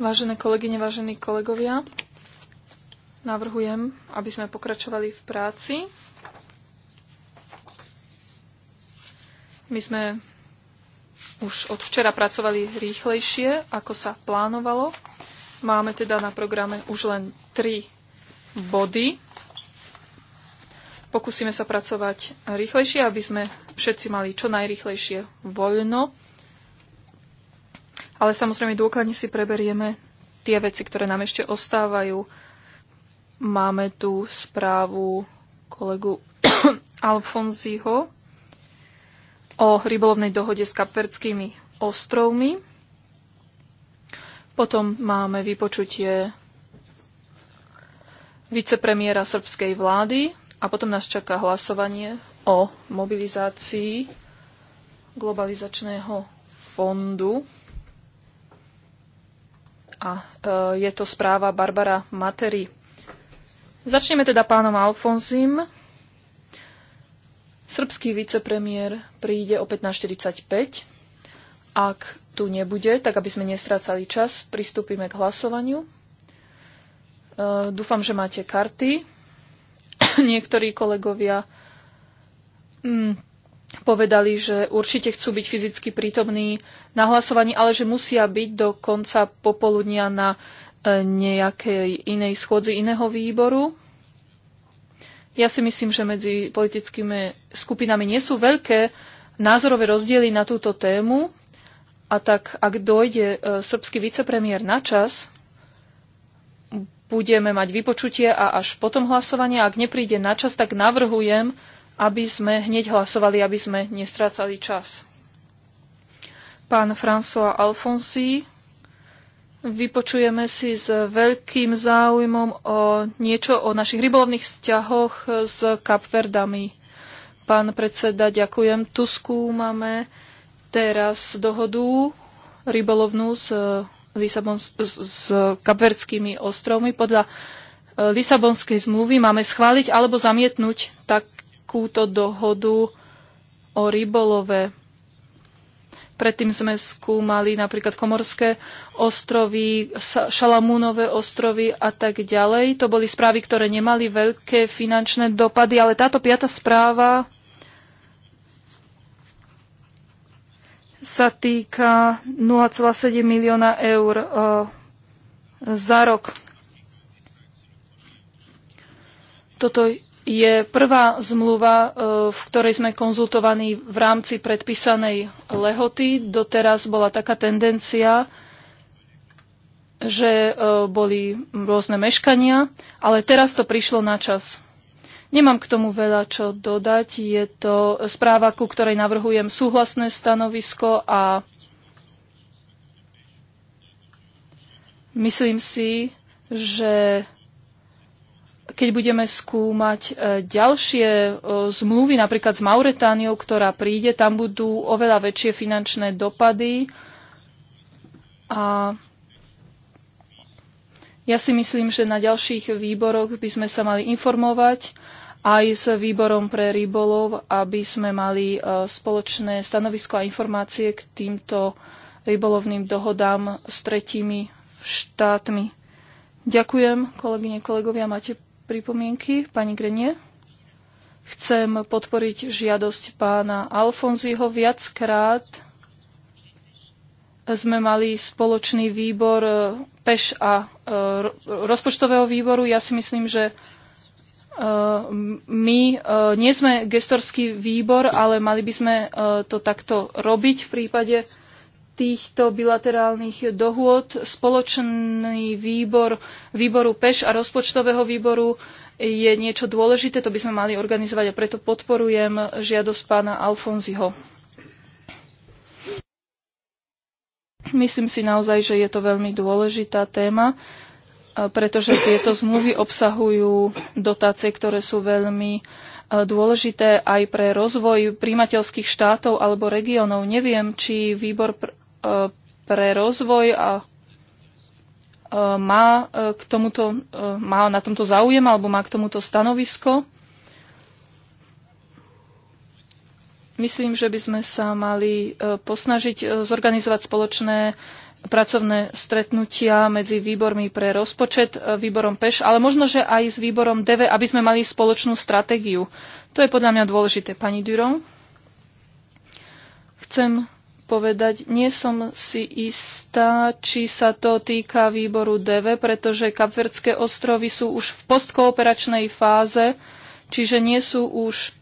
Vážené kolegyne, vážení kolegovia, navrhujem, aby sme pokračovali v práci. My sme už od včera pracovali rýchlejšie, ako sa plánovalo. Máme teda na programe už len tri body. Pokúsime sa pracovať rýchlejšie, aby sme všetci mali čo najrýchlejšie voľno ale samozrejme dôkladne si preberieme tie veci, ktoré nám ešte ostávajú. Máme tu správu kolegu Alfonziho o rybolovnej dohode s kapverckými ostrovmi. Potom máme vypočutie vicepremiéra srbskej vlády a potom nás čaká hlasovanie o mobilizácii globalizačného fondu a e, je to správa Barbara Materi. Začneme teda pánom Alfonzim. Srbský vicepremiér príde o 15.45. Ak tu nebude, tak aby sme nestrácali čas, pristúpime k hlasovaniu. E, dúfam, že máte karty. Niektorí kolegovia mm, povedali, že určite chcú byť fyzicky prítomní na hlasovaní, ale že musia byť do konca popoludnia na e, nejakej inej schôdzi iného výboru. Ja si myslím, že medzi politickými skupinami nie sú veľké názorové rozdiely na túto tému a tak, ak dojde e, srbský vicepremiér na čas, budeme mať vypočutie a až potom hlasovanie. Ak nepríde na čas, tak navrhujem, aby sme hneď hlasovali, aby sme nestrácali čas. Pán François Alfonsi, vypočujeme si s veľkým záujmom o niečo o našich rybolovných vzťahoch s Kapverdami. Pán predseda, ďakujem. Tu skúmame teraz dohodu rybolovnú s, eh, Lisabon, s, s ostrovmi. Podľa eh, Lisabonskej zmluvy máme schváliť alebo zamietnúť tak, takúto dohodu o rybolove. Predtým sme skúmali napríklad Komorské ostrovy, Šalamúnové ostrovy a tak ďalej. To boli správy, ktoré nemali veľké finančné dopady, ale táto piata správa sa týka 0,7 milióna eur eh, za rok. Toto je prvá zmluva, e, v ktorej sme konzultovaní v rámci predpísanej lehoty. Doteraz bola taká tendencia, že e, boli rôzne meškania, ale teraz to prišlo na čas. Nemám k tomu veľa čo dodať. Je to správa, ku ktorej navrhujem súhlasné stanovisko a myslím si, že keď budeme skúmať e, ďalšie e, zmluvy, napríklad s Mauretániou, ktorá príde, tam budú oveľa väčšie finančné dopady. A ja si myslím, že na ďalších výboroch by sme sa mali informovať aj s výborom pre rybolov, aby sme mali e, spoločné stanovisko a informácie k týmto rybolovným dohodám s tretími štátmi. Ďakujem, kolegyne, kolegovia, máte pripomienky. Pani Grenie? Chcem podporiť žiadosť pána Alfonziho. Viackrát sme mali spoločný výbor e, PEŠ a e, rozpočtového výboru. Ja si myslím, že e, my nie sme gestorský výbor, ale mali by sme to takto robiť v prípade týchto bilaterálnych dohôd spoločný výbor výboru PEŠ a rozpočtového výboru je niečo dôležité, to by sme mali organizovať a preto podporujem žiadosť pána Alfonziho. Myslím si naozaj, že je to veľmi dôležitá téma, e, pretože tieto zmluvy obsahujú dotácie, ktoré sú veľmi e, dôležité aj pre rozvoj príjimateľských štátov alebo regiónov. Neviem, či výbor pre rozvoj a e, má e, k tomuto, e, má na tomto záujem alebo má k tomuto stanovisko. Myslím, že by sme sa mali posnažiť zorganizovať spoločné pracovné stretnutia medzi výbormi pre rozpočet, výborom PEŠ, ale možno, že aj s výborom DV, aby sme mali spoločnú stratégiu. To je podľa mňa dôležité. Pani Duro, chcem povedať, nie som si istá, či sa to týka výboru DV, pretože Kapverdské ostrovy sú už v postkooperačnej fáze, čiže nie sú už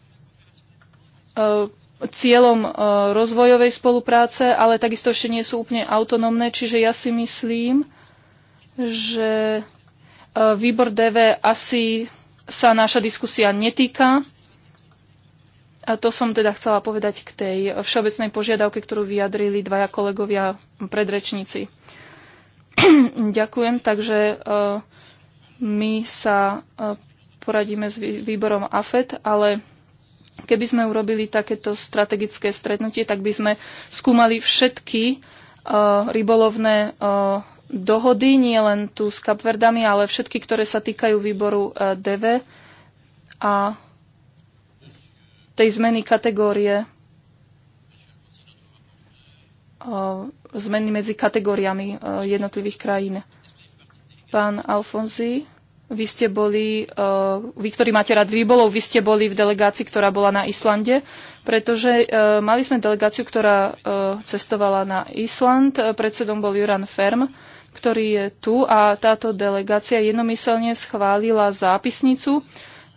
uh, cieľom uh, rozvojovej spolupráce, ale takisto ešte nie sú úplne autonómne, čiže ja si myslím, že uh, výbor DV asi sa naša diskusia netýka a to som teda chcela povedať k tej všeobecnej požiadavke, ktorú vyjadrili dvaja kolegovia predrečníci. Ďakujem, takže e, my sa e, poradíme s výborom AFET, ale keby sme urobili takéto strategické stretnutie, tak by sme skúmali všetky e, rybolovné dohody, nie len tu s Kapverdami, ale všetky, ktoré sa týkajú výboru DV. A tej zmeny kategórie, zmeny medzi kategóriami jednotlivých krajín. Pán Alfonzi, vy ste boli, vy, ktorí máte rád rybolov, vy ste boli v delegácii, ktorá bola na Islande, pretože mali sme delegáciu, ktorá cestovala na Island. Predsedom bol Juran Ferm, ktorý je tu a táto delegácia jednomyselne schválila zápisnicu,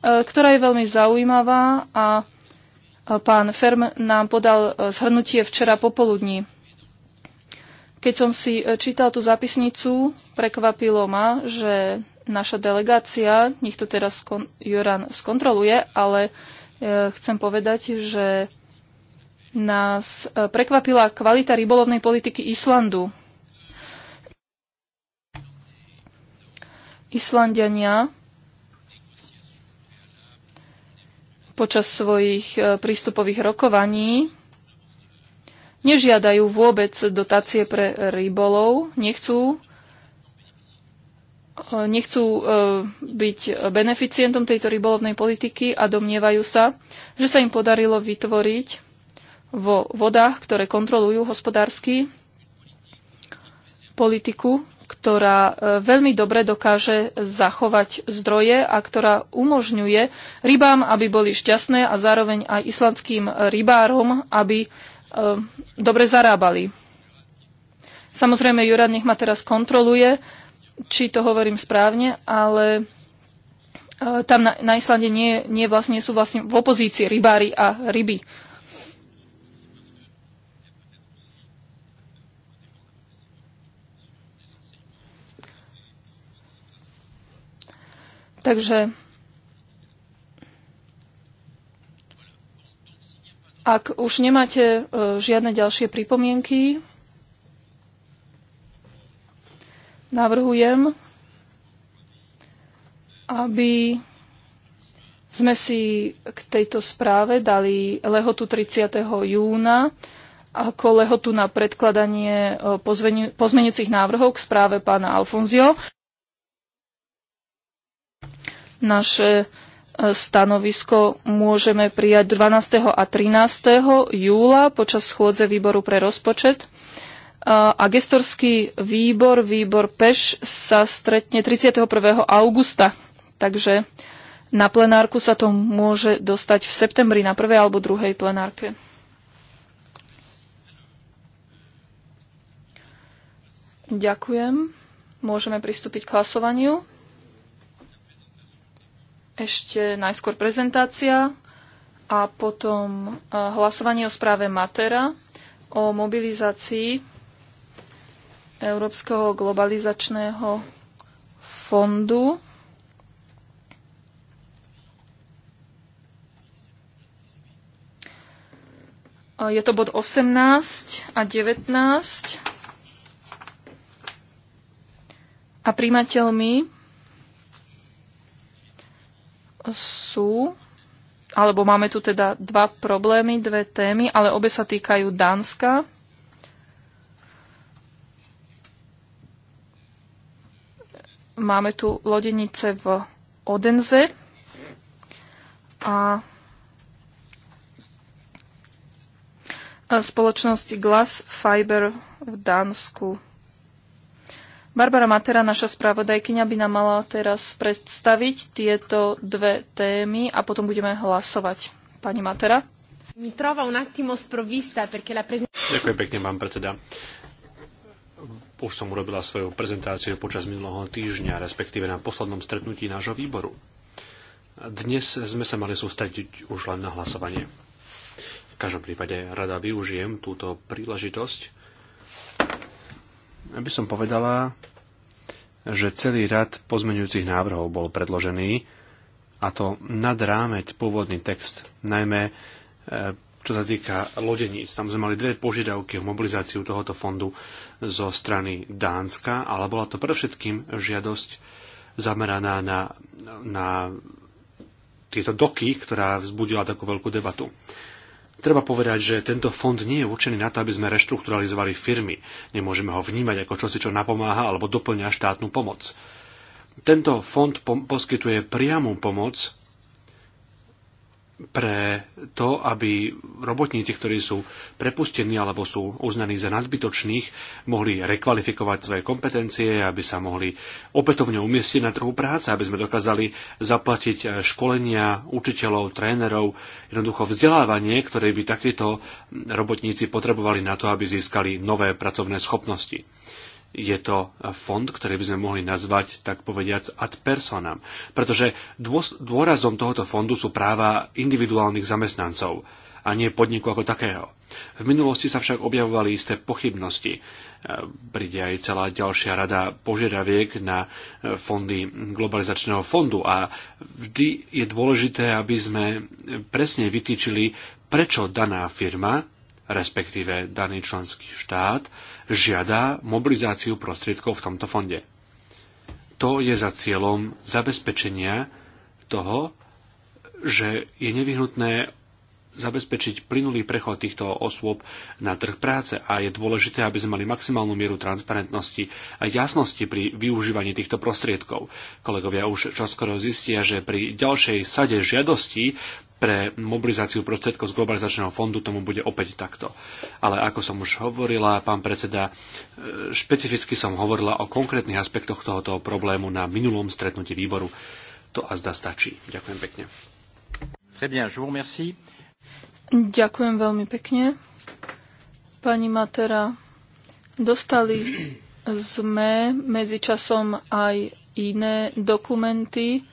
ktorá je veľmi zaujímavá a Pán Ferm nám podal e, zhrnutie včera popoludní. Keď som si e, čítal tú zapisnicu, prekvapilo ma, že naša delegácia, nech to teraz kon- Joran skontroluje, ale e, chcem povedať, že nás e, prekvapila kvalita rybolovnej politiky Islandu. Islandiania počas svojich e, prístupových rokovaní nežiadajú vôbec dotácie pre rybolov, nechcú, e, nechcú e, byť beneficientom tejto rybolovnej politiky a domnievajú sa, že sa im podarilo vytvoriť vo vodách, ktoré kontrolujú hospodársky politiku, ktorá e, veľmi dobre dokáže zachovať zdroje a ktorá umožňuje rybám, aby boli šťastné a zároveň aj islandským rybárom, aby e, dobre zarábali. Samozrejme, Jurad nech ma teraz kontroluje, či to hovorím správne, ale e, tam na, na Islande nie, nie vlastne, sú vlastne v opozícii rybári a ryby. Takže ak už nemáte e, žiadne ďalšie pripomienky, navrhujem, aby sme si k tejto správe dali lehotu 30. júna ako lehotu na predkladanie e, pozmenujúcich návrhov k správe pána Alfonzio. Naše e, stanovisko môžeme prijať 12. a 13. júla počas schôdze výboru pre rozpočet. E, a gestorský výbor, výbor PEŠ, sa stretne 31. augusta. Takže na plenárku sa to môže dostať v septembri na prvej alebo druhej plenárke. Ďakujem. Môžeme pristúpiť k hlasovaniu. Ešte najskôr prezentácia a potom e, hlasovanie o správe Matera o mobilizácii Európskeho globalizačného fondu. E, je to bod 18 a 19. A príjmateľmi sú, alebo máme tu teda dva problémy, dve témy, ale obe sa týkajú Dánska. Máme tu lodenice v Odenze a spoločnosti Glass Fiber v Dánsku. Barbara Matera, naša spravodajkyňa, by nám mala teraz predstaviť tieto dve témy a potom budeme hlasovať. Pani Matera. Ďakujem pekne, pán predseda už som urobila svoju prezentáciu počas minulého týždňa, respektíve na poslednom stretnutí nášho výboru. Dnes sme sa mali sústrediť už len na hlasovanie. V každom prípade rada využijem túto príležitosť aby som povedala, že celý rad pozmeňujúcich návrhov bol predložený, a to nad rámec pôvodný text, najmä e, čo sa týka lodeníc. Tam sme mali dve požiadavky v mobilizáciu tohoto fondu zo strany Dánska, ale bola to predovšetkým žiadosť zameraná na, na tieto doky, ktorá vzbudila takú veľkú debatu. Treba povedať, že tento fond nie je určený na to, aby sme reštrukturalizovali firmy. Nemôžeme ho vnímať ako čosi, čo napomáha alebo doplňa štátnu pomoc. Tento fond poskytuje priamu pomoc pre to, aby robotníci, ktorí sú prepustení alebo sú uznaní za nadbytočných, mohli rekvalifikovať svoje kompetencie, aby sa mohli opätovne umiestniť na trhu práce, aby sme dokázali zaplatiť eh, školenia učiteľov, trénerov, jednoducho vzdelávanie, ktoré by takíto robotníci potrebovali na to, aby získali nové pracovné schopnosti je to fond, ktorý by sme mohli nazvať, tak povediac, ad personam. Pretože dôrazom tohoto fondu sú práva individuálnych zamestnancov a nie podniku ako takého. V minulosti sa však objavovali isté pochybnosti. E, príde aj celá ďalšia rada požiadaviek na e, fondy globalizačného fondu a vždy je dôležité, aby sme presne vytýčili, prečo daná firma respektíve daný členský štát, žiada mobilizáciu prostriedkov v tomto fonde. To je za cieľom zabezpečenia toho, že je nevyhnutné zabezpečiť plynulý prechod týchto osôb na trh práce a je dôležité, aby sme mali maximálnu mieru transparentnosti a jasnosti pri využívaní týchto prostriedkov. Kolegovia už čoskoro zistia, že pri ďalšej sade žiadostí pre mobilizáciu prostriedkov z globalizačného fondu tomu bude opäť takto. Ale ako som už hovorila, pán predseda, e, špecificky som hovorila o konkrétnych aspektoch tohoto problému na minulom stretnutí výboru. To a zda stačí. Ďakujem pekne. Très bien, je vous remercie. Ďakujem veľmi pekne. Pani Matera, dostali sme medzičasom aj iné dokumenty.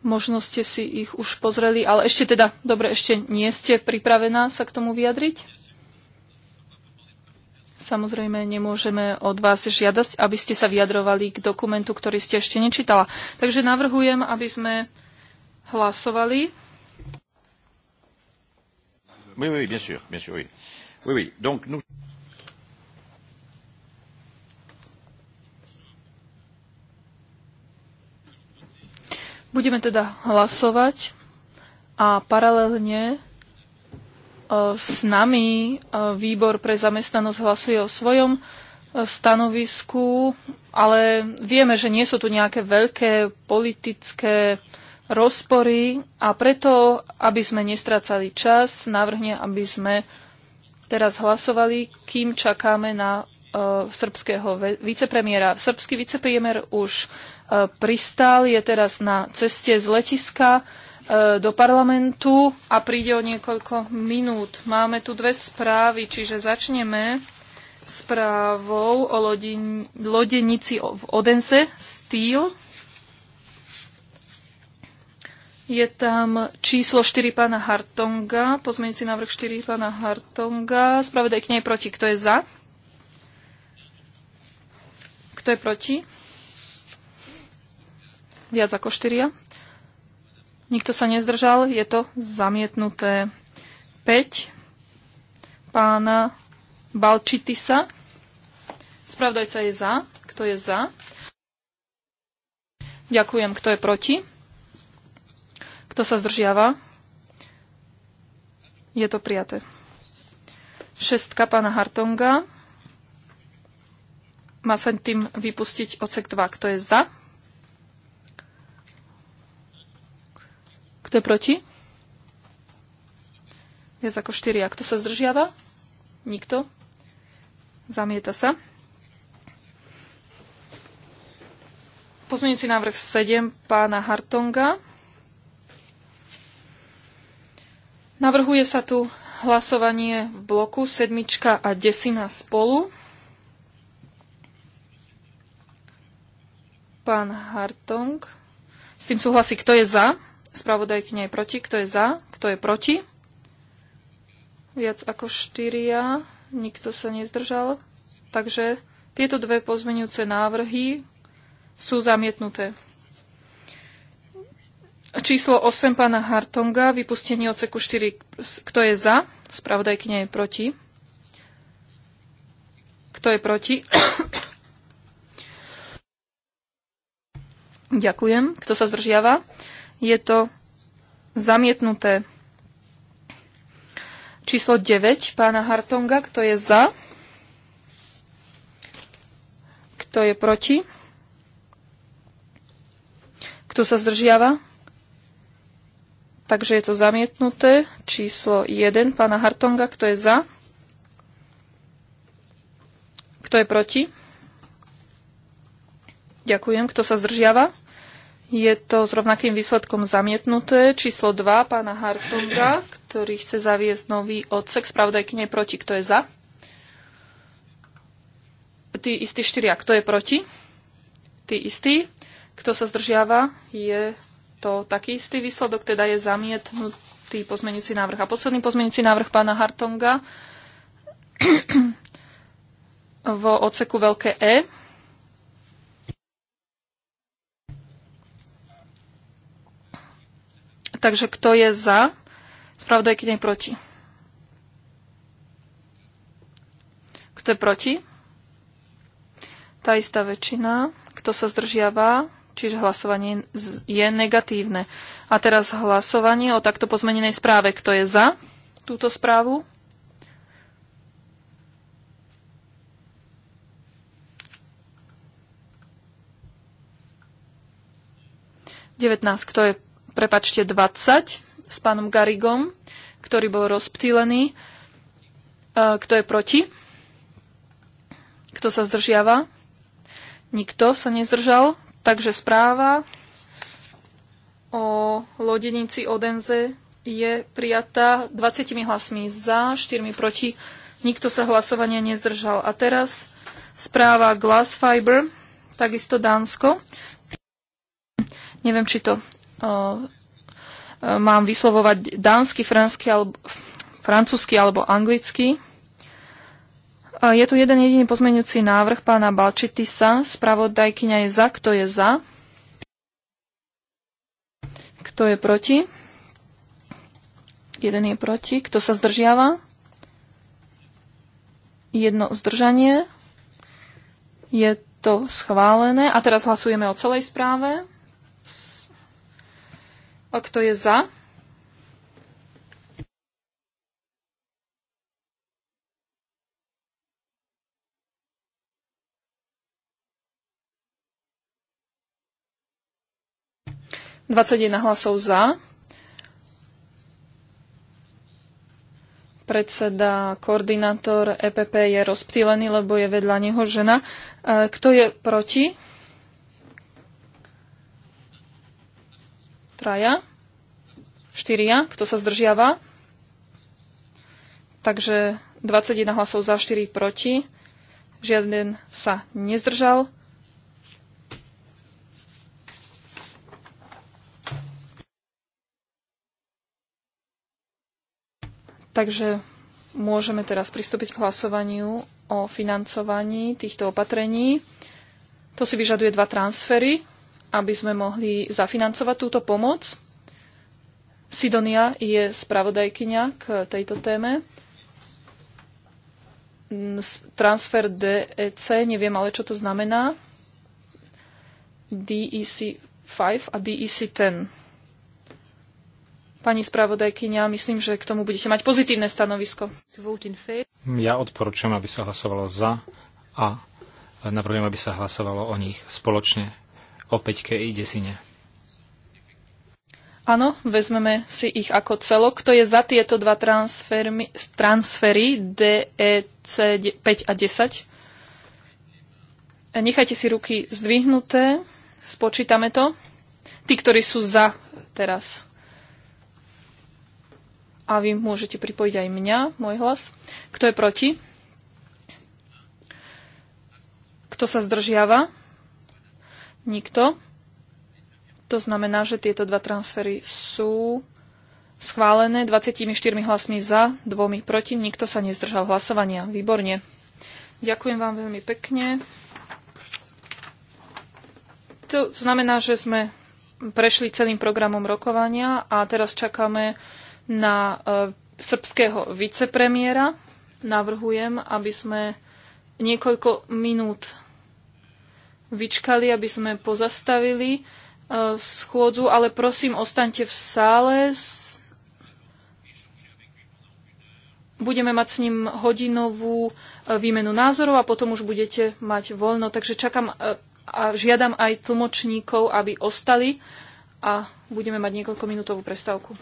Možno ste si ich už pozreli, ale ešte teda, dobre, ešte nie ste pripravená sa k tomu vyjadriť? Samozrejme, nemôžeme od vás žiadať, aby ste sa vyjadrovali k dokumentu, ktorý ste ešte nečítala. Takže navrhujem, aby sme hlasovali Oui, oui, bien sûr, bien sûr, oui. Oui, oui, donc nous... Budeme teda hlasovať a paralelne e, s nami e, výbor pre zamestnanosť hlasuje o svojom e, stanovisku, ale vieme, že nie sú tu nejaké veľké politické rozpory a preto, aby sme nestracali čas, navrhne, aby sme teraz hlasovali, kým čakáme na uh, srbského vicepremiéra. Srbský vicepremiér už uh, e, pristál, je teraz na ceste z letiska uh, do parlamentu a príde o niekoľko minút. Máme tu dve správy, čiže začneme správou o lodin- lodenici v Odense, Steel. Je tam číslo 4 pána Hartonga, pozmeňujúci návrh 4 pána Hartonga. Spravedaj k nej proti. Kto je za? Kto je proti? Viac ako 4. Nikto sa nezdržal. Je to zamietnuté. 5 pána Balčitisa. Spravdajca je za. Kto je za? Ďakujem. Kto je proti? Kto sa zdržiava? Je to prijaté. Šestka pána Hartonga. Má sa tým vypustiť odsek 2. Kto je za? Kto je proti? Viac ako 4. A kto sa zdržiava? Nikto. Zamieta sa. Pozmeňujúci návrh 7 pána Hartonga. Navrhuje sa tu hlasovanie v bloku sedmička a desina spolu. Pán Hartong. S tým súhlasí, kto je za. Spravodajkyňa je proti. Kto je za? Kto je proti? Viac ako štyria. Nikto sa nezdržal. Takže tieto dve pozmeňujúce návrhy sú zamietnuté. Číslo 8 pána Hartonga, vypustenie odseku 4. Kto je za? Spravodajkyňa je proti. Kto je proti? Ďakujem. Kto sa zdržiava? Je to zamietnuté. Číslo 9 pána Hartonga. Kto je za? Kto je proti? Kto sa zdržiava? Takže je to zamietnuté. Číslo 1 pána Hartonga. Kto je za? Kto je proti? Ďakujem. Kto sa zdržiava? Je to s rovnakým výsledkom zamietnuté. Číslo 2 pána Hartonga, ktorý chce zaviesť nový odsek. Spravodajkyne proti. Kto je za? Tí istí štyria. Kto je proti? Tí istí. Kto sa zdržiava? Je to taký istý výsledok, teda je zamietnutý pozmenujúci návrh. A posledný pozmenujúci návrh pána Hartonga vo odseku veľké E. Takže kto je za? Spravodajkyňa je proti. Kto je proti? Tá istá väčšina. Kto sa zdržiava? Čiže hlasovanie je negatívne. A teraz hlasovanie o takto pozmenenej správe. Kto je za túto správu? Kto je, prepačte, 20 s pánom Garigom, ktorý bol rozptýlený. E, kto je proti? Kto sa zdržiava? Nikto sa nezdržal. Takže správa o lodenici Odenze je prijatá 20 hlasmi za, 4 proti. Nikto sa hlasovania nezdržal. A teraz správa Glass Fiber, takisto Dánsko. Neviem, či to uh, mám vyslovovať dánsky, francúzsky alebo anglicky. Je tu jeden jediný pozmeňujúci návrh pána Balčitisa. Spravodajkyňa je za. Kto je za? Kto je proti? Jeden je proti. Kto sa zdržiava? Jedno zdržanie. Je to schválené. A teraz hlasujeme o celej správe. A kto je za? 21 hlasov za. Predseda, koordinátor EPP je rozptýlený, lebo je vedľa neho žena. E, kto je proti? Traja. Štyria. Kto sa zdržiava? Takže 21 hlasov za, 4 proti. Žiaden sa nezdržal. Takže môžeme teraz pristúpiť k hlasovaniu o financovaní týchto opatrení. To si vyžaduje dva transfery, aby sme mohli zafinancovať túto pomoc. Sidonia je spravodajkyňa k tejto téme. Mm, transfer DEC, neviem ale, čo to znamená. DEC 5 a DEC 10. Pani spravodajkyňa, myslím, že k tomu budete mať pozitívne stanovisko. Ja odporúčam, aby sa hlasovalo za a navrhujem, aby sa hlasovalo o nich spoločne o 5 i desine. Áno, vezmeme si ich ako celo, Kto je za tieto dva transfery, transfery DEC 5 a 10? Nechajte si ruky zdvihnuté, spočítame to. Tí, ktorí sú za teraz a vy môžete pripojiť aj mňa, môj hlas. Kto je proti? Kto sa zdržiava? Nikto. To znamená, že tieto dva transfery sú schválené 24 hlasmi za, dvomi proti. Nikto sa nezdržal hlasovania. Výborne. Ďakujem vám veľmi pekne. To znamená, že sme prešli celým programom rokovania a teraz čakáme na e, srbského vicepremiéra. Navrhujem, aby sme niekoľko minút vyčkali, aby sme pozastavili e, schôdzu, ale prosím, ostaňte v sále. Budeme mať s ním hodinovú e, výmenu názorov a potom už budete mať voľno. Takže čakám a žiadam aj tlmočníkov, aby ostali a budeme mať niekoľko minútovú prestávku.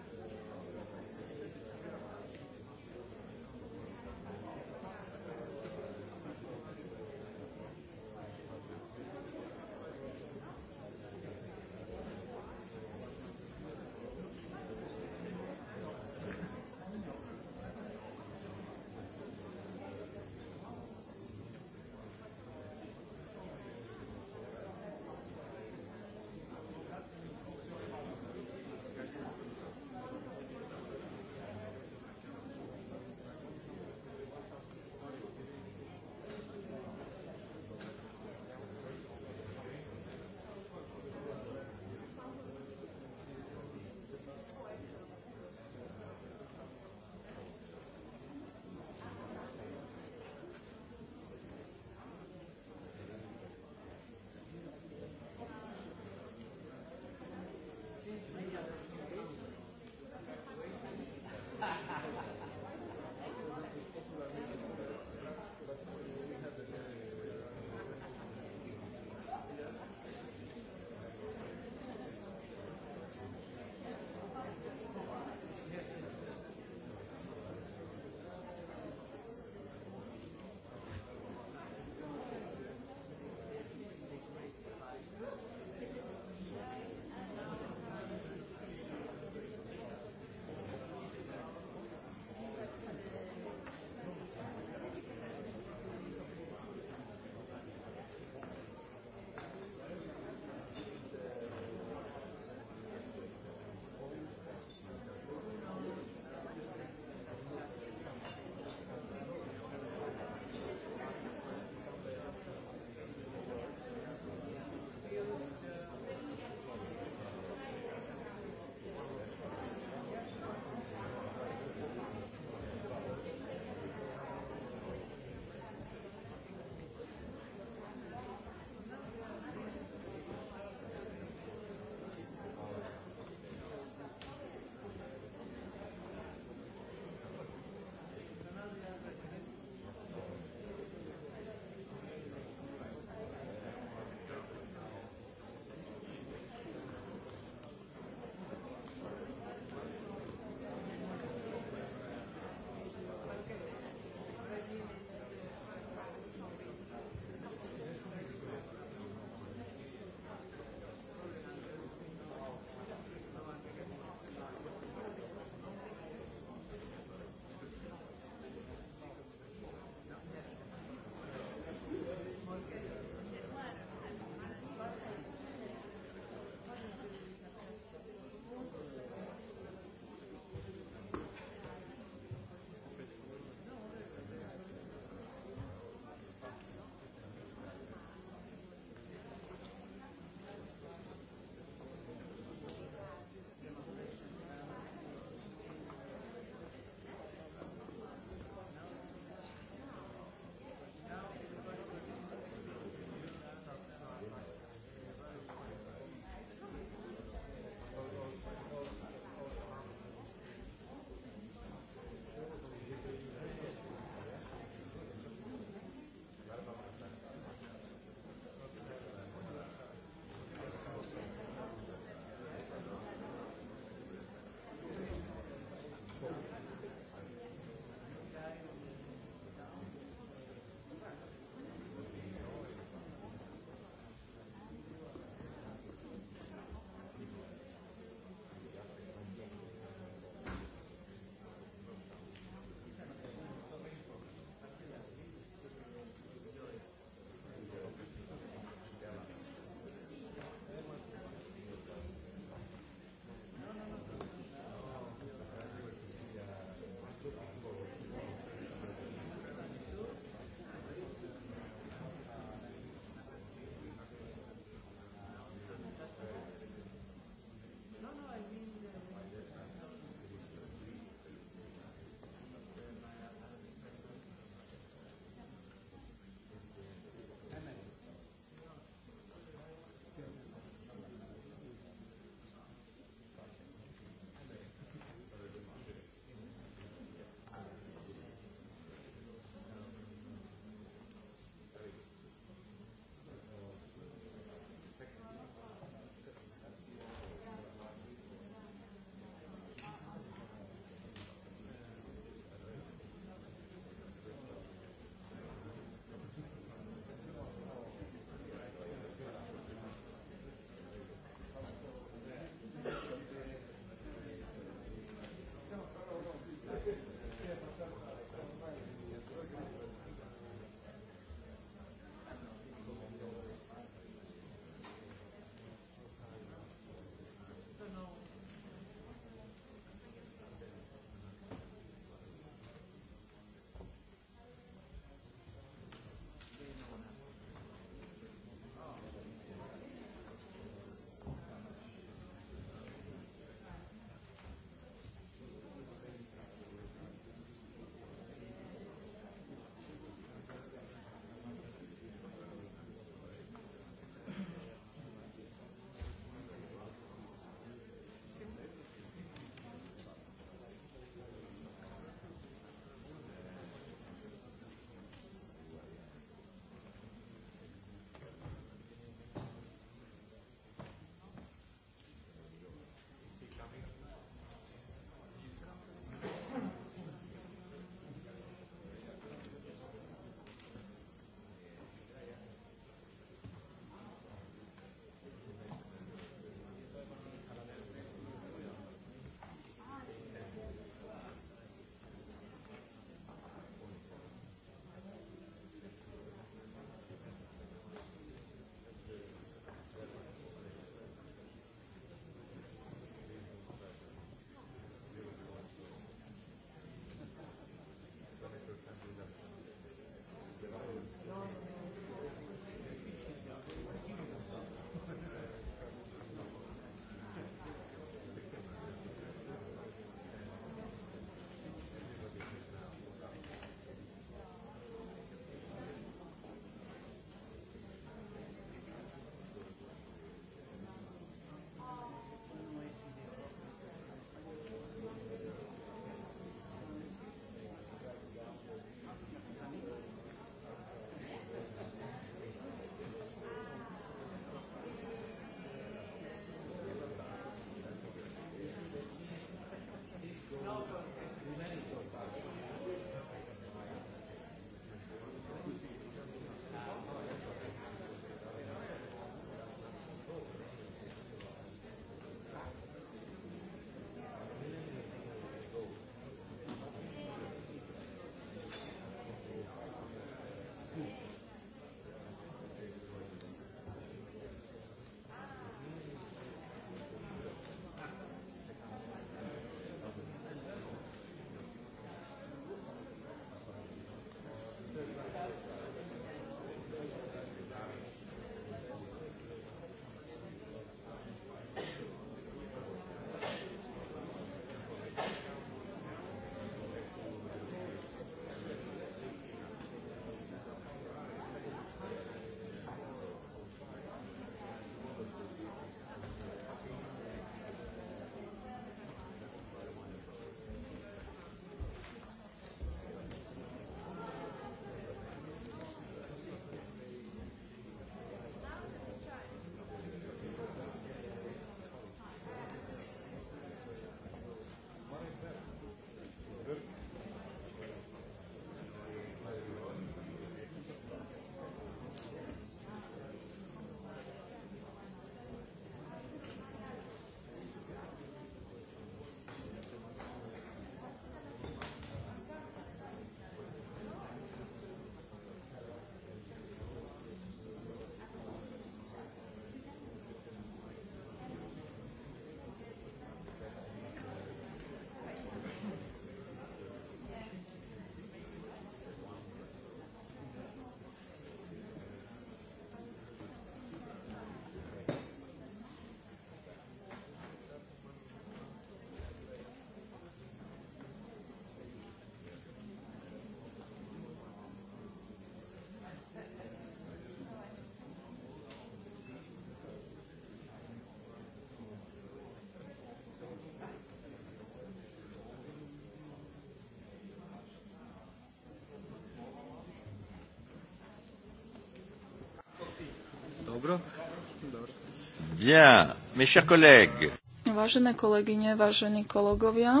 Bien, mes chers collègues. Vážené kolegyne, vážení kolegovia,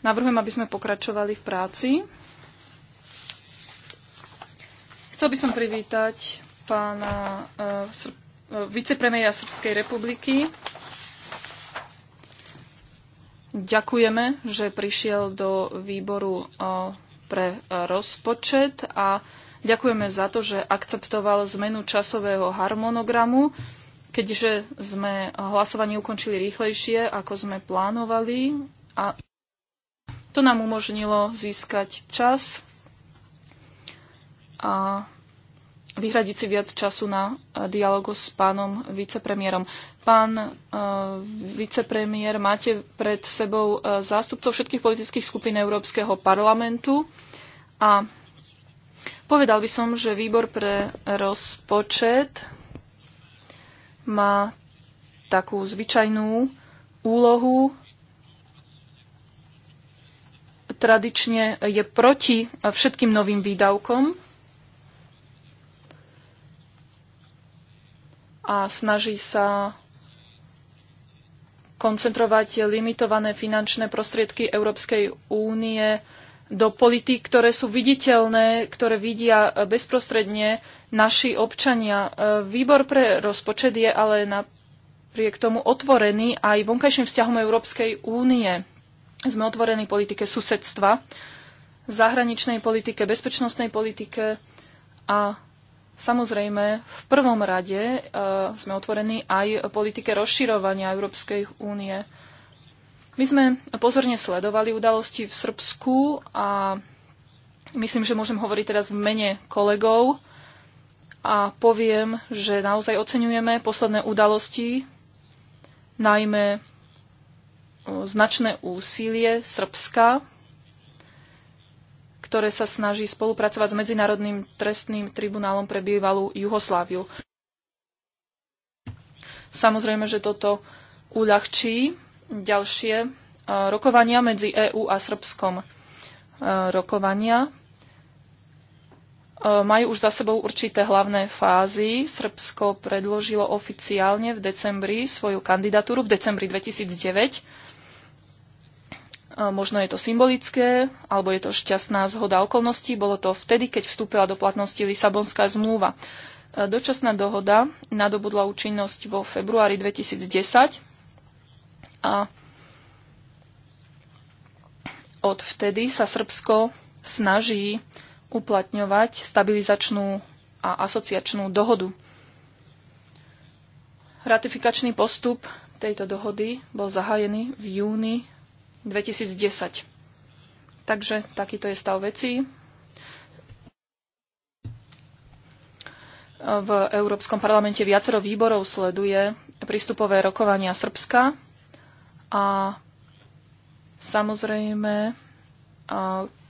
navrhujem, aby sme pokračovali v práci. Chcel by som privítať pána uh, Sr- uh, Srbskej republiky. Ďakujeme, že prišiel do výboru uh, pre eh, rozpočet a uh, Ďakujeme za to, že akceptoval zmenu časového harmonogramu, keďže sme hlasovanie ukončili rýchlejšie, ako sme plánovali a to nám umožnilo získať čas a vyhradiť si viac času na dialogu s pánom vicepremiérom. Pán eh, vicepremiér, máte pred sebou eh, zástupcov všetkých politických skupín Európskeho parlamentu a Povedal by som, že výbor pre rozpočet má takú zvyčajnú úlohu. Tradične je proti všetkým novým výdavkom a snaží sa koncentrovať limitované finančné prostriedky Európskej únie do politík, ktoré sú viditeľné, ktoré vidia bezprostredne naši občania. E, Výbor pre rozpočet je ale napriek tomu otvorený aj vonkajším vzťahom Európskej únie. Sme otvorení politike susedstva, zahraničnej politike, bezpečnostnej politike a samozrejme v prvom rade e, sme otvorení aj politike rozširovania Európskej únie. My sme pozorne sledovali udalosti v Srbsku a myslím, že môžem hovoriť teraz v mene kolegov a poviem, že naozaj oceňujeme posledné udalosti, najmä značné úsilie Srbska, ktoré sa snaží spolupracovať s Medzinárodným trestným tribunálom pre bývalú Juhosláviu. Samozrejme, že toto uľahčí ďalšie e, rokovania medzi EÚ a Srbskom. E, rokovania e, majú už za sebou určité hlavné fázy. Srbsko predložilo oficiálne v decembri svoju kandidatúru, v decembri 2009. Možno je to symbolické, alebo je to šťastná zhoda okolností. Bolo to vtedy, keď vstúpila do platnosti Lisabonská zmluva. Dočasná dohoda nadobudla účinnosť vo februári 2010 a odvtedy sa Srbsko snaží uplatňovať stabilizačnú a asociačnú dohodu. Ratifikačný postup tejto dohody bol zahájený v júni 2010. Takže takýto je stav vecí. V Európskom parlamente viacero výborov sleduje prístupové rokovania Srbska a samozrejme,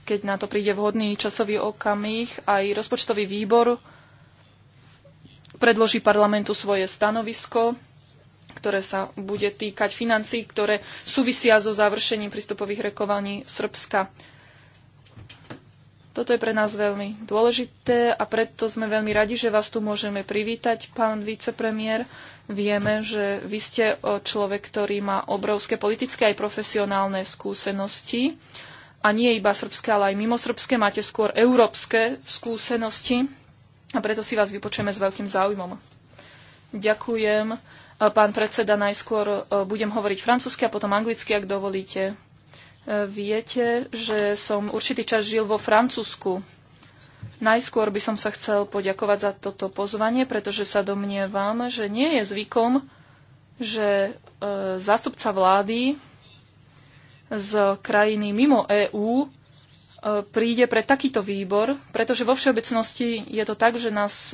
keď na to príde vhodný časový okamih, aj rozpočtový výbor predloží parlamentu svoje stanovisko, ktoré sa bude týkať financií, ktoré súvisia so završením prístupových rekovaní Srbska. Toto je pre nás veľmi dôležité a preto sme veľmi radi, že vás tu môžeme privítať, pán vicepremiér. Vieme, že vy ste človek, ktorý má obrovské politické aj profesionálne skúsenosti a nie iba srbské, ale aj mimo srbské, máte skôr európske skúsenosti a preto si vás vypočujeme s veľkým záujmom. Ďakujem. Pán predseda, najskôr e, budem hovoriť francúzsky a potom anglicky, ak dovolíte. Viete, že som určitý čas žil vo Francúzsku. Najskôr by som sa chcel poďakovať za toto pozvanie, pretože sa domnievam, že nie je zvykom, že e, zástupca vlády z krajiny mimo EÚ e, príde pre takýto výbor, pretože vo všeobecnosti je to tak, že nás e,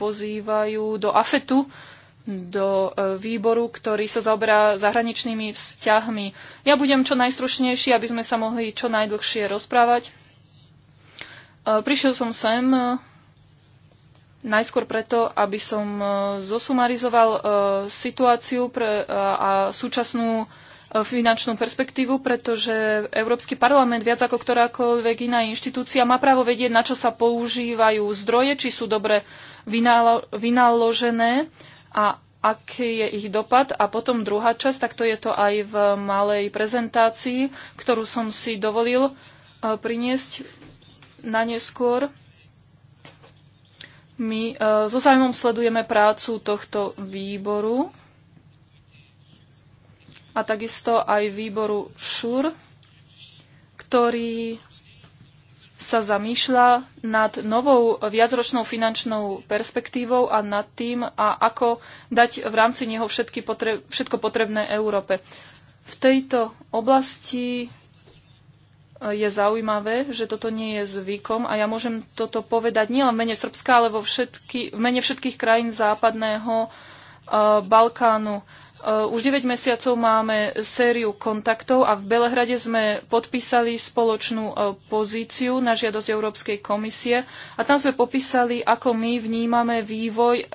pozývajú do AFETu, do e, výboru, ktorý sa zaoberá zahraničnými vzťahmi. Ja budem čo najstručnejší, aby sme sa mohli čo najdlhšie rozprávať. E, prišiel som sem e, najskôr preto, aby som zosumarizoval situáciu a súčasnú finančnú perspektívu, pretože Európsky parlament viac ako ktorákoľvek iná inštitúcia má právo vedieť, na čo sa používajú zdroje, či sú dobre vynaložené a aký je ich dopad. A potom druhá časť, tak to je to aj v malej prezentácii, ktorú som si dovolil e, priniesť na neskôr. My e, so zájmom sledujeme prácu tohto výboru a takisto aj výboru ŠUR, ktorý sa zamýšľa nad novou viacročnou finančnou perspektívou a nad tým, a ako dať v rámci neho všetky všetko potrebné Európe. V tejto oblasti eh, je zaujímavé, že toto nie je zvykom a ja môžem toto povedať nielen v mene Srbska, ale vo všetky, v mene všetkých krajín západného uh, Balkánu. Eh, už 9 mesiacov máme sériu kontaktov a v Belehrade sme podpísali spoločnú eh, pozíciu na žiadosť Európskej komisie a tam sme popísali, ako my vnímame vývoj eh,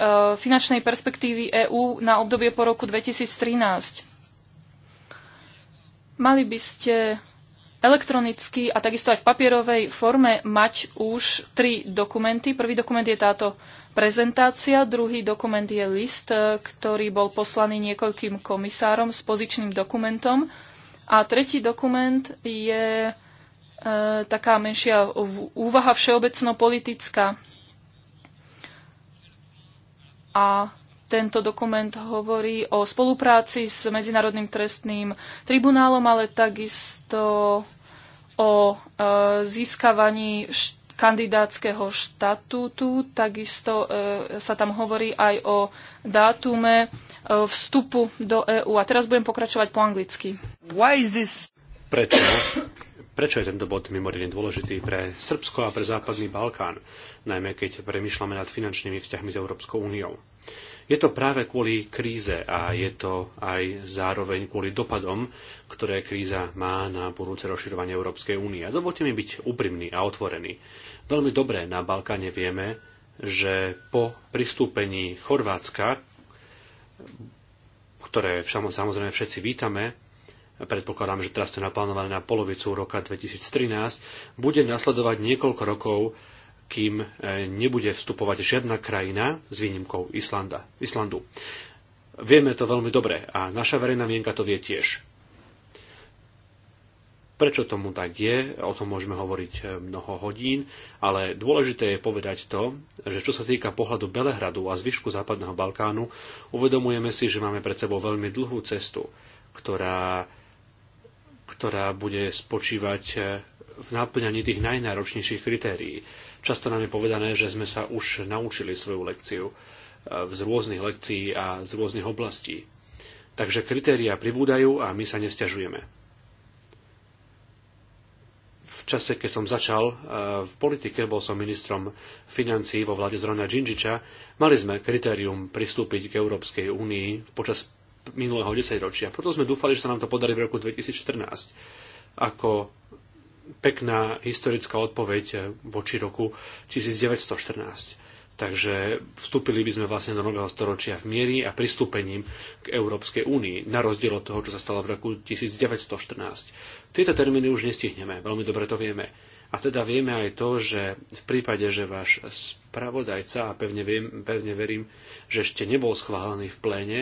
finančnej perspektívy EÚ na obdobie po roku 2013. Mali by ste elektronicky a takisto aj v papierovej forme mať už tri dokumenty. Prvý dokument je táto prezentácia, druhý dokument je list, e, ktorý bol poslaný niekoľkým komisárom s pozičným dokumentom a tretí dokument je e, taká menšia úvaha všeobecno-politická. A tento dokument hovorí o spolupráci s Medzinárodným trestným tribunálom, ale takisto o e, získavaní št- kandidátskeho štatútu. Takisto e, sa tam hovorí aj o dátume e, vstupu do EÚ. A teraz budem pokračovať po anglicky. Why is this? Prečo Prečo je tento bod mimoriadne dôležitý pre Srbsko a pre Západný Balkán, najmä keď premyšľame nad finančnými vzťahmi s Európskou úniou? Je to práve kvôli kríze a je to aj zároveň kvôli dopadom, ktoré kríza má na budúce rozširovanie Európskej únie. A dovolte mi byť úprimný a otvorený. Veľmi dobre na Balkáne vieme, že po pristúpení Chorvátska, ktoré samozrejme všetci vítame, predpokladám, že teraz to je naplánované na polovicu roka 2013, bude nasledovať niekoľko rokov, kým e, nebude vstupovať žiadna krajina s výnimkou Islanda, Islandu. Vieme to veľmi dobre a naša verejná mienka to vie tiež. Prečo tomu tak je, o tom môžeme hovoriť e, mnoho hodín, ale dôležité je povedať to, že čo sa týka pohľadu Belehradu a zvyšku Západného Balkánu, uvedomujeme si, že máme pred sebou veľmi dlhú cestu, ktorá ktorá bude spočívať e, v náplňaní tých najnáročnejších kritérií. Často nám je povedané, že sme sa už naučili svoju lekciu e, z rôznych lekcií a z rôznych oblastí. Takže kritéria pribúdajú a my sa nestiažujeme. V čase, keď som začal e, v politike, bol som ministrom financií vo vláde Zrona Džinžiča, mali sme kritérium pristúpiť k Európskej únii počas minulého desaťročia. Potom sme dúfali, že sa nám to podarí v roku 2014. Ako pekná historická odpoveď voči roku 1914. Takže vstúpili by sme vlastne do nového storočia v miery a pristúpením k Európskej únii, na rozdiel od toho, čo sa stalo v roku 1914. Tieto termíny už nestihneme, veľmi dobre to vieme. A teda vieme aj to, že v prípade, že váš spravodajca, a pevne, viem, pevne verím, že ešte nebol schválený v pléne,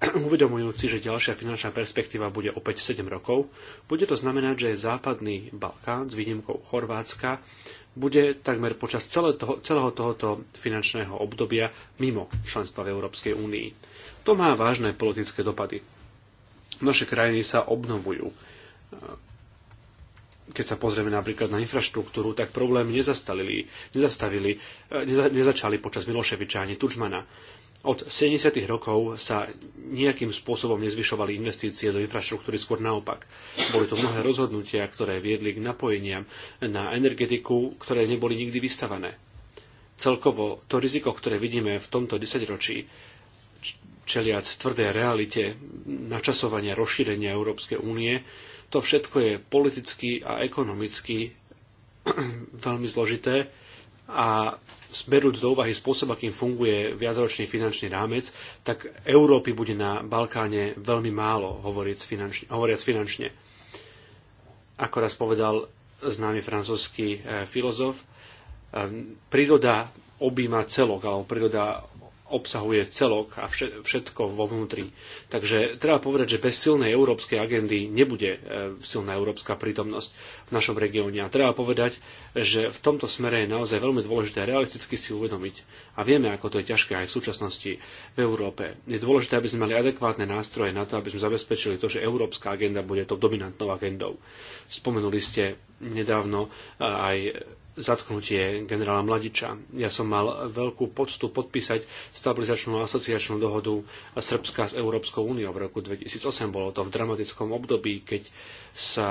uvedomujúci, že ďalšia finančná perspektíva bude opäť 7 rokov, bude to znamenať, že západný Balkán s výnimkou Chorvátska bude takmer počas celé toho, celého tohoto finančného obdobia mimo členstva v Európskej únii. To má vážne politické dopady. Naše krajiny sa obnovujú. Keď sa pozrieme napríklad na infraštruktúru, tak problémy nezastavili, neza, nezačali počas Miloševiča ani Tučmana od 70. rokov sa nejakým spôsobom nezvyšovali investície do infraštruktúry, skôr naopak. Boli to mnohé rozhodnutia, ktoré viedli k napojeniam na energetiku, ktoré neboli nikdy vystavané. Celkovo to riziko, ktoré vidíme v tomto desaťročí, čeliac tvrdé realite načasovania rozšírenia Európskej únie, to všetko je politicky a ekonomicky veľmi zložité a berúc do úvahy spôsob, akým funguje viacročný finančný rámec, tak Európy bude na Balkáne veľmi málo, hovoriac finančne. Hovoriac finančne. Ako raz povedal známy francúzsky eh, filozof, eh, príroda objíma celok, alebo príroda obsahuje celok a všetko vo vnútri. Takže treba povedať, že bez silnej európskej agendy nebude e, silná európska prítomnosť v našom regióne. A treba povedať, že v tomto smere je naozaj veľmi dôležité realisticky si uvedomiť, a vieme, ako to je ťažké aj v súčasnosti v Európe, je dôležité, aby sme mali adekvátne nástroje na to, aby sme zabezpečili to, že európska agenda bude tou dominantnou agendou. Spomenuli ste nedávno e, aj zatknutie generála Mladiča. Ja som mal veľkú poctu podpísať stabilizačnú asociačnú dohodu Srbska s Európskou úniou v roku 2008. Bolo to v dramatickom období, keď sa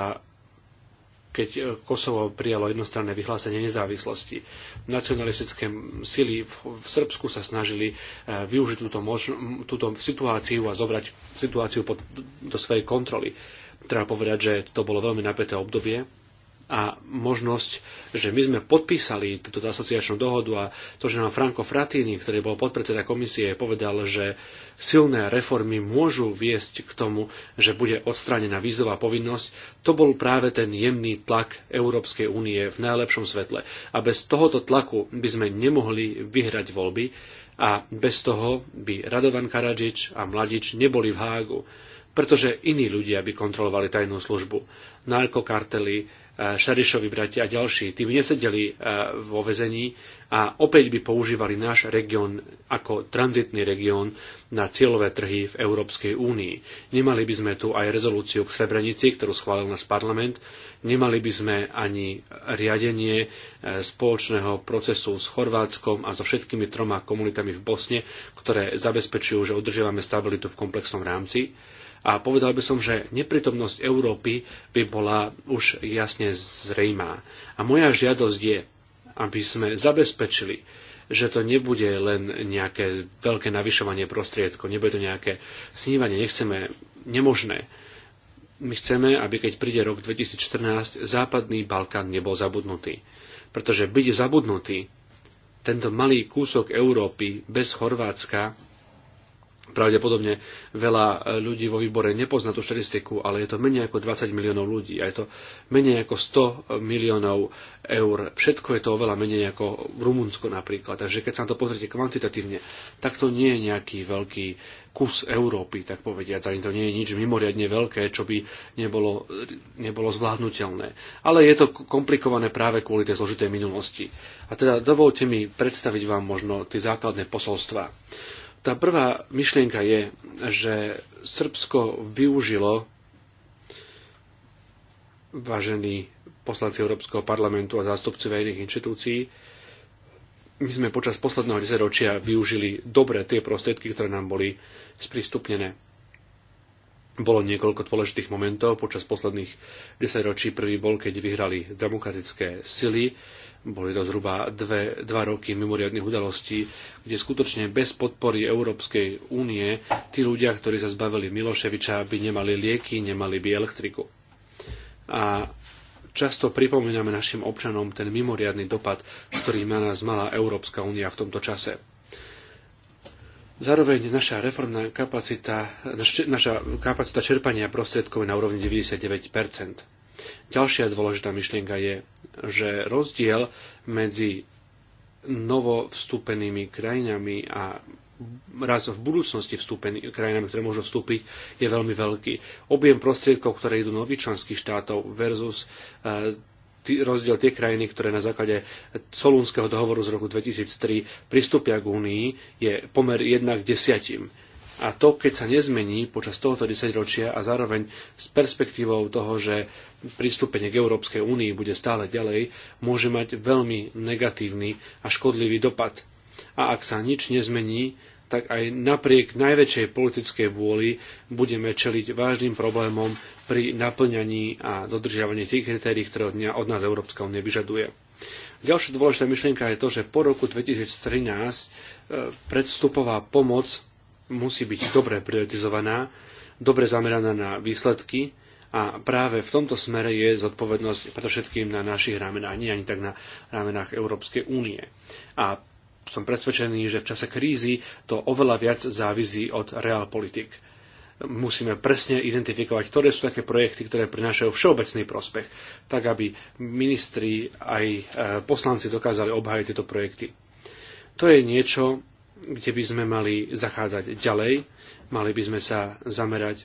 keď Kosovo prijalo jednostranné vyhlásenie nezávislosti. Nacionalistické sily v, v Srbsku sa snažili eh, využiť túto, možno, túto situáciu a zobrať situáciu pod, do svojej kontroly. Treba povedať, že to bolo veľmi napäté obdobie a možnosť, že my sme podpísali túto asociačnú dohodu a to, že nám Franco Fratini, ktorý bol podpredseda komisie, povedal, že silné reformy môžu viesť k tomu, že bude odstránená vízová povinnosť, to bol práve ten jemný tlak Európskej únie v najlepšom svetle. A bez tohoto tlaku by sme nemohli vyhrať voľby a bez toho by Radovan Karadžič a Mladič neboli v Hágu pretože iní ľudia by kontrolovali tajnú službu, narkokartely, Šarišovi bratia a ďalší, tí by nesedeli eh, vo vezení a opäť by používali náš región ako tranzitný región na cieľové trhy v Európskej únii. Nemali by sme tu aj rezolúciu k Srebrenici, ktorú schválil náš parlament, nemali by sme ani riadenie eh, spoločného procesu s Chorvátskom a so všetkými troma komunitami v Bosne, ktoré zabezpečujú, že udržiavame stabilitu v komplexnom rámci a povedal by som, že neprítomnosť Európy by bola už jasne zrejmá. A moja žiadosť je, aby sme zabezpečili, že to nebude len nejaké veľké navyšovanie prostriedkov, nebude to nejaké snívanie, nechceme nemožné. My chceme, aby keď príde rok 2014, západný Balkán nebol zabudnutý. Pretože byť zabudnutý, tento malý kúsok Európy bez Chorvátska Pravdepodobne veľa e, ľudí vo výbore nepozná tú štatistiku, ale je to menej ako 20 miliónov ľudí a je to menej ako 100 miliónov eur. Všetko je to oveľa menej ako v Rumunsko napríklad. Takže keď sa na to pozrite kvantitatívne, tak to nie je nejaký veľký kus Európy, tak povediať. Ani to nie je nič mimoriadne veľké, čo by nebolo, nebolo zvládnutelné. Ale je to komplikované práve kvôli tej zložitej minulosti. A teda dovolte mi predstaviť vám možno tie základné posolstvá. Tá prvá myšlienka je, že Srbsko využilo vážení poslanci Európskeho parlamentu a zástupci verejných inštitúcií, my sme počas posledného desaťročia využili dobre tie prostriedky, ktoré nám boli sprístupnené. Bolo niekoľko dôležitých momentov počas posledných desaťročí. Prvý bol, keď vyhrali demokratické sily. Boli to zhruba dve, dva roky mimoriadnych udalostí, kde skutočne bez podpory Európskej únie tí ľudia, ktorí sa zbavili Miloševiča, by nemali lieky, nemali by elektriku. A často pripomíname našim občanom ten mimoriadny dopad, ktorý na nás mala Európska únia v tomto čase Zároveň naša reformná kapacita, naša kapacita čerpania prostriedkov je na úrovni 99 Ďalšia dôležitá myšlienka je, že rozdiel medzi novo vstúpenými krajinami a raz v budúcnosti vstúpených krajinami, ktoré môžu vstúpiť, je veľmi veľký. Objem prostriedkov, ktoré idú nových členských štátov versus eh, rozdiel tie krajiny, ktoré na základe Solúnskeho dohovoru z roku 2003 pristúpia k Únii, je pomer 1 k 10. A to, keď sa nezmení počas tohoto desaťročia a zároveň s perspektívou toho, že pristúpenie k Európskej únii bude stále ďalej, môže mať veľmi negatívny a škodlivý dopad. A ak sa nič nezmení, tak aj napriek najväčšej politickej vôli budeme čeliť vážnym problémom pri naplňaní a dodržiavaní tých kritérií, ktoré od, dňa, od nás Európska únia vyžaduje. Ďalšia dôležitá myšlienka je to, že po roku 2013 e, predvstupová pomoc musí byť dobre prioritizovaná, dobre zameraná na výsledky, a práve v tomto smere je zodpovednosť predovšetkým na našich ramenách, nie ani tak na ramenách Európskej únie. A som presvedčený, že v čase krízy to oveľa viac závisí od realpolitik. Musíme presne identifikovať, ktoré sú také projekty, ktoré prinášajú všeobecný prospech, tak aby ministri aj e, poslanci dokázali obhájiť tieto projekty. To je niečo, kde by sme mali zachádzať ďalej, mali by sme sa zamerať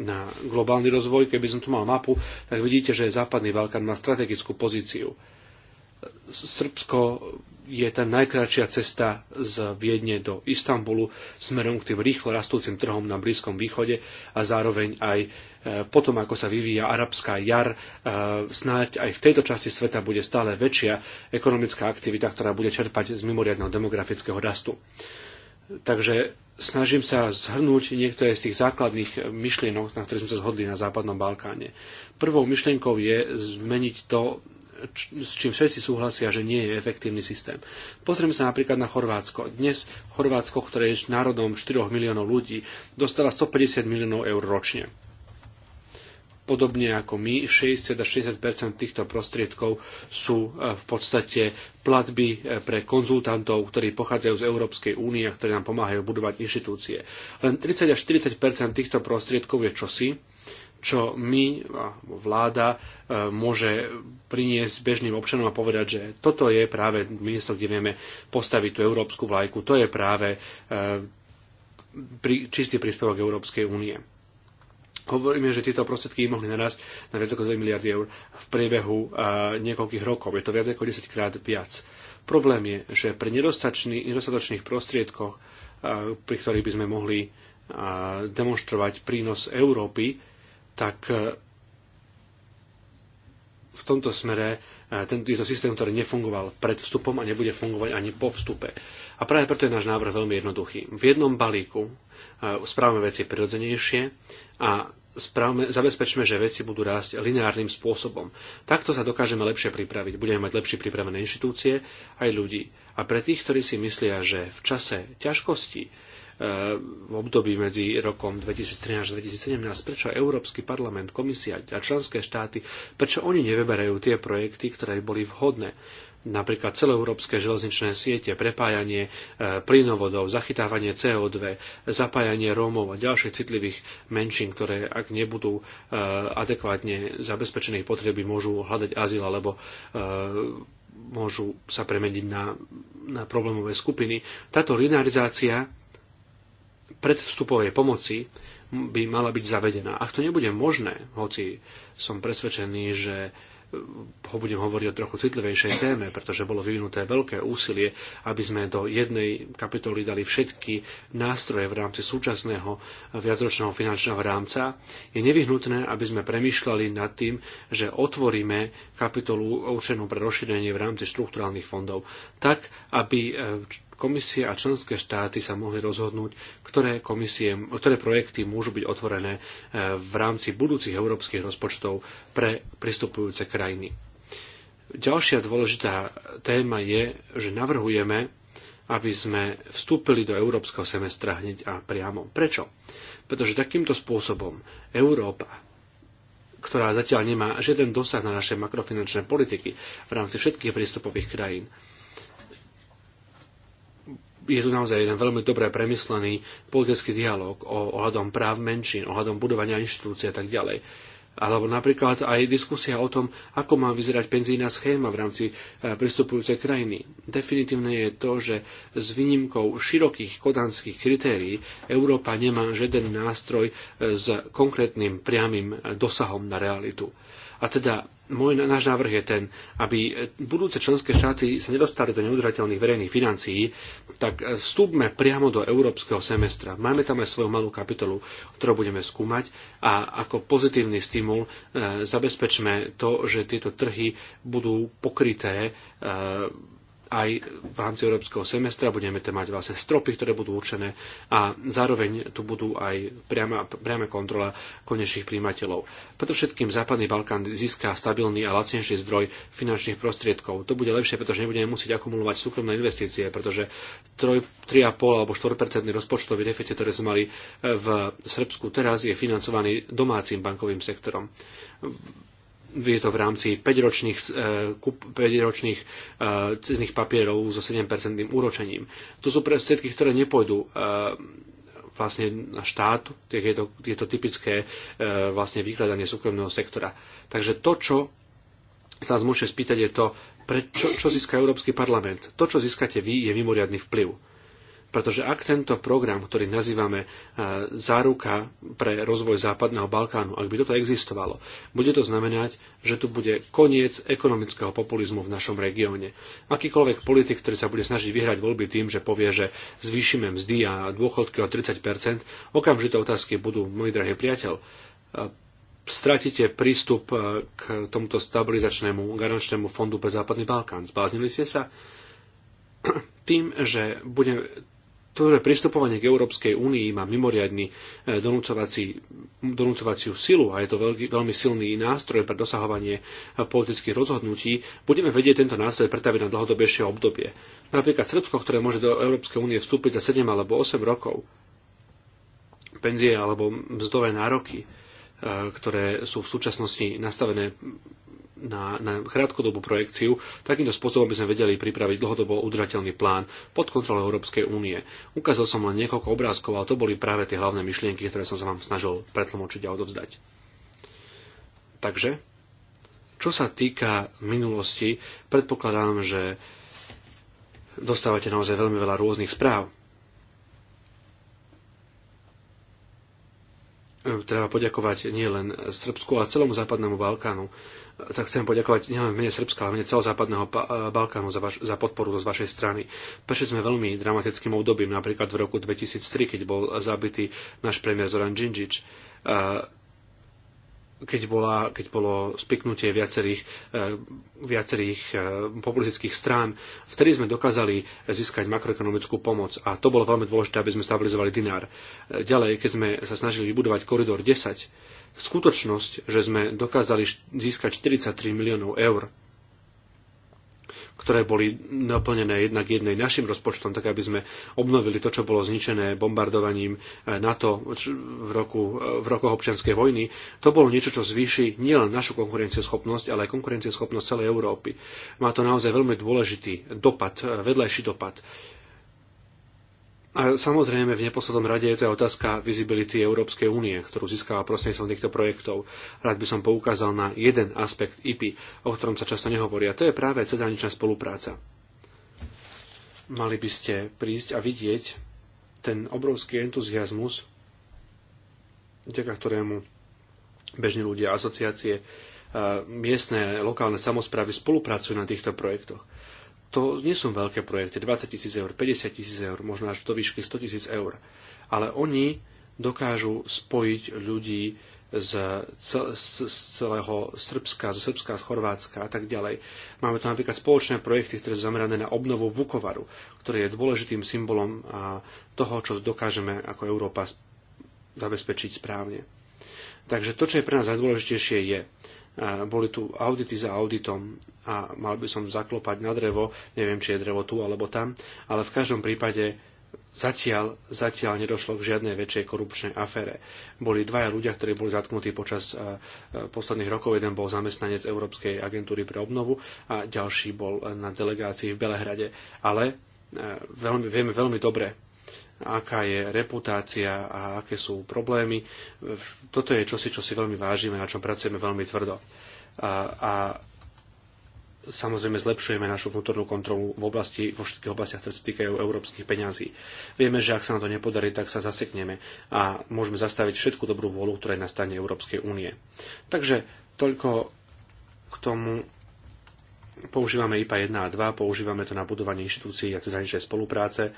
na globálny rozvoj, keby som tu mal mapu, tak vidíte, že Západný Balkán má strategickú pozíciu. Srbsko je tá najkračšia cesta z Viedne do Istanbulu smerom k tým rýchlo rastúcim trhom na Blízkom východe a zároveň aj e, potom, ako sa vyvíja arabská jar, e, snáď aj v tejto časti sveta bude stále väčšia ekonomická aktivita, ktorá bude čerpať z mimoriadného demografického rastu. Takže snažím sa zhrnúť niektoré z tých základných myšlienok, na ktorých sme sa zhodli na Západnom Balkáne. Prvou myšlienkou je zmeniť to, s čím všetci súhlasia, že nie je efektívny systém. Pozrieme sa napríklad na Chorvátsko. Dnes Chorvátsko, ktoré je národom 4 miliónov ľudí, dostala 150 miliónov eur ročne. Podobne ako my, 60 až 60 týchto prostriedkov sú eh, v podstate platby eh, pre konzultantov, ktorí pochádzajú z Európskej únie a ktorí nám pomáhajú budovať inštitúcie. Len 30 až 40 týchto prostriedkov je čosi, čo my, vláda, e, môže priniesť bežným občanom a povedať, že toto je práve miesto, kde vieme postaviť tú európsku vlajku. To je práve e, čistý príspevok Európskej únie. Hovoríme, že tieto prostriedky mohli narásť na viac ako 2 miliardy eur v priebehu e, niekoľkých rokov. Je to viac ako 10 krát viac. Problém je, že pri nedostatočných prostriedkoch, pri ktorých by sme mohli demonstrovať prínos Európy, tak eh, v tomto smere eh, tento, je to systém, ktorý nefungoval pred vstupom a nebude fungovať ani po vstupe. A práve preto je náš návrh veľmi jednoduchý. V jednom balíku eh, správame veci prirodzenejšie a správame, zabezpečme, že veci budú rásť lineárnym spôsobom. Takto sa dokážeme lepšie pripraviť. Budeme mať lepšie pripravené inštitúcie aj ľudí. A pre tých, ktorí si myslia, že v čase ťažkostí v období medzi rokom 2013 až 2017. Prečo Európsky parlament, komisia a členské štáty, prečo oni nevyberajú tie projekty, ktoré boli vhodné? napríklad celoeurópske železničné siete, prepájanie e, plynovodov, zachytávanie CO2, zapájanie Rómov a ďalších citlivých menšín, ktoré ak nebudú e, adekvátne zabezpečené potreby, môžu hľadať azyl alebo e, môžu sa premeniť na, na problémové skupiny. Táto linearizácia predvstupovej pomoci by mala byť zavedená. Ak to nebude možné, hoci som presvedčený, že ho budem hovoriť o trochu citlivejšej téme, pretože bolo vyvinuté veľké úsilie, aby sme do jednej kapitoly dali všetky nástroje v rámci súčasného viacročného finančného rámca, je nevyhnutné, aby sme premyšľali nad tým, že otvoríme kapitolu určenú pre rozšírenie v rámci štruktúrálnych fondov, tak, aby e, Komisie a členské štáty sa mohli rozhodnúť, ktoré, komisie, ktoré projekty môžu byť otvorené e, v rámci budúcich európskych rozpočtov pre pristupujúce krajiny. Ďalšia dôležitá téma je, že navrhujeme, aby sme vstúpili do európskeho semestra hneď a priamo. Prečo? Pretože takýmto spôsobom Európa ktorá zatiaľ nemá žiaden dosah na naše makrofinančné politiky v rámci všetkých prístupových krajín, je tu naozaj jeden veľmi dobre premyslený politický dialog o, ohľadom práv menšín, ohľadom budovania inštitúcií a tak ďalej. Alebo napríklad aj diskusia o tom, ako má vyzerať penzijná schéma v rámci e, pristupujúcej krajiny. Definitívne je to, že s výnimkou širokých kodanských kritérií Európa nemá žiaden nástroj e, s konkrétnym priamým e, dosahom na realitu. A teda môj, náš návrh je ten, aby budúce členské štáty sa nedostali do neudržateľných verejných financií, tak e, vstúpme priamo do európskeho semestra. Máme tam aj svoju malú kapitolu, ktorú budeme skúmať a ako pozitívny stimul e, zabezpečme to, že tieto trhy budú pokryté e, aj v rámci európskeho semestra budeme tam mať vlastne stropy, ktoré budú určené a zároveň tu budú aj priama, priama kontrola konečných príjmateľov. Preto všetkým Západný Balkán získa stabilný a lacnejší zdroj finančných prostriedkov. To bude lepšie, pretože nebudeme musieť akumulovať súkromné investície, pretože 3,5 alebo 4% rozpočtový deficit, ktoré sme mali v Srbsku teraz, je financovaný domácim bankovým sektorom je to v rámci 5-ročných, 5-ročných eh, eh, cenných papierov so 7% úročením. To sú prostriedky, ktoré nepôjdu eh, vlastne na štát, je to, je to typické vlastne vykladanie súkromného sektora. Takže to, čo sa vás môžete spýtať, je to, pre čo, čo získa Európsky parlament. To, čo získate vy, je mimoriadný vplyv. Pretože ak tento program, ktorý nazývame e, záruka pre rozvoj Západného Balkánu, ak by toto existovalo, bude to znamenať, že tu bude koniec ekonomického populizmu v našom regióne. Akýkoľvek politik, ktorý sa bude snažiť vyhrať voľby tým, že povie, že zvýšime mzdy a dôchodky o 30 okamžité otázky budú, môj drahý priateľ, e, stratíte prístup e, k tomuto stabilizačnému garančnému fondu pre Západný Balkán. Zbláznili ste sa? tým, že bude to, že pristupovanie k Európskej únii má mimoriadný e, donúcovaciu silu a je to veľký, veľmi silný nástroj pre dosahovanie e, politických rozhodnutí, budeme vedieť tento nástroj pretaviť na dlhodobejšie obdobie. Napríklad Srbsko, ktoré môže do Európskej únie vstúpiť za 7 alebo 8 rokov, penzie alebo mzdové nároky, e, ktoré sú v súčasnosti nastavené na, na krátkodobú projekciu, takýmto spôsobom by sme vedeli pripraviť dlhodobo udržateľný plán pod kontrolou Európskej únie. Ukázal som len niekoľko obrázkov, ale to boli práve tie hlavné myšlienky, ktoré som sa vám snažil pretlmočiť a odovzdať. Takže, čo sa týka minulosti, predpokladám, že dostávate naozaj veľmi veľa rôznych správ. Treba poďakovať nielen Srbsku, ale celému západnému Balkánu tak chcem poďakovať nielen mene Srbska, ale mene celozápadného eh, Balkánu za, vaš, za podporu z vašej strany. Prešli sme veľmi dramatickým obdobím, napríklad v roku 2003, keď bol zabitý náš premiér Zoran Džinžič. Eh, keď, bola, keď bolo spiknutie viacerých, eh, viacerých eh, populistických strán, vtedy sme dokázali získať makroekonomickú pomoc a to bolo veľmi dôležité, aby sme stabilizovali dinár. Eh, ďalej, keď sme sa snažili vybudovať koridor 10, skutočnosť, že sme dokázali získať 43 miliónov eur ktoré boli naplnené jednak jednej našim rozpočtom, tak aby sme obnovili to, čo bolo zničené bombardovaním eh, NATO v, roku, eh, v rokoch občianskej vojny, to bolo niečo, čo zvýši nielen našu konkurencieschopnosť, ale aj konkurencieschopnosť celej Európy. Má to naozaj veľmi dôležitý dopad, eh, vedľajší dopad. A samozrejme v neposlednom rade je to aj otázka visibility Európskej únie, ktorú získava prostredníctvom týchto projektov. Rád by som poukázal na jeden aspekt IPI, o ktorom sa často nehovorí, a to je práve cezhraničná spolupráca. Mali by ste prísť a vidieť ten obrovský entuziasmus, vďaka ktorému bežní ľudia, asociácie, miestne, lokálne samozprávy spolupracujú na týchto projektoch to nie sú veľké projekty, 20 tisíc eur, 50 tisíc eur, možno až do výšky 100 tisíc eur. Ale oni dokážu spojiť ľudí z, celého Srbska, zo Srbska, z Chorvátska a tak ďalej. Máme tu napríklad spoločné projekty, ktoré sú zamerané na obnovu Vukovaru, ktorý je dôležitým symbolom toho, čo dokážeme ako Európa zabezpečiť správne. Takže to, čo je pre nás najdôležitejšie, je boli tu audity za auditom a mal by som zaklopať na drevo, neviem, či je drevo tu alebo tam, ale v každom prípade Zatiaľ, zatiaľ nedošlo k žiadnej väčšej korupčnej afére. Boli dvaja ľudia, ktorí boli zatknutí počas e, e, posledných rokov. Jeden bol zamestnanec Európskej agentúry pre obnovu a ďalší bol na delegácii v Belehrade. Ale e, veľmi, vieme veľmi dobre, aká je reputácia a aké sú problémy. Toto je čosi, čo si veľmi vážime, na čom pracujeme veľmi tvrdo. A, a samozrejme zlepšujeme našu vnútornú kontrolu v oblasti, vo všetkých oblastiach, ktoré sa týkajú európskych peňazí. Vieme, že ak sa nám to nepodarí, tak sa zasekneme a môžeme zastaviť všetku dobrú vôľu, ktorá je na strane Európskej únie. Takže toľko k tomu. Používame IPA 1 a 2, používame to na budovanie inštitúcií a cezhraničnej spolupráce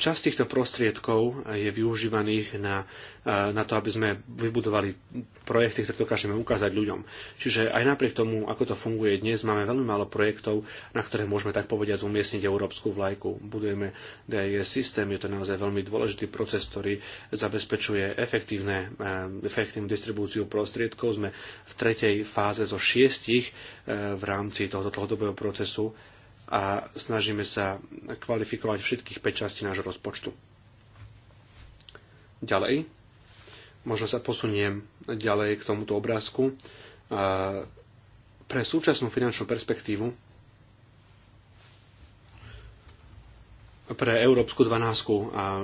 Časť týchto prostriedkov je využívaných na, e, na to, aby sme vybudovali projekty, ktoré dokážeme ukázať ľuďom. Čiže aj napriek tomu, ako to funguje dnes, máme veľmi málo projektov, na ktoré môžeme tak povediať umiestniť európsku vlajku. Budujeme DIS systém, je to naozaj veľmi dôležitý proces, ktorý zabezpečuje efektívne, e, efektívnu distribúciu prostriedkov. Sme v tretej fáze zo šiestich e, v rámci tohoto dlhodobého procesu a snažíme sa kvalifikovať všetkých 5 častí nášho rozpočtu. Ďalej, možno sa posuniem ďalej k tomuto obrázku. Pre súčasnú finančnú perspektívu pre Európsku 12 a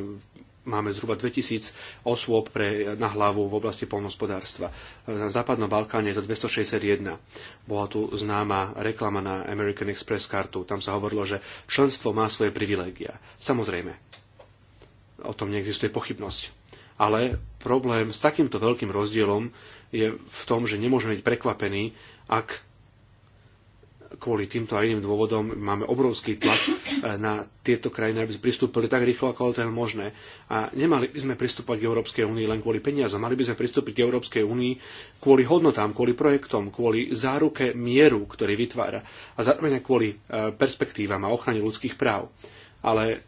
máme zhruba 2000 osôb pre, na hlavu v oblasti polnospodárstva. Na západnom Balkáne je to 261. Bola tu známa reklama na American Express kartu. Tam sa hovorilo, že členstvo má svoje privilégia. Samozrejme, o tom neexistuje pochybnosť. Ale problém s takýmto veľkým rozdielom je v tom, že nemôžeme byť prekvapení, ak kvôli týmto a iným dôvodom máme obrovský tlak eh, na tieto krajiny, aby sme pristúpili tak rýchlo, ako je možné. A nemali by sme pristúpať k Európskej únii len kvôli peniazom, mali by sme pristúpiť k Európskej únii kvôli hodnotám, kvôli projektom, kvôli záruke mieru, ktorý vytvára a zároveň kvôli eh, perspektívam a ochrane ľudských práv. Ale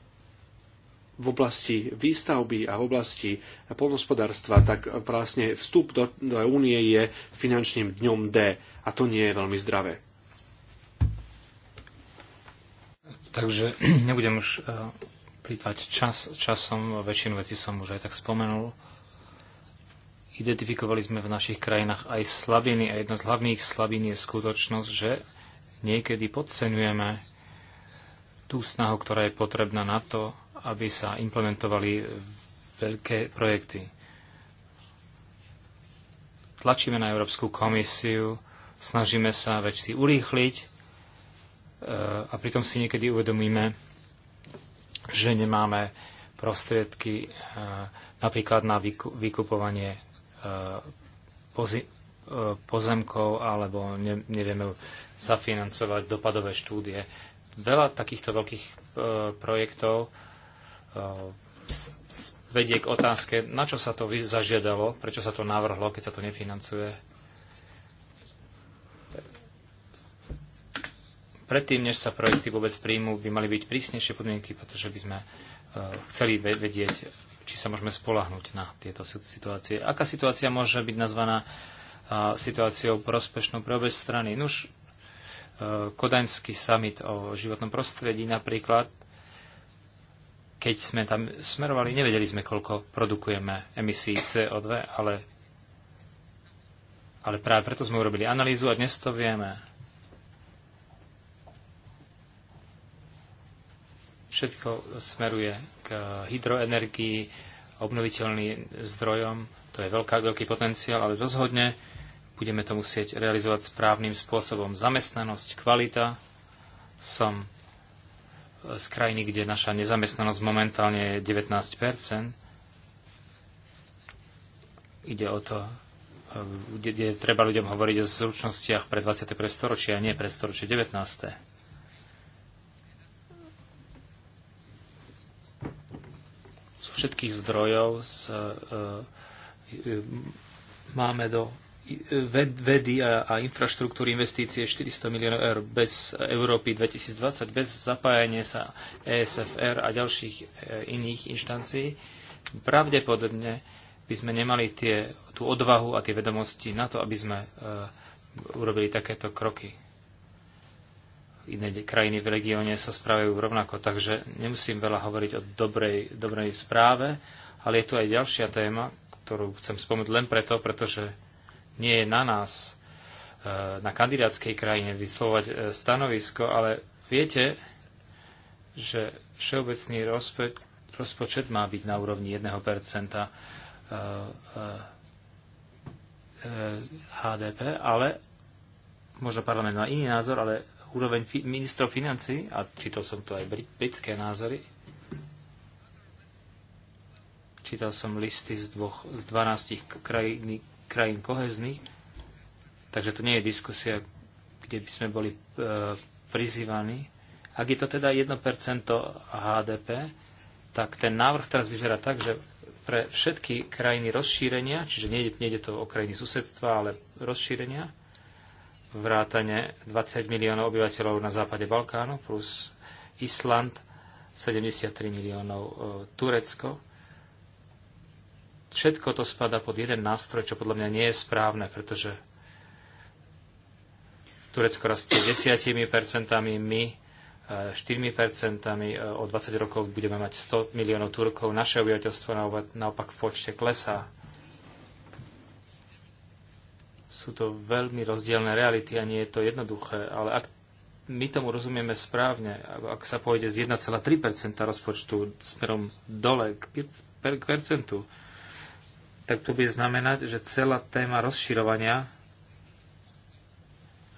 v oblasti výstavby a v oblasti polnospodárstva, tak vlastne vstup do, do únie je finančným dňom D a to nie je veľmi zdravé. Takže nebudem už eh, plýtvať čas, časom, väčšinu vecí som už aj tak spomenul. Identifikovali sme v našich krajinách aj slabiny a jedna z hlavných slabín je skutočnosť, že niekedy podceňujeme tú snahu, ktorá je potrebná na to, aby sa implementovali veľké projekty. Tlačíme na Európsku komisiu, snažíme sa veci urýchliť, Eh, a pritom si niekedy uvedomíme, že nemáme prostriedky eh, napríklad na vykupovanie eh, pozemkov alebo nevieme zafinancovať dopadové štúdie. Veľa takýchto veľkých projektov vedie k otázke, na čo sa to zažiadalo, prečo sa to navrhlo, keď sa to nefinancuje. Predtým, než sa projekty vôbec príjmú, by mali byť prísnejšie podmienky, pretože by sme e, chceli vedieť, či sa môžeme spolahnuť na tieto situácie. Aká situácia môže byť nazvaná e, situáciou prospešnou pre obe strany? Nuž, e, Kodaňský summit o životnom prostredí napríklad, keď sme tam smerovali, nevedeli sme, koľko produkujeme emisí CO2, ale, ale práve preto sme urobili analýzu a dnes to vieme. Všetko smeruje k hydroenergii, obnoviteľným zdrojom. To je veľká, veľký potenciál, ale rozhodne budeme to musieť realizovať správnym spôsobom. Zamestnanosť, kvalita. Som z krajiny, kde naša nezamestnanosť momentálne je 19 Ide o to, kde, kde treba ľuďom hovoriť o zručnostiach pre 21. storočie a nie pre storočie 19. všetkých zdrojov z, e, e máme do vedy a, a infraštruktúry investície 400 miliónov eur bez Európy 2020, bez zapájania sa ESFR a ďalších e, iných inštancií, pravdepodobne by sme nemali tie, tú odvahu a tie vedomosti na to, aby sme e, urobili takéto kroky iné krajiny v regióne sa správajú rovnako, takže nemusím veľa hovoriť o dobrej, dobrej správe, ale je tu aj ďalšia téma, ktorú chcem spomenúť len preto, pretože nie je na nás, e, na kandidátskej krajine, vyslovať e, stanovisko, ale viete, že všeobecný rozpočet má byť na úrovni 1% e, HDP, ale možno parlament má iný názor, ale úroveň fi- ministrov financí, a čítal som to aj brit- britské názory, čítal som listy z, dvoch, z 12 krajín, krajín kohezných, takže to nie je diskusia, kde by sme boli e, prizývaní. Ak je to teda 1% HDP, tak ten návrh teraz vyzerá tak, že pre všetky krajiny rozšírenia, čiže nejde, nejde to o krajiny susedstva, ale rozšírenia, vrátane 20 miliónov obyvateľov na západe Balkánu, plus Island, 73 miliónov e, Turecko. Všetko to spada pod jeden nástroj, čo podľa mňa nie je správne, pretože Turecko rastie 10%, my 4%, e, e, o 20 rokov budeme mať 100 miliónov Turkov, naše obyvateľstvo naopak v počte klesá. Sú to veľmi rozdielne reality a nie je to jednoduché, ale ak my tomu rozumieme správne, ak sa pôjde z 1,3% rozpočtu smerom dole k, percentu, tak to bude znamenať, že celá téma rozširovania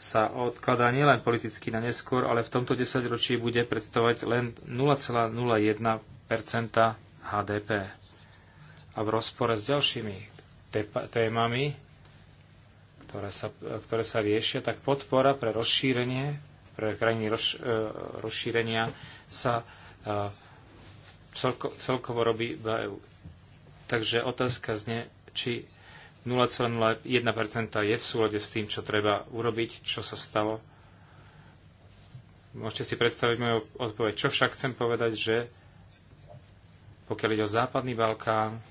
sa odkladá nielen politicky na neskôr, ale v tomto desaťročí bude predstavovať len 0,01 HDP. A v rozpore s ďalšími témami ktoré sa, ktoré sa riešia, tak podpora pre rozšírenie, pre krajiny roz, e, rozšírenia sa e, celko, celkovo robí v EU. Takže otázka zne, či 0,01% je v súlade s tým, čo treba urobiť, čo sa stalo. Môžete si predstaviť moju odpoveď. Čo však chcem povedať, že pokiaľ ide o Západný Balkán,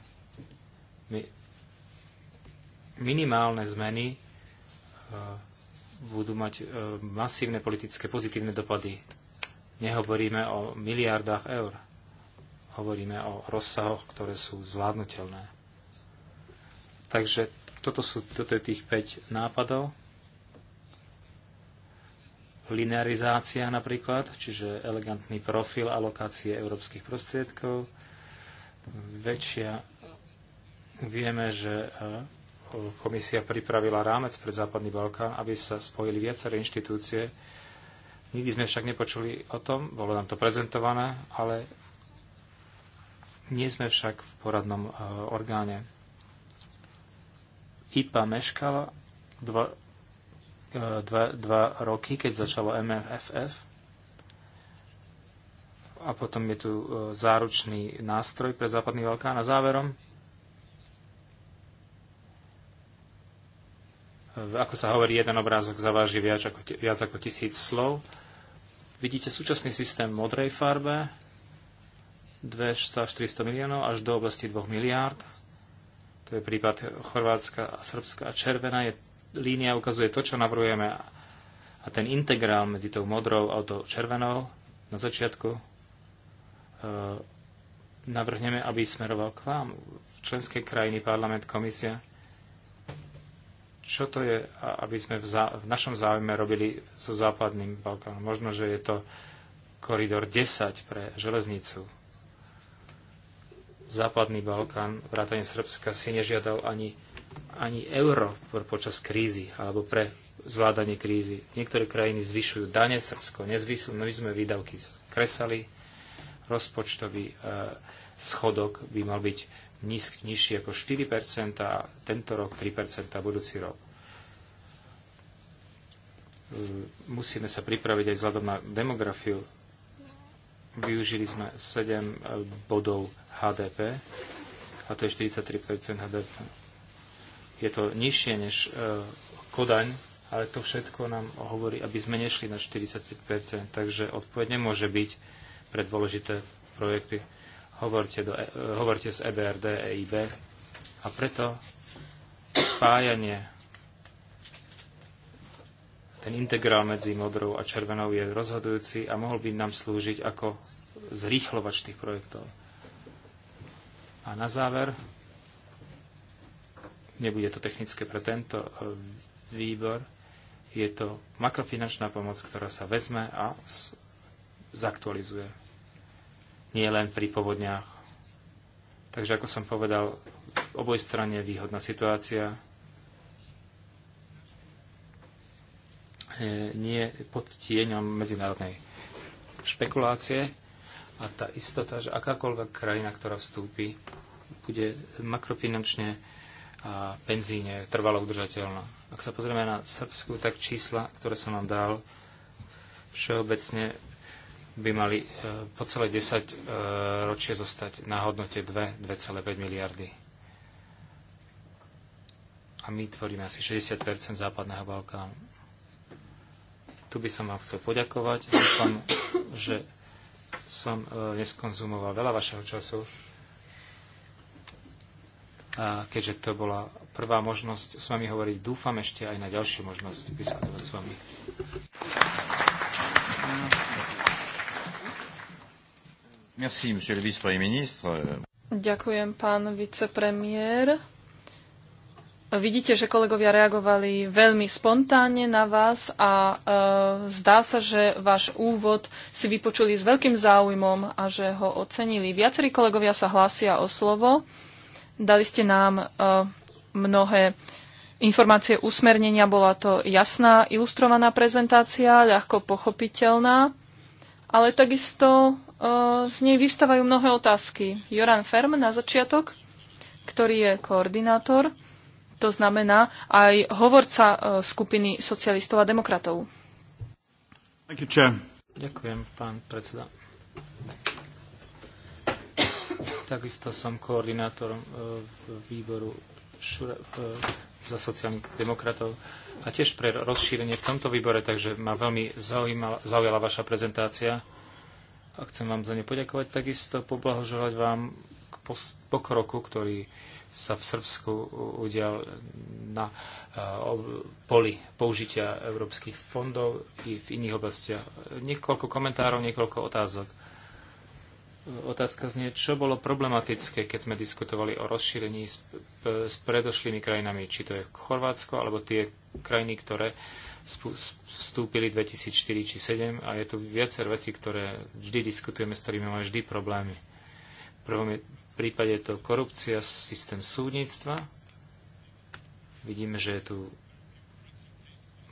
minimálne zmeny budú mať e, masívne politické pozitívne dopady. Nehovoríme o miliardách eur. Hovoríme o rozsahoch, ktoré sú zvládnutelné. Takže toto, sú, toto je tých 5 nápadov. Linearizácia napríklad, čiže elegantný profil alokácie európskych prostriedkov. Väčšia vieme, že e, komisia pripravila rámec pre Západný Balkán, aby sa spojili viaceré inštitúcie. Nikdy sme však nepočuli o tom, bolo nám to prezentované, ale nie sme však v poradnom e, orgáne. IPA meškala dva, e, dva, dva roky, keď začalo MFF. A potom je tu e, záručný nástroj pre Západný Balkán. A záverom ako sa hovorí, jeden obrázok zaváži viac ako, viac ako tisíc slov. Vidíte súčasný systém modrej farbe, 200 až 300 miliónov až do oblasti 2 miliárd. To je prípad Chorvátska a Srbska. A červená je, línia ukazuje to, čo navrujeme. A ten integrál medzi tou modrou a tou červenou na začiatku e, navrhneme, aby smeroval k vám. V členské krajiny, parlament, komisia čo to je, aby sme v, zá, v našom záujme robili so západným Balkánom. Možno, že je to koridor 10 pre železnicu. Západný Balkán, vrátane Srbska, si nežiadal ani, ani euro počas krízy alebo pre zvládanie krízy. Niektoré krajiny zvyšujú dane Srbsko, nezvyšujú, no my sme výdavky kresali, rozpočtový e, schodok by mal byť nízk, nižší ako 4% a tento rok 3% budúci rok. E, musíme sa pripraviť aj vzhľadom na demografiu. Využili sme 7 e, bodov HDP a to je 43% HDP. Je to nižšie než e, Kodaň, ale to všetko nám hovorí, aby sme nešli na 45%, takže odpoveď nemôže byť pre dôležité projekty hovorte, do, e- e- hovorte z EBRD, EIB. A preto spájanie, ten integrál medzi modrou a červenou je rozhodujúci a mohol by nám slúžiť ako zrýchlovač tých projektov. A na záver, nebude to technické pre tento e, výbor, je to makrofinančná pomoc, ktorá sa vezme a zaktualizuje nie len pri povodniach. Takže ako som povedal, v oboj strane výhodná situácia. E, nie pod tieňom medzinárodnej špekulácie a tá istota, že akákoľvek krajina, ktorá vstúpi, bude makrofinančne a penzíne trvalo udržateľná. Ak sa pozrieme na Srbsku, tak čísla, ktoré som vám dal, všeobecne by mali e, po celé 10 e, ročie zostať na hodnote 2,5 miliardy. A my tvoríme asi 60 západného Balkánu. Tu by som vám chcel poďakovať. Dúfam, že som e, neskonzumoval veľa vašeho času. A keďže to bola prvá možnosť s vami hovoriť, dúfam ešte aj na ďalšiu možnosť diskutovať s vami. Merci, monsieur le vice-premier ministre. Ďakujem, pán vicepremiér. Vidíte, že kolegovia reagovali veľmi spontánne na vás a e, zdá sa, že váš úvod si vypočuli s veľkým záujmom a že ho ocenili. Viacerí kolegovia sa hlásia o slovo. Dali ste nám e, mnohé informácie usmernenia, bola to jasná, ilustrovaná prezentácia, ľahko pochopiteľná, ale takisto z nej vystávajú mnohé otázky. Joran Ferm na začiatok, ktorý je koordinátor, to znamená aj hovorca e, skupiny socialistov a demokratov. Ďakujem, pán predseda. Takisto som koordinátorom e, výboru e, za sociálnych demokratov a tiež pre rozšírenie v tomto výbore, takže ma veľmi zaujala vaša prezentácia a chcem vám za ne poďakovať. Takisto poblahoželať vám k pokroku, ktorý sa v Srbsku udial na e, poli použitia európskych fondov i v iných oblastiach. Niekoľko komentárov, niekoľko otázok. Otázka znie, čo bolo problematické, keď sme diskutovali o rozšírení s, e, s predošlými krajinami, či to je Chorvátsko, alebo tie krajiny, ktoré vstúpili 2004 či 2007 a je tu viacer vecí, ktoré vždy diskutujeme, s ktorými máme vždy problémy. V prvom prípade je to korupcia, systém súdnictva. Vidíme, že je tu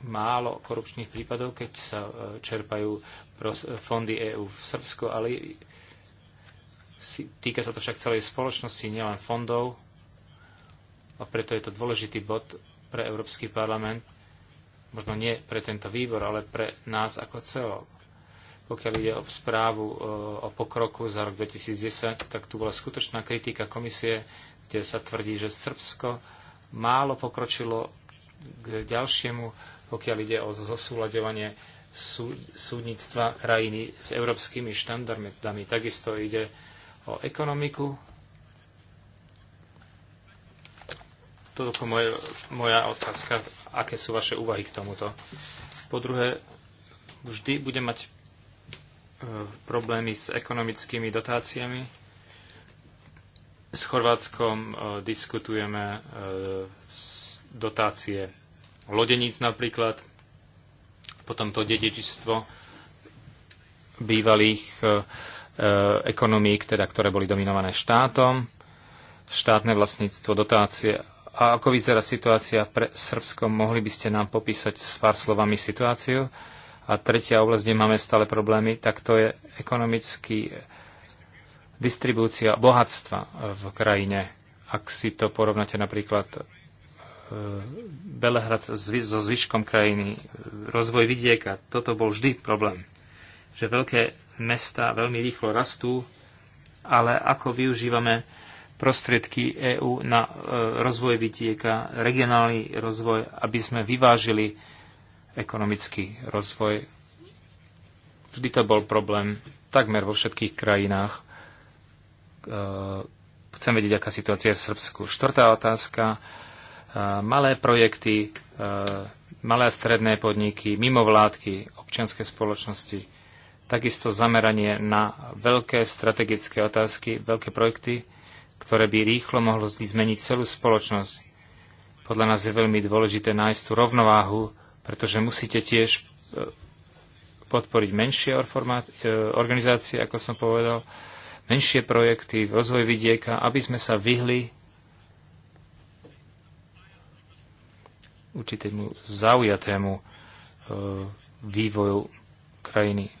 málo korupčných prípadov, keď sa e, čerpajú fondy EÚ v Srbsku, ale Týka sa to však celej spoločnosti, nielen fondov, a preto je to dôležitý bod pre Európsky parlament, možno nie pre tento výbor, ale pre nás ako celo. Pokiaľ ide o správu e, o pokroku za rok 2010, tak tu bola skutočná kritika komisie, kde sa tvrdí, že Srbsko málo pokročilo k ďalšiemu, pokiaľ ide o zosúľadovanie súdnictva krajiny s európskymi štandardami. Takisto ide o ekonomiku. Toľko moje, moja otázka, aké sú vaše úvahy k tomuto. Po druhé, vždy budem mať e, problémy s ekonomickými dotáciami. S Chorvátskom e, diskutujeme e, dotácie lodeníc napríklad, potom to dedičstvo bývalých e, Eh, ekonomík, teda, ktoré boli dominované štátom, štátne vlastníctvo, dotácie. A ako vyzerá situácia pre Srbsko? Mohli by ste nám popísať s pár slovami situáciu? A tretia oblasť, kde máme stále problémy, tak to je ekonomický distribúcia bohatstva v krajine. Ak si to porovnáte napríklad eh, Belehrad so zvyškom krajiny, eh, rozvoj vidieka, toto bol vždy problém. Že veľké mesta veľmi rýchlo rastú, ale ako využívame prostriedky EÚ na e, rozvoj vidieka, regionálny rozvoj, aby sme vyvážili ekonomický rozvoj. Vždy to bol problém takmer vo všetkých krajinách. E, chcem vedieť, aká situácia je v Srbsku. Štvrtá otázka. E, malé projekty, malé a stredné podniky, mimovládky, občianske spoločnosti Takisto zameranie na veľké strategické otázky, veľké projekty, ktoré by rýchlo mohlo zmeniť celú spoločnosť. Podľa nás je veľmi dôležité nájsť tú rovnováhu, pretože musíte tiež e, podporiť menšie e, organizácie, ako som povedal, menšie projekty, v rozvoji vidieka, aby sme sa vyhli určitému zaujatému e, vývoju krajiny.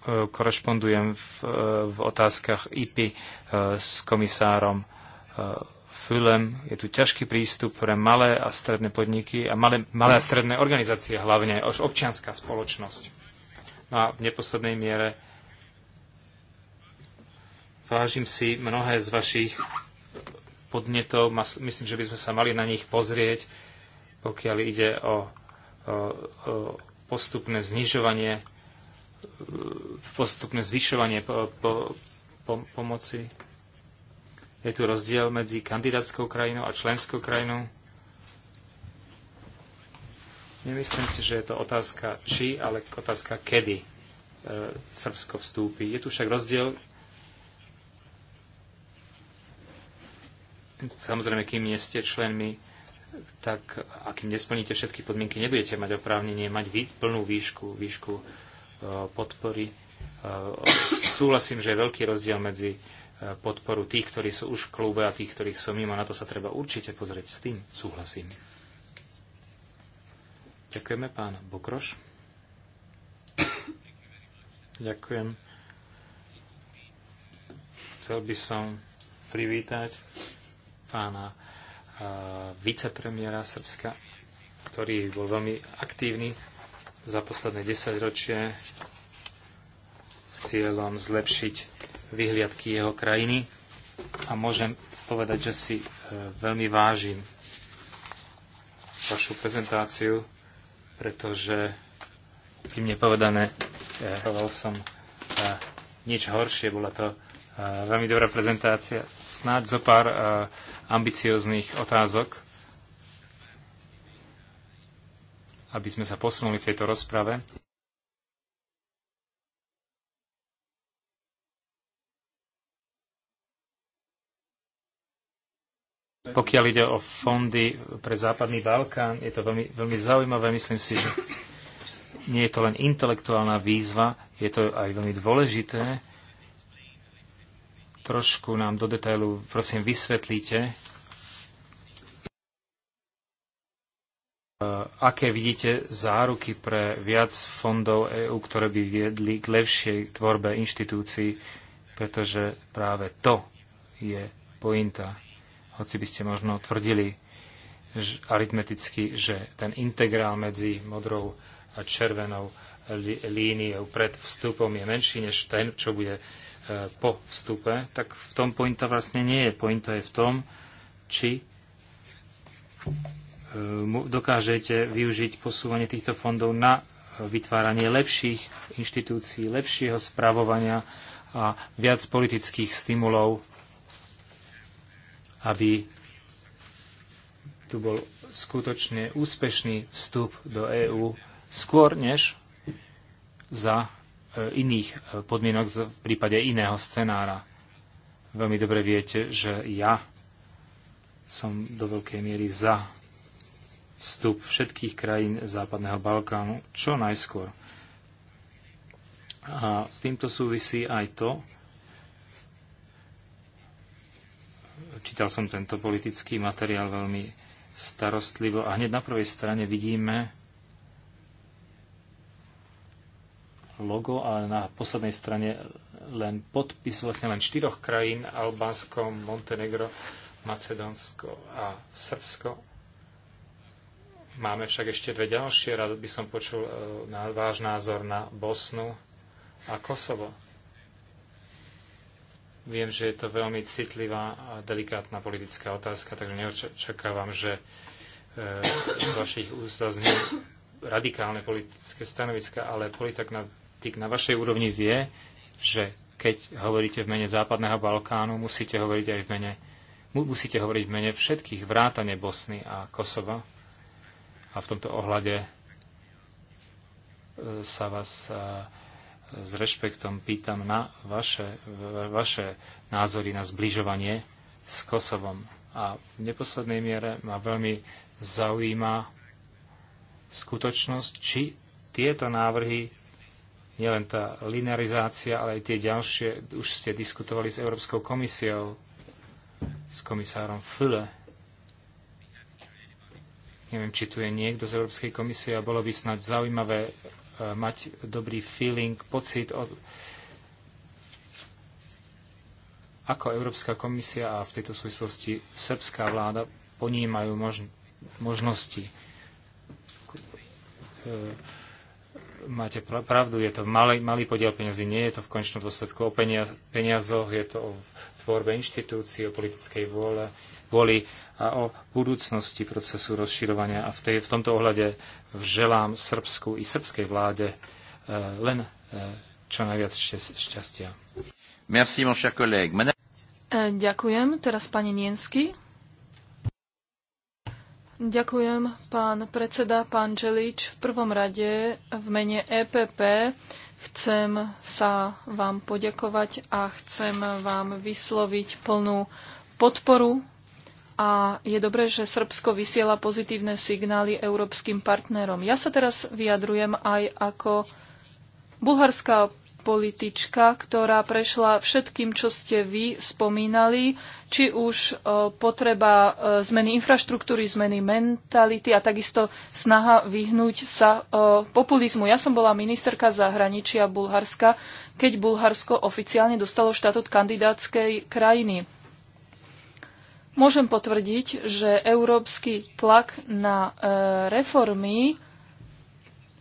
E, korešpondujem v, e, v otázkach IPI e, s komisárom Fülem. Je tu ťažký prístup pre malé a stredné podniky a malé, malé a stredné organizácie, hlavne až občianská spoločnosť. No a v neposlednej miere vážim si mnohé z vašich podnetov. Myslím, že by sme sa mali na nich pozrieť, pokiaľ ide o, o, o postupné znižovanie postupné zvyšovanie po, po, po, pomoci. Je tu rozdiel medzi kandidátskou krajinou a členskou krajinou. Nemyslím si, že je to otázka či, ale otázka kedy e, Srbsko vstúpi. Je tu však rozdiel. Samozrejme, kým nie ste členmi, tak akým nesplníte všetky podmienky, nebudete mať oprávnenie mať plnú výšku, výšku podpory. E, súhlasím, že je veľký rozdiel medzi e, podporu tých, ktorí sú už v klube a tých, ktorých som mimo. Na to sa treba určite pozrieť. S tým súhlasím. Ďakujeme, pán Bokroš. Ďakujem. Chcel by som privítať pána e, vicepremiera Srbska, ktorý bol veľmi aktívny za posledné 10 ročie s cieľom zlepšiť vyhliadky jeho krajiny a môžem povedať, že si e, veľmi vážim vašu prezentáciu, pretože mne povedané, e, hoval som e, nič horšie, bola to veľmi dobrá prezentácia, snáď zo pár ambicioznych otázok aby sme sa posunuli v tejto rozprave. Pokiaľ ide o fondy pre Západný Balkán, je to veľmi, veľmi zaujímavé. Myslím si, že nie je to len intelektuálna výzva, je to aj veľmi dôležité. Trošku nám do detailu, prosím, vysvetlíte, Eh, aké vidíte záruky pre viac fondov EÚ, ktoré by viedli k lepšej tvorbe inštitúcií, pretože práve to je pointa. Hoci by ste možno tvrdili že, aritmeticky, že ten integrál medzi modrou a červenou líniou pred vstupom je menší než ten, čo bude e, po vstupe, tak v tom pointa vlastne nie je. Pointa je v tom, či dokážete využiť posúvanie týchto fondov na vytváranie lepších inštitúcií, lepšieho správovania a viac politických stimulov, aby tu bol skutočne úspešný vstup do EÚ skôr než za e, iných e, podmienok v prípade iného scenára. Veľmi dobre viete, že ja som do veľkej miery za vstup všetkých krajín Západného Balkánu čo najskôr. A s týmto súvisí aj to, čítal som tento politický materiál veľmi starostlivo a hneď na prvej strane vidíme logo a na poslednej strane len podpis vlastne len štyroch krajín Albánsko, Montenegro, Macedónsko a Srbsko Máme však ešte dve ďalšie. Rád by som počul e, na váš názor na Bosnu a Kosovo. Viem, že je to veľmi citlivá a delikátna politická otázka, takže neočakávam, že e, z vašich úst zaznie radikálne politické stanoviska, ale politik na, na vašej úrovni vie, že keď hovoríte v mene Západného Balkánu, musíte hovoriť aj v mene, musíte hovoriť v mene všetkých vrátane Bosny a Kosova a v tomto ohľade e, sa vás e, s rešpektom pýtam na vaše, vaše názory na zbližovanie s Kosovom. A v neposlednej miere ma veľmi zaujíma skutočnosť, či tieto návrhy, nielen tá linearizácia, ale aj tie ďalšie, už ste diskutovali s Európskou komisiou, s komisárom Fülle Neviem, či tu je niekto z Európskej komisie a bolo by snáď zaujímavé e, mať dobrý feeling, pocit, od, ako Európska komisia a v tejto súvislosti srbská vláda ponímajú možnosti. E, máte pravdu, je to malý, malý podiel peniazy, nie je to v konečnom dôsledku o peniazoch, je to o tvorbe inštitúcií, o politickej vôle, vôli a o budúcnosti procesu rozširovania. A v, tej, v tomto ohľade želám Srbsku i srbskej vláde eh, len eh, čo najviac šťastia. Merci, mon cher collègue. Mene... Eh, ďakujem. Teraz pani Niensky. Ďakujem, pán predseda, pán Želič. V prvom rade v mene EPP chcem sa vám poďakovať a chcem vám vysloviť plnú podporu a je dobré, že Srbsko vysiela pozitívne signály európskym partnerom. Ja sa teraz vyjadrujem aj ako bulharská politička, ktorá prešla všetkým, čo ste vy spomínali, či už e, potreba e, zmeny infraštruktúry, zmeny mentality a takisto snaha vyhnúť sa e, populizmu. Ja som bola ministerka zahraničia Bulharska, keď Bulharsko oficiálne dostalo štatút kandidátskej krajiny. Môžem potvrdiť, že európsky tlak na e, reformy,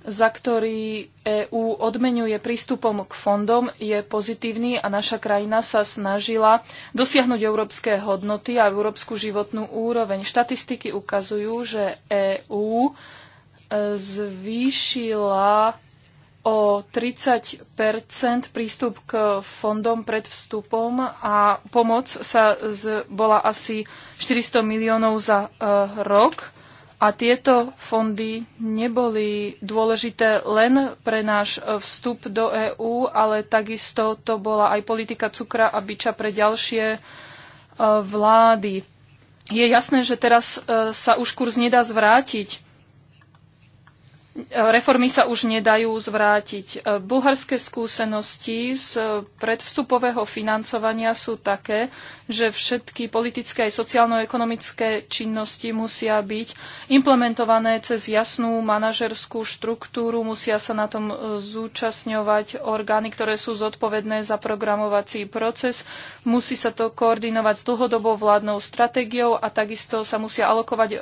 za ktorý EÚ odmenuje prístupom k fondom, je pozitívny a naša krajina sa snažila dosiahnuť európske hodnoty a európsku životnú úroveň. Štatistiky ukazujú, že EÚ e, zvýšila o 30 prístup k fondom pred vstupom a pomoc sa z, bola asi 400 miliónov za uh, rok. A tieto fondy neboli dôležité len pre náš e, vstup do EÚ, ale takisto to bola aj politika cukra a byča pre ďalšie e, vlády. Je jasné, že teraz sa už kurz nedá zvrátiť reformy sa už nedajú zvrátiť. E, Bulharské skúsenosti z predvstupového financovania sú také, že všetky politické aj sociálno-ekonomické činnosti musia byť implementované cez jasnú manažerskú štruktúru, musia sa na tom e, zúčastňovať orgány, ktoré sú zodpovedné za programovací proces, musí sa to koordinovať s dlhodobou vládnou stratégiou a takisto sa musia alokovať e,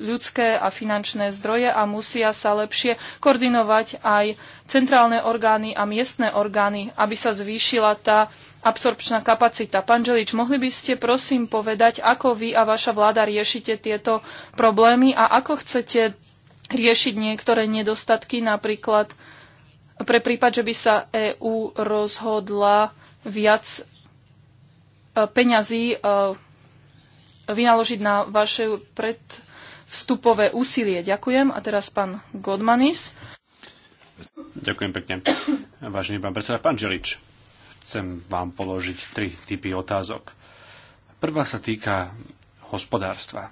ľudské a finančné zdroje a musia sa lepšie lepšie koordinovať aj centrálne orgány a miestne orgány, aby sa zvýšila tá absorpčná kapacita. Pán Želič, mohli by ste prosím povedať, ako vy a vaša vláda riešite tieto problémy a ako chcete riešiť niektoré nedostatky, napríklad pre prípad, že by sa EÚ rozhodla viac e, peňazí e, vynaložiť na vašu pred vstupové úsilie. Ďakujem. A teraz pán Godmanis. Ďakujem pekne. Vážený pán predseda, pán Želič, chcem vám položiť tri typy otázok. Prvá sa týka hospodárstva.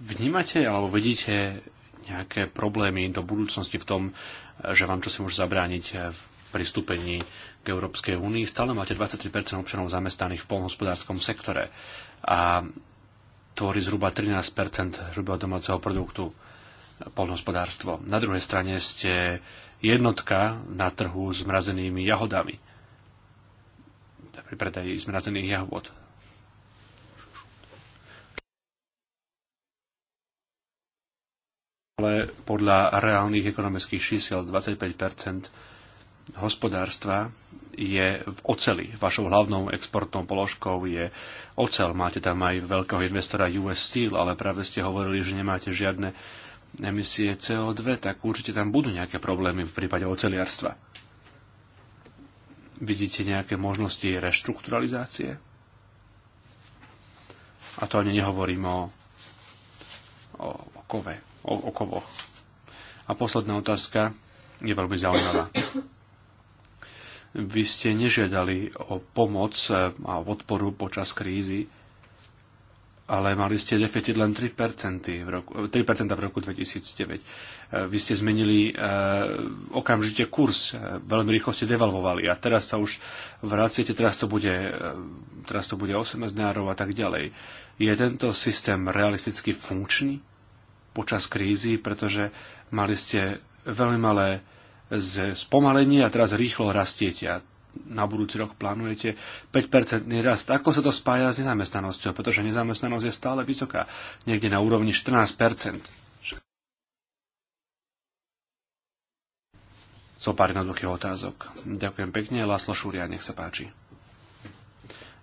Vnímate alebo vidíte nejaké problémy do budúcnosti v tom, že vám čo si môže zabrániť v pristúpení k Európskej únii. Stále máte 23% občanov zamestnaných v polnohospodárskom sektore. A tvorí zhruba 13 hrubého domáceho produktu polnohospodárstvo. Na druhej strane ste jednotka na trhu s mrazenými jahodami. Pri predaji zmrazených jahod. Ale podľa reálnych ekonomických čísel 25 hospodárstva je v oceli. Vašou hlavnou exportnou položkou je ocel. Máte tam aj veľkého investora US Steel, ale práve ste hovorili, že nemáte žiadne emisie CO2, tak určite tam budú nejaké problémy v prípade oceliarstva. Vidíte nejaké možnosti reštrukturalizácie? A to ani nehovorím o, o, o kove, o, o kovoch. A posledná otázka je veľmi zaujímavá. Vy ste nežiadali o pomoc e, a odporu počas krízy, ale mali ste deficit len 3%, v roku, 3 v roku 2009. E, vy ste zmenili e, okamžite kurz, veľmi rýchlo ste devalvovali a teraz sa už vraciete, teraz to bude, teraz to bude 8 nárov a tak ďalej. Je tento systém realisticky funkčný počas krízy, pretože mali ste veľmi malé z spomalenie a teraz rýchlo rastiete a na budúci rok plánujete 5-percentný rast. Ako sa to spája s nezamestnanosťou? Pretože nezamestnanosť je stále vysoká, niekde na úrovni 14 So pár jednoduchých otázok. Ďakujem pekne. Laslo Šúria, nech sa páči.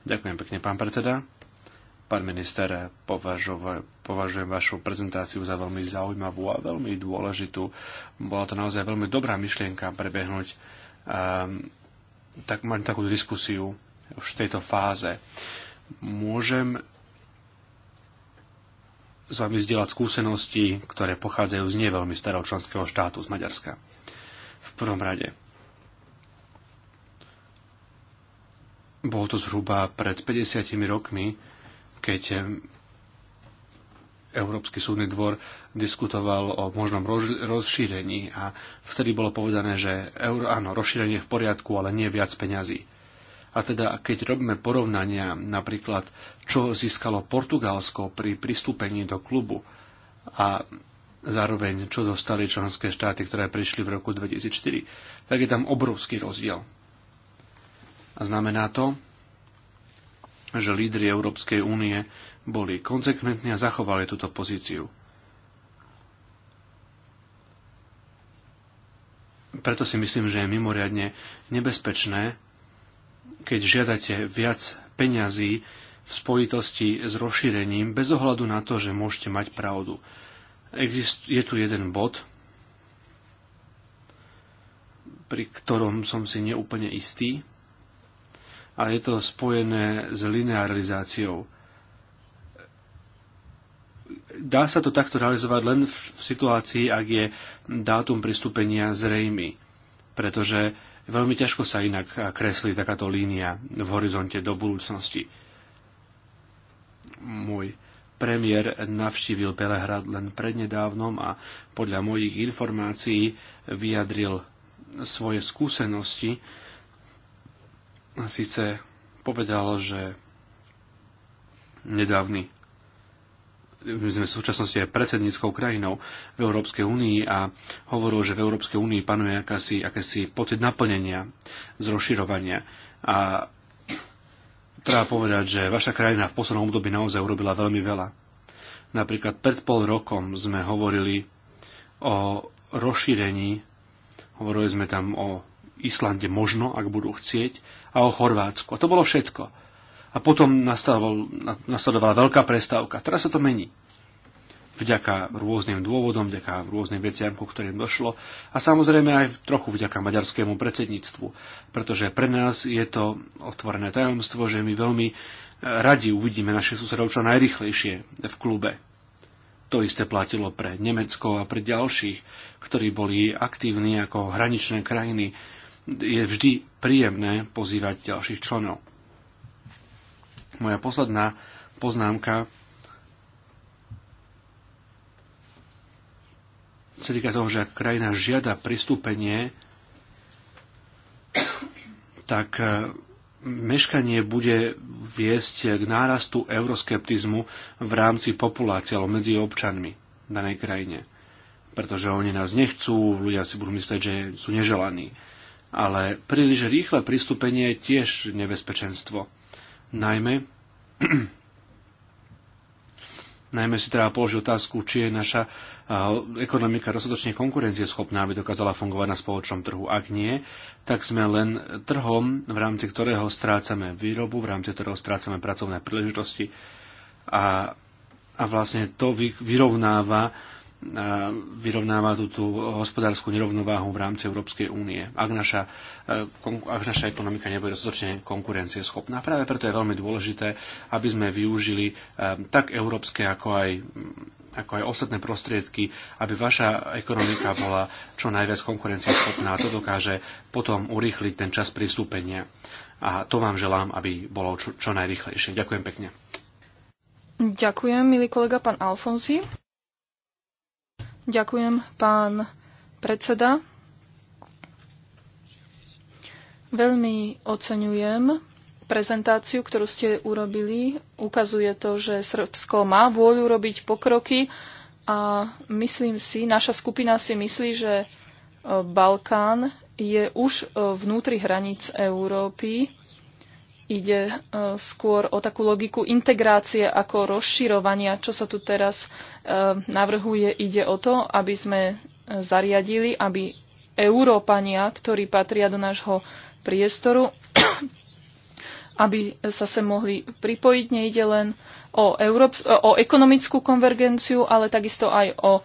Ďakujem pekne, pán predseda. Pán minister, považujem vašu prezentáciu za veľmi zaujímavú a veľmi dôležitú. Bola to naozaj veľmi dobrá myšlienka prebehnúť um, tak, mať takú diskusiu už v tejto fáze. Môžem s vami zdieľať skúsenosti, ktoré pochádzajú z nie veľmi starého členského štátu, z Maďarska. V prvom rade. Bolo to zhruba pred 50 rokmi, keď Európsky súdny dvor diskutoval o možnom rozšírení a vtedy bolo povedané, že euro, áno, rozšírenie je v poriadku, ale nie viac peňazí. A teda, keď robíme porovnania napríklad, čo získalo Portugalsko pri pristúpení do klubu a zároveň čo dostali členské štáty, ktoré prišli v roku 2004, tak je tam obrovský rozdiel. A znamená to, že lídry Európskej únie boli konsekventní a zachovali túto pozíciu. Preto si myslím, že je mimoriadne nebezpečné, keď žiadate viac peňazí v spojitosti s rozšírením bez ohľadu na to, že môžete mať pravdu. Exist- je tu jeden bod, pri ktorom som si neúplne istý, a je to spojené s linearizáciou. Dá sa to takto realizovať len v situácii, ak je dátum pristúpenia zrejmy, pretože veľmi ťažko sa inak kreslí takáto línia v horizonte do budúcnosti. Môj premiér navštívil Belehrad len prednedávnom a podľa mojich informácií vyjadril svoje skúsenosti síce povedal, že nedávny my sme v súčasnosti aj predsedníckou krajinou v Európskej únii a hovoril, že v Európskej únii panuje akási, akási pocit naplnenia z rozširovania. A treba povedať, že vaša krajina v poslednom období naozaj urobila veľmi veľa. Napríklad pred pol rokom sme hovorili o rozšírení, hovorili sme tam o Islande možno, ak budú chcieť, a o Chorvátsku. A to bolo všetko. A potom nasledovala veľká prestávka. Teraz sa to mení. Vďaka rôznym dôvodom, vďaka rôznym veciam, ku ktorým došlo. A samozrejme aj trochu vďaka maďarskému predsedníctvu. Pretože pre nás je to otvorené tajomstvo, že my veľmi e, radi uvidíme našich susedov čo najrychlejšie v klube. To isté platilo pre Nemecko a pre ďalších, ktorí boli aktívni ako hraničné krajiny je vždy príjemné pozývať ďalších členov. Moja posledná poznámka sa týka toho, že ak krajina žiada pristúpenie, tak e, meškanie bude viesť k nárastu euroskeptizmu v rámci populácie alebo medzi občanmi v danej krajine. Pretože oni nás nechcú, ľudia si budú myslieť, že sú neželaní ale príliš rýchle pristúpenie je tiež nebezpečenstvo. Najmä, najmä si treba položiť otázku, či je naša ekonomika dostatočne konkurencieschopná, aby dokázala fungovať na spoločnom trhu. Ak nie, tak sme len trhom, v rámci ktorého strácame výrobu, v rámci ktorého strácame pracovné príležitosti a, a vlastne to vyrovnáva vyrovnáva túto hospodárskú nerovnováhu v rámci Európskej únie, ak naša, e, ak naša ekonomika nebude dostatočne konkurencieschopná. Práve preto je veľmi dôležité, aby sme využili e, tak európske, ako aj ako aj ostatné prostriedky, aby vaša ekonomika bola čo najviac konkurencieschopná a to dokáže potom urýchliť ten čas pristúpenia. A to vám želám, aby bolo čo, čo najrychlejšie. Ďakujem pekne. Ďakujem, milý kolega pán Alfonsi. Ďakujem, pán predseda. Veľmi oceňujem prezentáciu, ktorú ste urobili. Ukazuje to, že Srbsko má vôľu robiť pokroky a myslím si, naša skupina si myslí, že Balkán je už vnútri hranic Európy ide e, skôr o takú logiku integrácie ako rozširovania. Čo sa tu teraz e, navrhuje, ide o to, aby sme zariadili, aby Európania, ktorí patria do nášho priestoru, aby sa sem mohli pripojiť. Nejde len o, Európs- e, o ekonomickú konvergenciu, ale takisto aj o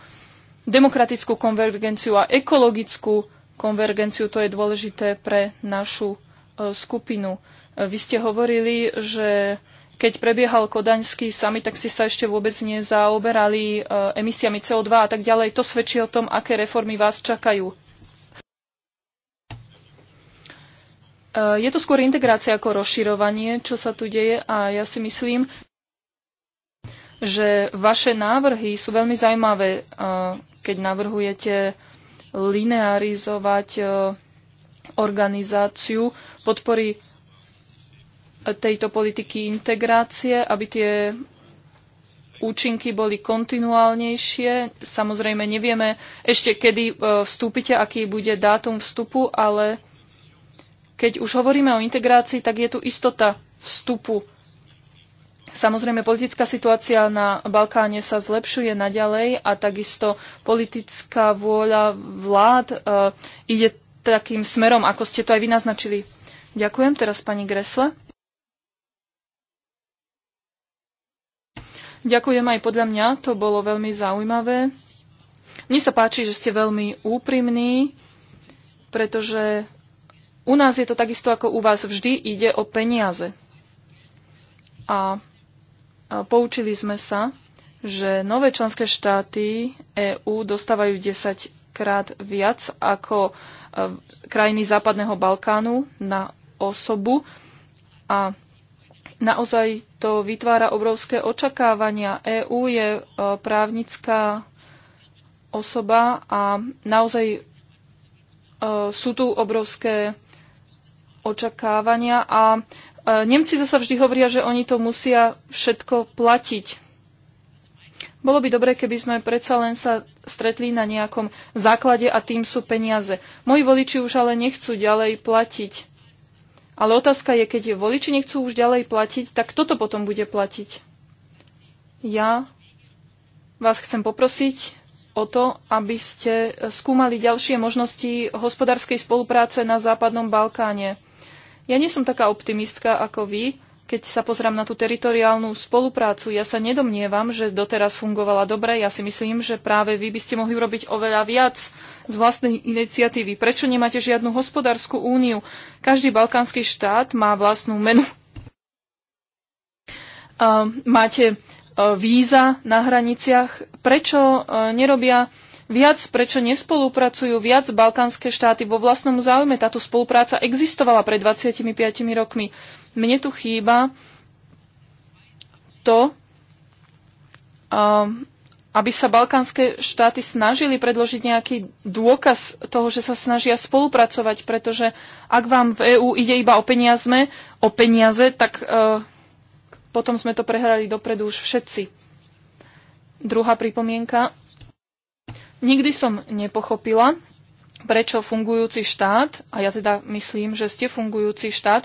demokratickú konvergenciu a ekologickú konvergenciu. To je dôležité pre našu skupinu. Vy ste hovorili, že keď prebiehal kodaňský summit, tak si sa ešte vôbec nezaoberali e, emisiami CO2 a tak ďalej. To svedčí o tom, aké reformy vás čakajú. E, je to skôr integrácia ako rozširovanie, čo sa tu deje a ja si myslím, že vaše návrhy sú veľmi zaujímavé, e, keď navrhujete linearizovať organizáciu podpory tejto politiky integrácie, aby tie účinky boli kontinuálnejšie. Samozrejme, nevieme ešte, kedy e, vstúpite, aký bude dátum vstupu, ale keď už hovoríme o integrácii, tak je tu istota vstupu. Samozrejme, politická situácia na Balkáne sa zlepšuje naďalej a takisto politická vôľa vlád e, ide takým smerom, ako ste to aj vy naznačili. Ďakujem teraz pani Gresle. Ďakujem aj podľa mňa, to bolo veľmi zaujímavé. Mne sa páči, že ste veľmi úprimní, pretože u nás je to takisto ako u vás vždy ide o peniaze. A, a poučili sme sa, že nové členské štáty EÚ dostávajú 10 krát viac ako e, krajiny Západného Balkánu na osobu. A naozaj to vytvára obrovské očakávania. EÚ je e, právnická osoba a naozaj e, sú tu obrovské očakávania a e, Nemci zase vždy hovoria, že oni to musia všetko platiť. Bolo by dobre, keby sme predsa len sa stretli na nejakom základe a tým sú peniaze. Moji voliči už ale nechcú ďalej platiť ale otázka je, keď voliči nechcú už ďalej platiť, tak kto to potom bude platiť? Ja vás chcem poprosiť o to, aby ste skúmali ďalšie možnosti hospodárskej spolupráce na Západnom Balkáne. Ja nie som taká optimistka ako vy, keď sa pozrám na tú teritoriálnu spoluprácu, ja sa nedomnievam, že doteraz fungovala dobre. Ja si myslím, že práve vy by ste mohli urobiť oveľa viac z vlastnej iniciatívy. Prečo nemáte žiadnu hospodárskú úniu? Každý balkánsky štát má vlastnú menu. máte e, víza na hraniciach. Prečo e, nerobia viac, prečo nespolupracujú viac balkánske štáty vo vlastnom záujme? Táto spolupráca existovala pred 25 rokmi. Mne tu chýba to, aby sa balkánske štáty snažili predložiť nejaký dôkaz toho, že sa snažia spolupracovať, pretože ak vám v EÚ ide iba o peniaze, o peniaze, tak e, potom sme to prehrali dopredu už všetci. Druhá pripomienka. Nikdy som nepochopila, prečo fungujúci štát, a ja teda myslím, že ste fungujúci štát,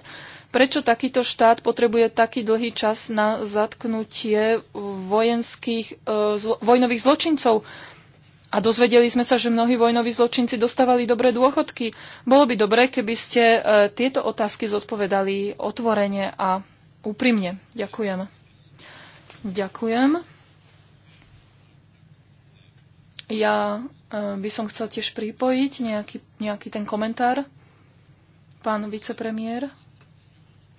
Prečo takýto štát potrebuje taký dlhý čas na zatknutie vojenských, e, zlo, vojnových zločincov? A dozvedeli sme sa, že mnohí vojnoví zločinci dostávali dobré dôchodky. Bolo by dobré, keby ste e, tieto otázky zodpovedali otvorene a úprimne. Ďakujem. Ďakujem. Ja e, by som chcel tiež pripojiť nejaký, nejaký ten komentár. Pán vicepremiér.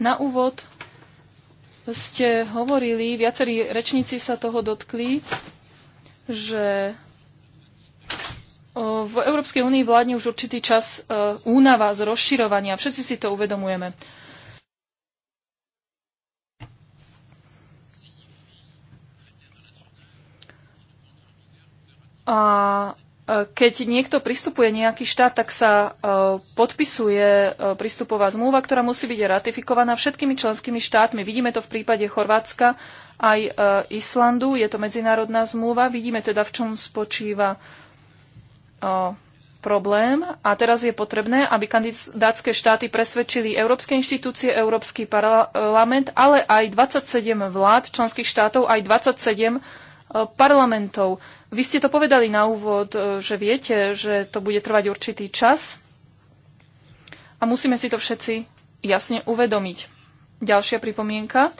Na úvod ste hovorili, viacerí rečníci sa toho dotkli, že v Európskej únii vládne už určitý čas e, únava z rozširovania. Všetci si to uvedomujeme. A keď niekto pristupuje nejaký štát, tak sa e, podpisuje e, prístupová zmluva, ktorá musí byť ratifikovaná všetkými členskými štátmi. Vidíme to v prípade Chorvátska aj e, Islandu. Je to medzinárodná zmluva. Vidíme teda, v čom spočíva problém. A teraz je potrebné, aby kandidátske štáty presvedčili európske inštitúcie, Európsky parlament, ale aj 27 vlád členských štátov, aj 27 parlamentov. Vy ste to povedali na úvod, e, že viete, že to bude trvať určitý čas a musíme si to všetci jasne uvedomiť. Ďalšia pripomienka.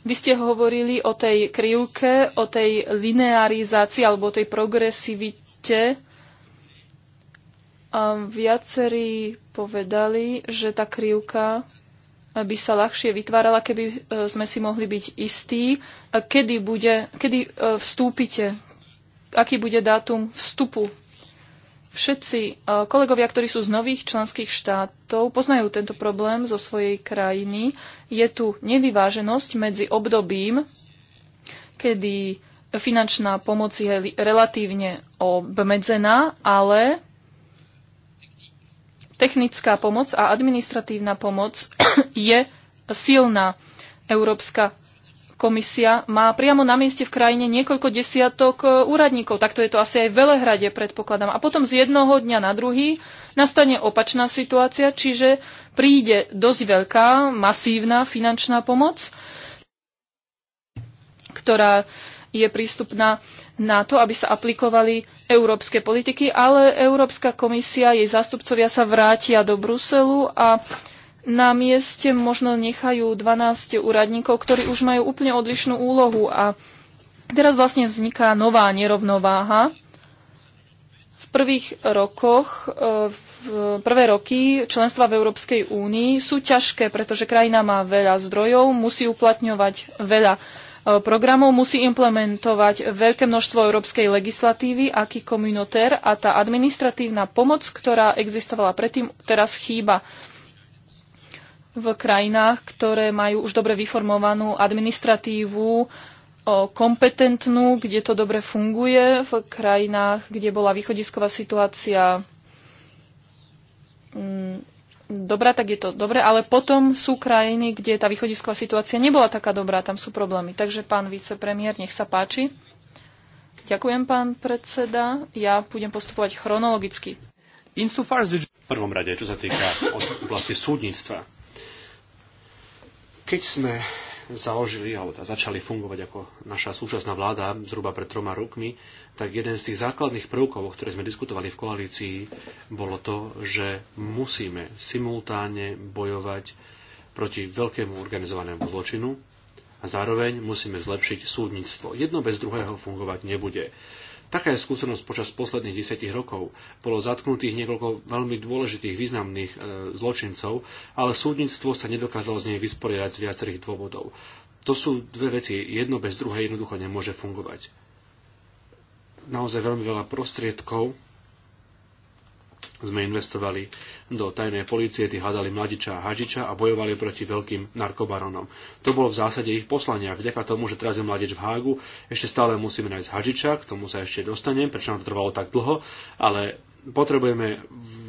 Vy ste hovorili o tej krivke, o tej linearizácii alebo o tej progresivite. A viacerí povedali, že tá krivka by sa ľahšie vytvárala, keby e, sme si mohli byť istí, e, kedy, bude, kedy e, vstúpite, aký bude dátum vstupu. Všetci kolegovia, ktorí sú z nových členských štátov, poznajú tento problém zo svojej krajiny. Je tu nevyváženosť medzi obdobím, kedy finančná pomoc je relatívne obmedzená, ale Technická pomoc a administratívna pomoc je silná. Európska komisia má priamo na mieste v krajine niekoľko desiatok e, úradníkov. Takto je to asi aj v Velehrade, predpokladám. A potom z jednoho dňa na druhý nastane opačná situácia, čiže príde dosť veľká, masívna finančná pomoc, ktorá je prístupná na to, aby sa aplikovali európske politiky, ale Európska komisia, jej zástupcovia sa vrátia do Bruselu a na mieste možno nechajú 12 úradníkov, ktorí už majú úplne odlišnú úlohu a teraz vlastne vzniká nová nerovnováha. V prvých rokoch, v prvé roky členstva v Európskej únii sú ťažké, pretože krajina má veľa zdrojov, musí uplatňovať veľa Eh, programov musí implementovať veľké množstvo európskej legislatívy, aký komunitér a tá administratívna pomoc, ktorá existovala predtým, teraz chýba v krajinách, ktoré majú už dobre vyformovanú administratívu, eh, kompetentnú, kde to dobre funguje, v krajinách, kde bola východisková situácia mm, dobrá, tak je to dobre, ale potom sú krajiny, kde tá východisková situácia nebola taká dobrá, tam sú problémy. Takže pán vicepremiér, nech sa páči. Ďakujem, pán predseda. Ja budem postupovať chronologicky. V prvom rade, čo sa týka oblasti súdnictva. Keď sme založili, alebo teda začali fungovať ako naša súčasná vláda zhruba pred troma rokmi, tak jeden z tých základných prvkov, o ktorých sme diskutovali v koalícii, bolo to, že musíme simultáne bojovať proti veľkému organizovanému zločinu a zároveň musíme zlepšiť súdnictvo. Jedno bez druhého fungovať nebude. Taká je skúsenosť počas posledných desiatich rokov. Bolo zatknutých niekoľko veľmi dôležitých, významných e, zločincov, ale súdnictvo sa nedokázalo z nej vysporiadať z viacerých dôvodov. To sú dve veci. Jedno bez druhej jednoducho nemôže fungovať naozaj veľmi veľa prostriedkov sme investovali do tajnej policie, tí hľadali mladiča a hadiča a bojovali proti veľkým narkobaronom. To bolo v zásade ich poslania. Vďaka tomu, že teraz je mladič v Hágu, ešte stále musíme nájsť hadiča, k tomu sa ešte dostanem, prečo nám to trvalo tak dlho, ale potrebujeme,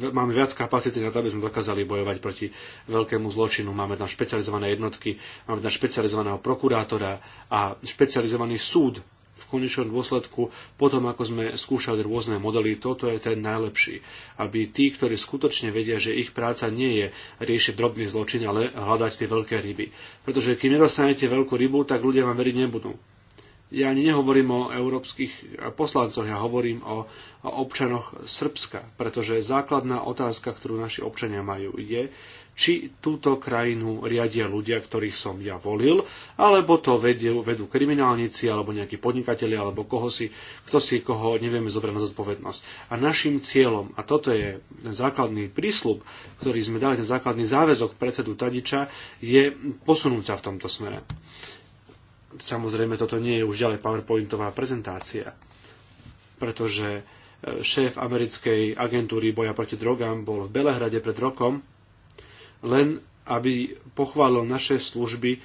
máme viac kapacity na to, aby sme dokázali bojovať proti veľkému zločinu. Máme tam špecializované jednotky, máme tam špecializovaného prokurátora a špecializovaný súd, v konečnom dôsledku, potom ako sme skúšali rôzne modely, toto je ten najlepší. Aby tí, ktorí skutočne vedia, že ich práca nie je riešiť drobný zločin, ale hľadať tie veľké ryby. Pretože kým nedostanete veľkú rybu, tak ľudia vám veriť nebudú. Ja ani nehovorím o európskych poslancoch, ja hovorím o, o občanoch Srbska, pretože základná otázka, ktorú naši občania majú, je, či túto krajinu riadia ľudia, ktorých som ja volil, alebo to vedú, vedú kriminálnici, alebo nejakí podnikatelia, alebo koho si, kto si koho nevieme zobrať na zodpovednosť. A našim cieľom, a toto je ten základný prísľub, ktorý sme dali, ten základný záväzok predsedu Tadiča, je posunúť sa v tomto smere. Samozrejme, toto nie je už ďalej PowerPointová prezentácia, pretože eh, šéf americkej agentúry boja proti drogám bol v Belehrade pred rokom len aby pochválil naše služby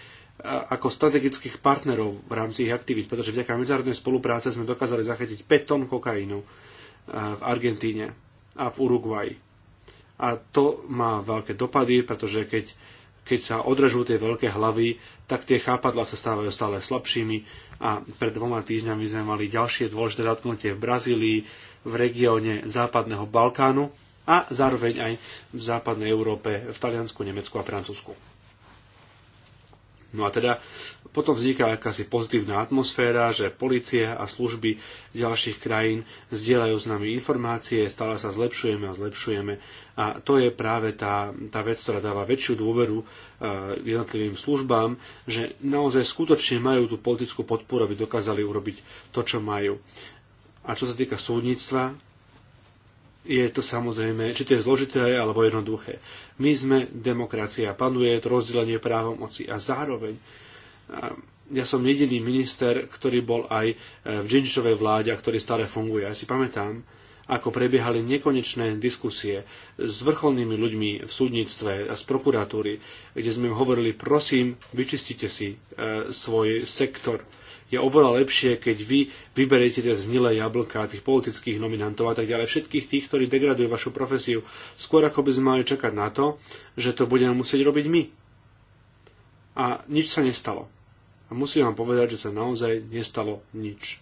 ako strategických partnerov v rámci ich aktivít, pretože vďaka medzinárodnej spolupráce sme dokázali zachytiť 5 tón kokainu v Argentíne a v Uruguaji. A to má veľké dopady, pretože keď, keď sa odrežú tie veľké hlavy, tak tie chápadla sa stávajú stále slabšími a pred dvoma týždňami sme mali ďalšie dôležité zatknutie v Brazílii, v regióne Západného Balkánu, a zároveň aj v západnej Európe, v Taliansku, Nemecku a Francúzsku. No a teda potom vzniká akási pozitívna atmosféra, že policie a služby ďalších krajín zdieľajú s nami informácie, stále sa zlepšujeme a zlepšujeme. A to je práve tá, tá vec, ktorá dáva väčšiu dôveru uh, jednotlivým službám, že naozaj skutočne majú tú politickú podporu, aby dokázali urobiť to, čo majú. A čo sa týka súdnictva, je to samozrejme, či to je zložité alebo jednoduché. My sme demokracia, panuje to rozdelenie právom moci a zároveň eh, ja som jediný minister, ktorý bol aj eh, v Džinčovej vláde a ktorý stále funguje. Ja si pamätám, ako prebiehali nekonečné diskusie s vrcholnými ľuďmi v súdnictve a z prokuratúry, kde sme im hovorili, prosím, vyčistite si e, svoj sektor, je oveľa lepšie, keď vy vyberiete tie znilé jablka, tých politických nominantov a tak ďalej, všetkých tých, ktorí degradujú vašu profesiu, skôr ako by sme mali čakať na to, že to budeme musieť robiť my. A nič sa nestalo. A musím vám povedať, že sa naozaj nestalo nič.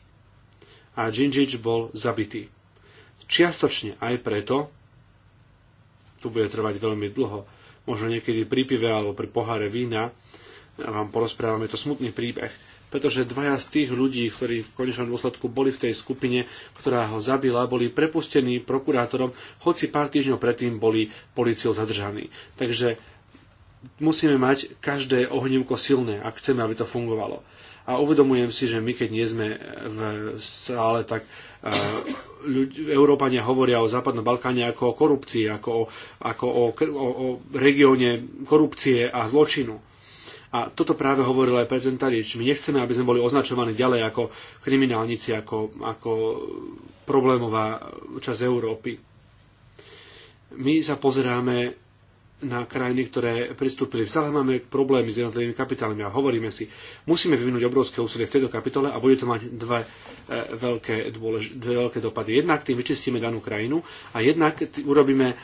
A Džinžič bol zabitý. Čiastočne aj preto, tu bude trvať veľmi dlho, možno niekedy pri pive alebo pri poháre vína, vám porozprávame to smutný príbeh, pretože dvaja z tých ľudí, ktorí v konečnom dôsledku boli v tej skupine, ktorá ho zabila, boli prepustení prokurátorom, hoci pár týždňov predtým boli policiou zadržaní. Takže musíme mať každé ohnívko silné, ak chceme, aby to fungovalo. A uvedomujem si, že my, keď nie sme v sále, tak e, Európania hovoria o Západnom Balkáne ako o korupcii, ako o, ako o, o, o regióne korupcie a zločinu a toto práve hovoril aj prezident Tadič. My nechceme, aby sme boli označovaní ďalej ako kriminálnici, ako, ako problémová časť Európy. My sa pozeráme na krajiny, ktoré pristúpili. Stále máme problémy s jednotlivými kapitálmi a hovoríme si, musíme vyvinúť obrovské úsilie v tejto kapitole a bude to mať dve, e, veľké, dôlež, dve veľké dopady. Jednak tým vyčistíme danú krajinu a jednak urobíme e,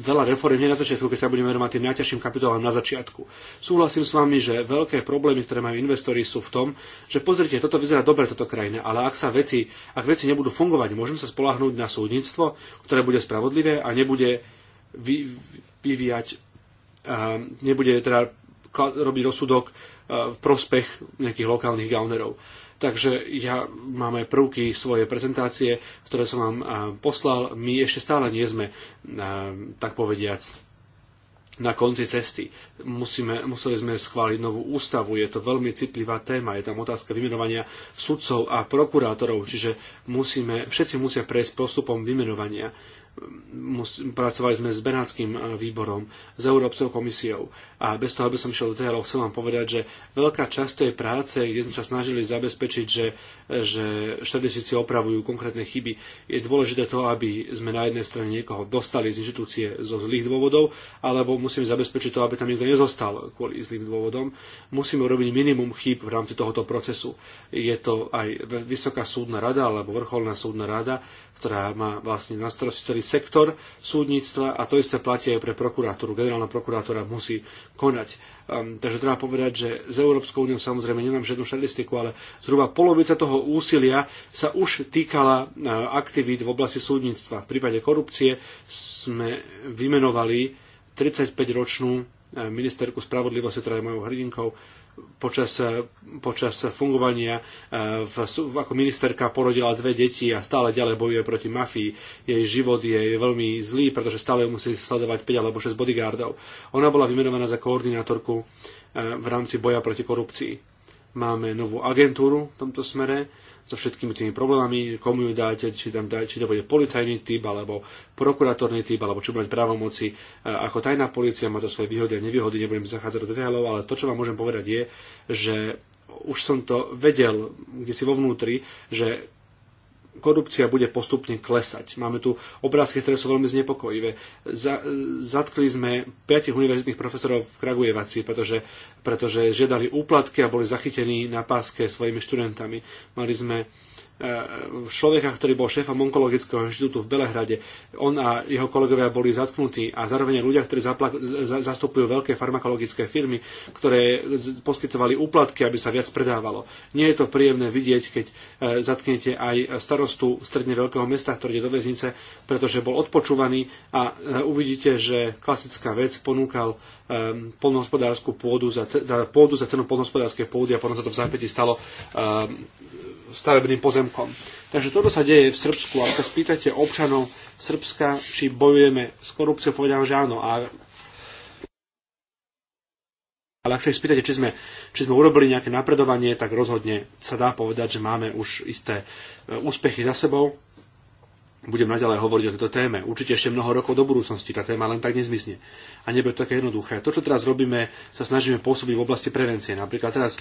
veľa reform nie na začiatku, keď sa budeme venovať tým najťažším kapitolám na začiatku. Súhlasím s vami, že veľké problémy, ktoré majú investori, sú v tom, že pozrite, toto vyzerá dobre, toto krajina, ale ak sa veci, ak veci nebudú fungovať, môžem sa spolahnúť na súdnictvo, ktoré bude spravodlivé a nebude vy, vyvíjať, uh, nebude teda robiť rozsudok v prospech nejakých lokálnych gaunerov. Takže ja máme prvky svojej prezentácie, ktoré som vám poslal. My ešte stále nie sme, tak povediac, na konci cesty. Musíme, museli sme schváliť novú ústavu, je to veľmi citlivá téma, je tam otázka vymenovania sudcov a prokurátorov, čiže musíme, všetci musia prejsť postupom vymenovania. pracovali sme s Benátským výborom, s Európskou komisiou a bez toho, aby som šiel do detailov, chcem vám povedať, že veľká časť tej práce, kde sme sa snažili zabezpečiť, že, že štatistici opravujú konkrétne chyby, je dôležité to, aby sme na jednej strane niekoho dostali z inštitúcie zo zlých dôvodov, alebo musíme zabezpečiť to, aby tam niekto nezostal kvôli zlým dôvodom. Musíme urobiť minimum chyb v rámci tohoto procesu. Je to aj Vysoká súdna rada alebo Vrcholná súdna rada, ktorá má vlastne na starosti celý sektor súdnictva a to isté platí aj pre prokurátoru. Generálna prokurátora musí konať. Um, takže treba povedať, že z Európskou úniou samozrejme nemám žiadnu štatistiku, ale zhruba polovica toho úsilia sa už týkala uh, aktivít v oblasti súdnictva. V prípade korupcie sme vymenovali 35-ročnú e, ministerku spravodlivosti, ktorá je teda mojou hrdinkou, počas, počas fungovania e, v, ako ministerka porodila dve deti a stále ďalej bojuje proti mafii. Jej život je veľmi zlý, pretože stále musí sledovať 5 alebo 6 bodyguardov. Ona bola vymenovaná za koordinátorku e, v rámci boja proti korupcii. Máme novú agentúru v tomto smere, so všetkými tými problémami, komu ju dáte, či, tam dá, či to bude policajný typ, alebo prokurátorný typ, alebo čo bude právomoci. E, ako tajná policia má to svoje výhody a nevýhody, nebudem zachádzať do detailov, ale to, čo vám môžem povedať, je, že už som to vedel, kde si vo vnútri, že korupcia bude postupne klesať. Máme tu obrázky, ktoré sú veľmi znepokojivé. Za, zatkli sme piatich univerzitných profesorov v Kragujevaci, pretože, pretože žiadali úplatky a boli zachytení na páske svojimi študentami. Mali sme človeka, ktorý bol šéfom onkologického inštitútu v Belehrade. On a jeho kolegovia boli zatknutí a zároveň ľudia, ktorí zastupujú veľké farmakologické firmy, ktoré poskytovali úplatky, aby sa viac predávalo. Nie je to príjemné vidieť, keď e, zatknete aj starostu stredne veľkého mesta, ktorý je do väznice, pretože bol odpočúvaný a e, uvidíte, že klasická vec ponúkal e, polnohospodárskú pôdu za, za, pôdu za cenu polnohospodárskej pôdy a potom sa to v zápäti stalo stavebným pozemkom. Takže toto sa deje v Srbsku. Ak sa spýtate občanov Srbska, či bojujeme s korupciou, povedal, že áno. A ale ak sa ich spýtate, či sme, či sme urobili nejaké napredovanie, tak rozhodne sa dá povedať, že máme už isté e, úspechy za sebou budem naďalej hovoriť o tejto téme. Určite ešte mnoho rokov do budúcnosti tá téma len tak nezmizne. A nebude to také jednoduché. To, čo teraz robíme, sa snažíme pôsobiť v oblasti prevencie. Napríklad teraz e,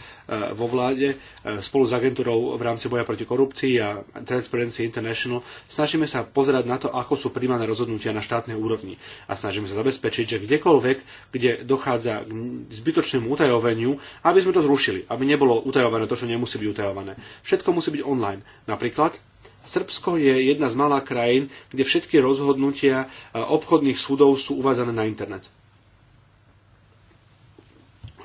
vo vláde e, spolu s agentúrou v rámci boja proti korupcii a Transparency International snažíme sa pozerať na to, ako sú príjmané rozhodnutia na štátnej úrovni. A snažíme sa zabezpečiť, že kdekoľvek, kde dochádza k zbytočnému utajoveniu, aby sme to zrušili, aby nebolo utajované to, čo nemusí byť utajované. Všetko musí byť online. Napríklad Srbsko je jedna z malá krajín, kde všetky rozhodnutia e, obchodných súdov sú uvádzané na internet.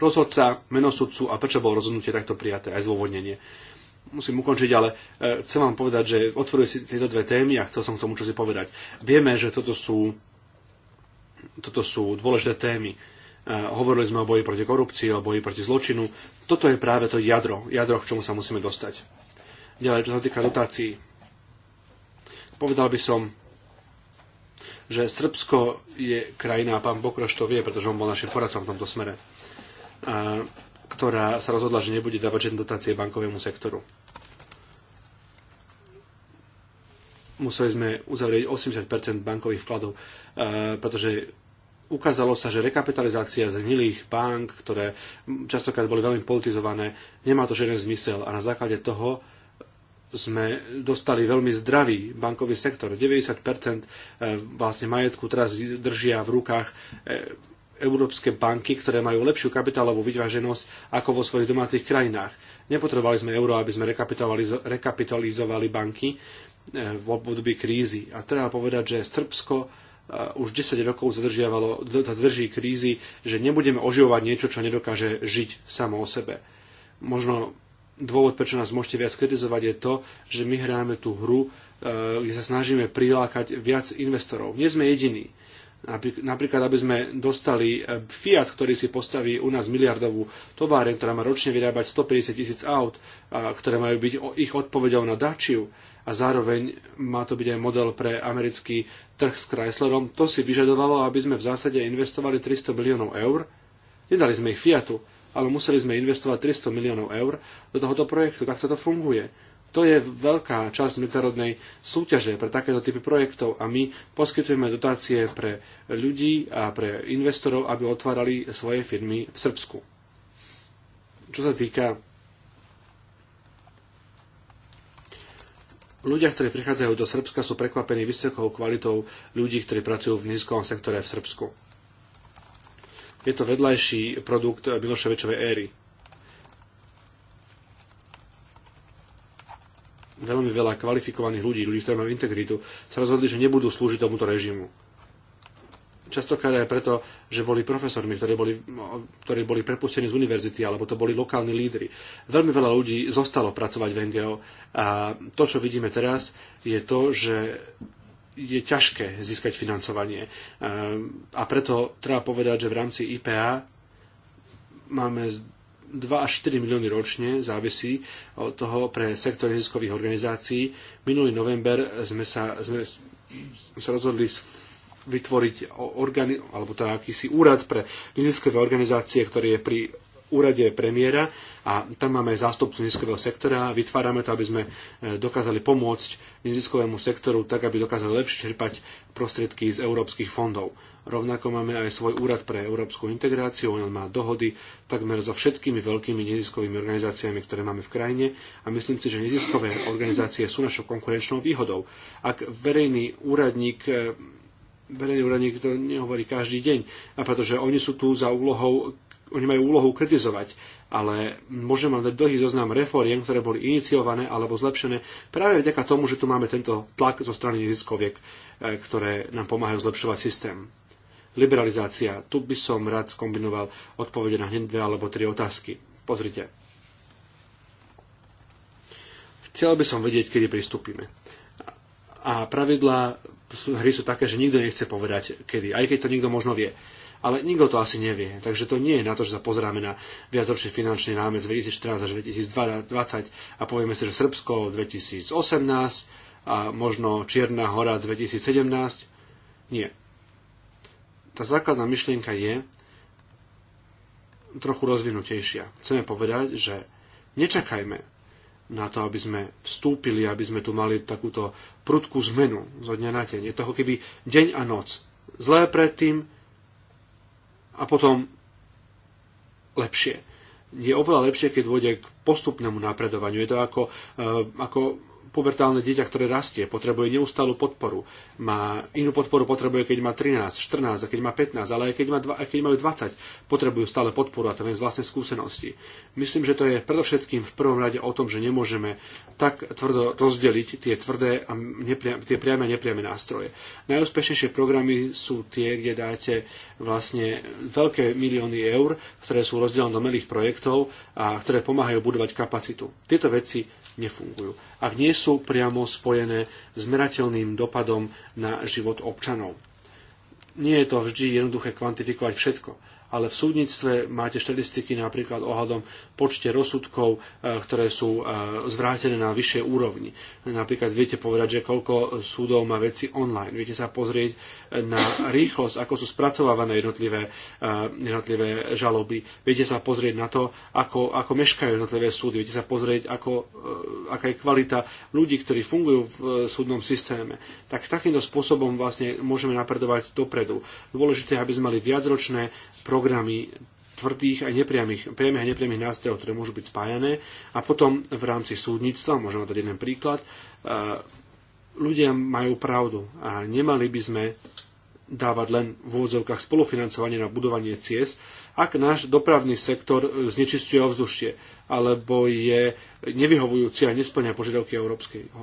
Rozhodca, meno sudcu a prečo bolo rozhodnutie takto prijaté, aj zôvodnenie. Musím ukončiť, ale e, chcem vám povedať, že otvorili si tieto dve témy a chcel som k tomu čo si povedať. Vieme, že toto sú, toto sú dôležité témy. E, hovorili sme o boji proti korupcii, o boji proti zločinu. Toto je práve to jadro, jadro, k čomu sa musíme dostať. Ďalej, čo sa týka dotácií Povedal by som, že Srbsko je krajina, a pán Bokroš to vie, pretože on bol našim poradcom v tomto smere, a, ktorá sa rozhodla, že nebude dávať žiadne dotácie bankovému sektoru. Museli sme uzavrieť 80 bankových vkladov, a, pretože ukázalo sa, že rekapitalizácia zhnilých bank, ktoré častokrát boli veľmi politizované, nemá to žiaden zmysel a na základe toho sme dostali veľmi zdravý bankový sektor. 90 e, vlastne majetku teraz držia v rukách e, európske banky, ktoré majú lepšiu kapitálovú vyváženosť ako vo svojich domácich krajinách. Nepotrebovali sme euro, aby sme rekapitalizovali banky e, v období krízy. A treba povedať, že Srbsko už 10 rokov zadržiavalo, zadrží krízy, že nebudeme oživovať niečo, čo nedokáže žiť samo o sebe. Možno dôvod, prečo nás môžete viac kritizovať, je to, že my hráme tú hru, e, kde sa snažíme prilákať viac investorov. Nie sme jediní. Napríklad, aby sme dostali e, Fiat, ktorý si postaví u nás miliardovú továreň, ktorá má ročne vyrábať 150 tisíc aut, ktoré majú byť ich odpovedou na Dačiu a zároveň má to byť aj model pre americký trh s Chryslerom. To si vyžadovalo, aby sme v zásade investovali 300 miliónov eur. Nedali sme ich Fiatu, ale museli sme investovať 300 miliónov eur do tohoto projektu. Takto to funguje. To je veľká časť medzinárodnej súťaže pre takéto typy projektov a my poskytujeme dotácie pre ľudí a pre investorov, aby otvárali svoje firmy v Srbsku. Čo sa týka Ľudia, ktorí prichádzajú do Srbska, sú prekvapení vysokou kvalitou ľudí, ktorí pracujú v nízkom sektore v Srbsku. Je to vedľajší produkt Miloševečovej éry. Veľmi veľa kvalifikovaných ľudí, ľudí, ktorí majú integritu, sa rozhodli, že nebudú slúžiť tomuto režimu častokrát aj preto, že boli profesormi, ktorí boli, ktorí boli prepustení z univerzity, alebo to boli lokálni lídry. Veľmi veľa ľudí zostalo pracovať v NGO a to, čo vidíme teraz, je to, že je ťažké získať financovanie. Ehm, a preto treba povedať, že v rámci IPA máme 2 až 4 milióny ročne, závisí od toho pre sektor neziskových organizácií. Minulý november sme sa, sme, sa rozhodli vytvoriť organi- alebo to akýsi úrad pre neziskové organizácie, ktorý je pri úrade premiéra a tam máme zástupcu neziskového sektora a vytvárame to, aby sme e, dokázali pomôcť neziskovému sektoru tak, aby dokázali lepšie čerpať prostriedky z európskych fondov. Rovnako máme aj svoj úrad pre európsku integráciu, on má dohody takmer so všetkými veľkými neziskovými organizáciami, ktoré máme v krajine a myslím si, že neziskové organizácie sú našou konkurenčnou výhodou. Ak verejný úradník e, verejný úradník to nehovorí každý deň, a pretože oni sú tu za úlohou oni majú úlohu kritizovať, ale môžem vám dať dlhý zoznam reforiem, ktoré boli iniciované alebo zlepšené práve vďaka tomu, že tu máme tento tlak zo strany neziskoviek, e, ktoré nám pomáhajú zlepšovať systém. Liberalizácia. Tu by som rád skombinoval odpovede na hneď dve alebo tri otázky. Pozrite. Chcel by som vedieť, kedy pristúpime. A pravidlá hry sú také, že nikto nechce povedať, kedy, aj keď to nikto možno vie ale nikto to asi nevie. Takže to nie je na to, že sa pozráme na viacročný finančný rámec 2014 až 2020 a povieme si, že Srbsko 2018 a možno Čierna hora 2017. Nie. Tá základná myšlienka je trochu rozvinutejšia. Chceme povedať, že nečakajme na to, aby sme vstúpili, aby sme tu mali takúto prudkú zmenu zo dňa na deň. Je toho ako keby deň a noc. Zlé predtým, a potom lepšie. Je oveľa lepšie, keď dôjde k postupnému napredovaniu. Je to ako, e, ako pubertálne dieťa, ktoré rastie, potrebuje neustálu podporu. Má inú podporu potrebuje, keď má 13, 14 a keď má 15, ale aj keď, má, aj keď majú 20, potrebujú stále podporu a to len z vlastnej skúsenosti. Myslím, že to je predovšetkým v prvom rade o tom, že nemôžeme tak tvrdo rozdeliť tie tvrdé a nepriam, tie priame a nepriame nástroje. Najúspešnejšie programy sú tie, kde dáte vlastne veľké milióny eur, ktoré sú rozdelené do malých projektov a ktoré pomáhajú budovať kapacitu. Tieto veci nefungujú, ak nie sú priamo spojené s merateľným dopadom na život občanov. Nie je to vždy jednoduché kvantifikovať všetko ale v súdnictve máte štatistiky napríklad ohľadom počte rozsudkov, e, ktoré sú e, zvrátené na vyššej úrovni. Napríklad viete povedať, že koľko súdov má veci online. Viete sa pozrieť e, na rýchlosť, ako sú spracovávané jednotlivé, jednotlivé žaloby. Viete sa pozrieť na to, ako, ako meškajú jednotlivé súdy. Viete sa pozrieť, ako, aká je kvalita ľudí, ktorí fungujú v súdnom systéme. Tak takýmto spôsobom vlastne môžeme napredovať dopredu. Dôležité, aby sme mali viacročné pro programy tvrdých a nepriamých, priamých a nepriamých nástrojov, ktoré môžu byť spájané. A potom v rámci súdnictva, môžem dať jeden príklad, eh, ľudia majú pravdu a nemali by sme dávať len v úvodzovkách spolufinancovanie na budovanie ciest, ak náš dopravný sektor znečistuje ovzdušie alebo je nevyhovujúci a nesplňa požiadavky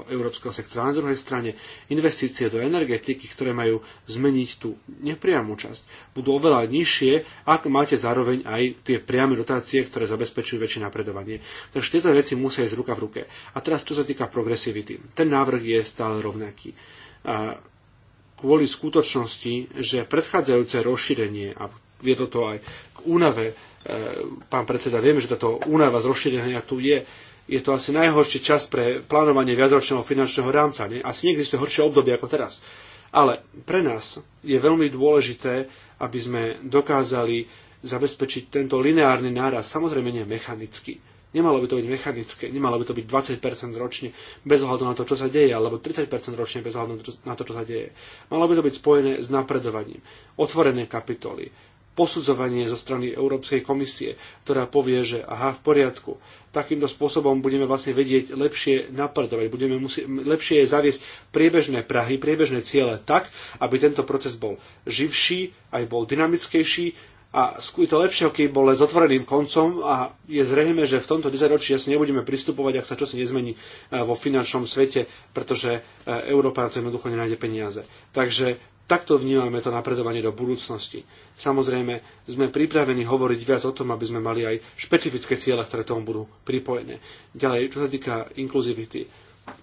európskeho sektora. Na druhej strane investície do energetiky, ktoré majú zmeniť tú nepriamu časť, budú oveľa nižšie, ak máte zároveň aj tie priame dotácie, ktoré zabezpečujú väčšie napredovanie. Takže tieto veci musia ísť ruka v ruke. A teraz, čo sa týka progresivity. Ten návrh je stále rovnaký. A kvôli skutočnosti, že predchádzajúce rozšírenie, a viedlo to aj k únave, e, pán predseda, vieme, že táto únava z rozšírenia tu je, je to asi najhorší čas pre plánovanie viacročného finančného rámca. Nie? Asi neexistuje horšie obdobie ako teraz. Ale pre nás je veľmi dôležité, aby sme dokázali zabezpečiť tento lineárny náraz, samozrejme nie mechanicky, Nemalo by to byť mechanické, nemalo by to byť 20% ročne bez ohľadu na to, čo sa deje, alebo 30% ročne bez ohľadu na to, čo sa deje. Malo by to byť spojené s napredovaním. Otvorené kapitoly, posudzovanie zo strany Európskej komisie, ktorá povie, že aha, v poriadku, takýmto spôsobom budeme vlastne vedieť lepšie napredovať, budeme musie, lepšie zaviesť priebežné prahy, priebežné ciele tak, aby tento proces bol živší, aj bol dynamickejší, a je to lepšie keď bol s otvoreným koncom a je zrejme, že v tomto desaťročí asi nebudeme pristupovať, ak sa čosi nezmení e, vo finančnom svete, pretože e, Európa na to jednoducho nenájde peniaze. Takže takto vnímame to napredovanie do budúcnosti. Samozrejme, sme pripravení hovoriť viac o tom, aby sme mali aj špecifické ciele, ktoré tomu budú pripojené. Ďalej, čo sa týka inkluzivity,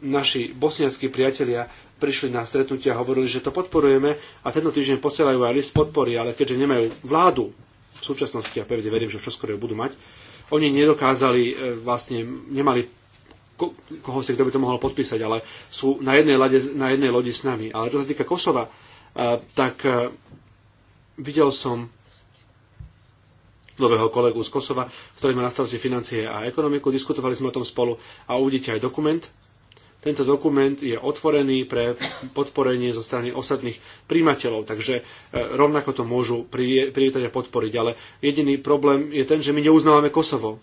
naši bosniackí priatelia prišli na stretnutie a hovorili, že to podporujeme a tento týždeň posielajú aj list podpory, ale keďže nemajú vládu v súčasnosti, a pevne verím, že čoskoro ju budú mať, oni nedokázali, e, vlastne nemali ko koho si kto by to mohol podpísať, ale sú na jednej, lade, na jednej lodi s nami. Ale čo sa týka Kosova, e, tak e, videl som nového kolegu z Kosova, ktorý má na starosti financie a ekonomiku. Diskutovali sme o tom spolu a uvidíte aj dokument, tento dokument je otvorený pre podporenie zo strany ostatných príjimateľov, takže e, rovnako to môžu privítať a podporiť. Ale jediný problém je ten, že my neuznávame Kosovo.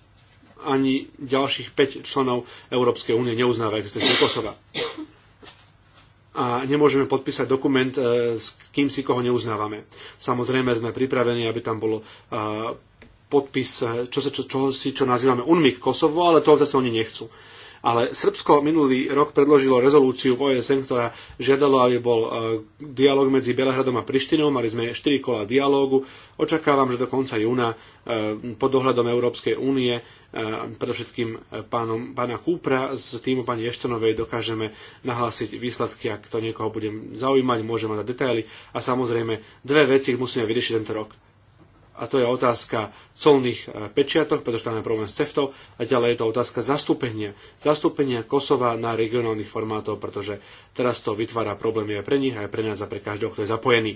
Ani ďalších 5 členov Európskej únie neuznáva existenciu Kosova. A nemôžeme podpísať dokument, e, s kým si koho neuznávame. Samozrejme sme pripravení, aby tam bolo e, podpis, čo, sa, čo, čo čo nazývame UNMIK Kosovo, ale to zase oni nechcú. Ale Srbsko minulý rok predložilo rezolúciu v OSN, ktorá žiadala, aby bol e, dialog medzi Belehradom a Prištinou. Mali sme 4 kola dialógu. Očakávam, že do konca júna e, pod dohľadom Európskej únie, e, predovšetkým pánom, pána Kúpra s týmu pani Eštonovej dokážeme nahlásiť výsledky, ak to niekoho bude zaujímať, môžeme dať detaily. A samozrejme, dve veci musíme vyriešiť tento rok a to je otázka colných e, pečiatok, pretože tam je problém s CEFTO a ďalej je to otázka zastúpenia. Zastúpenia Kosova na regionálnych formátoch, pretože teraz to vytvára problémy aj pre nich, aj pre nás a pre každého, kto je zapojený.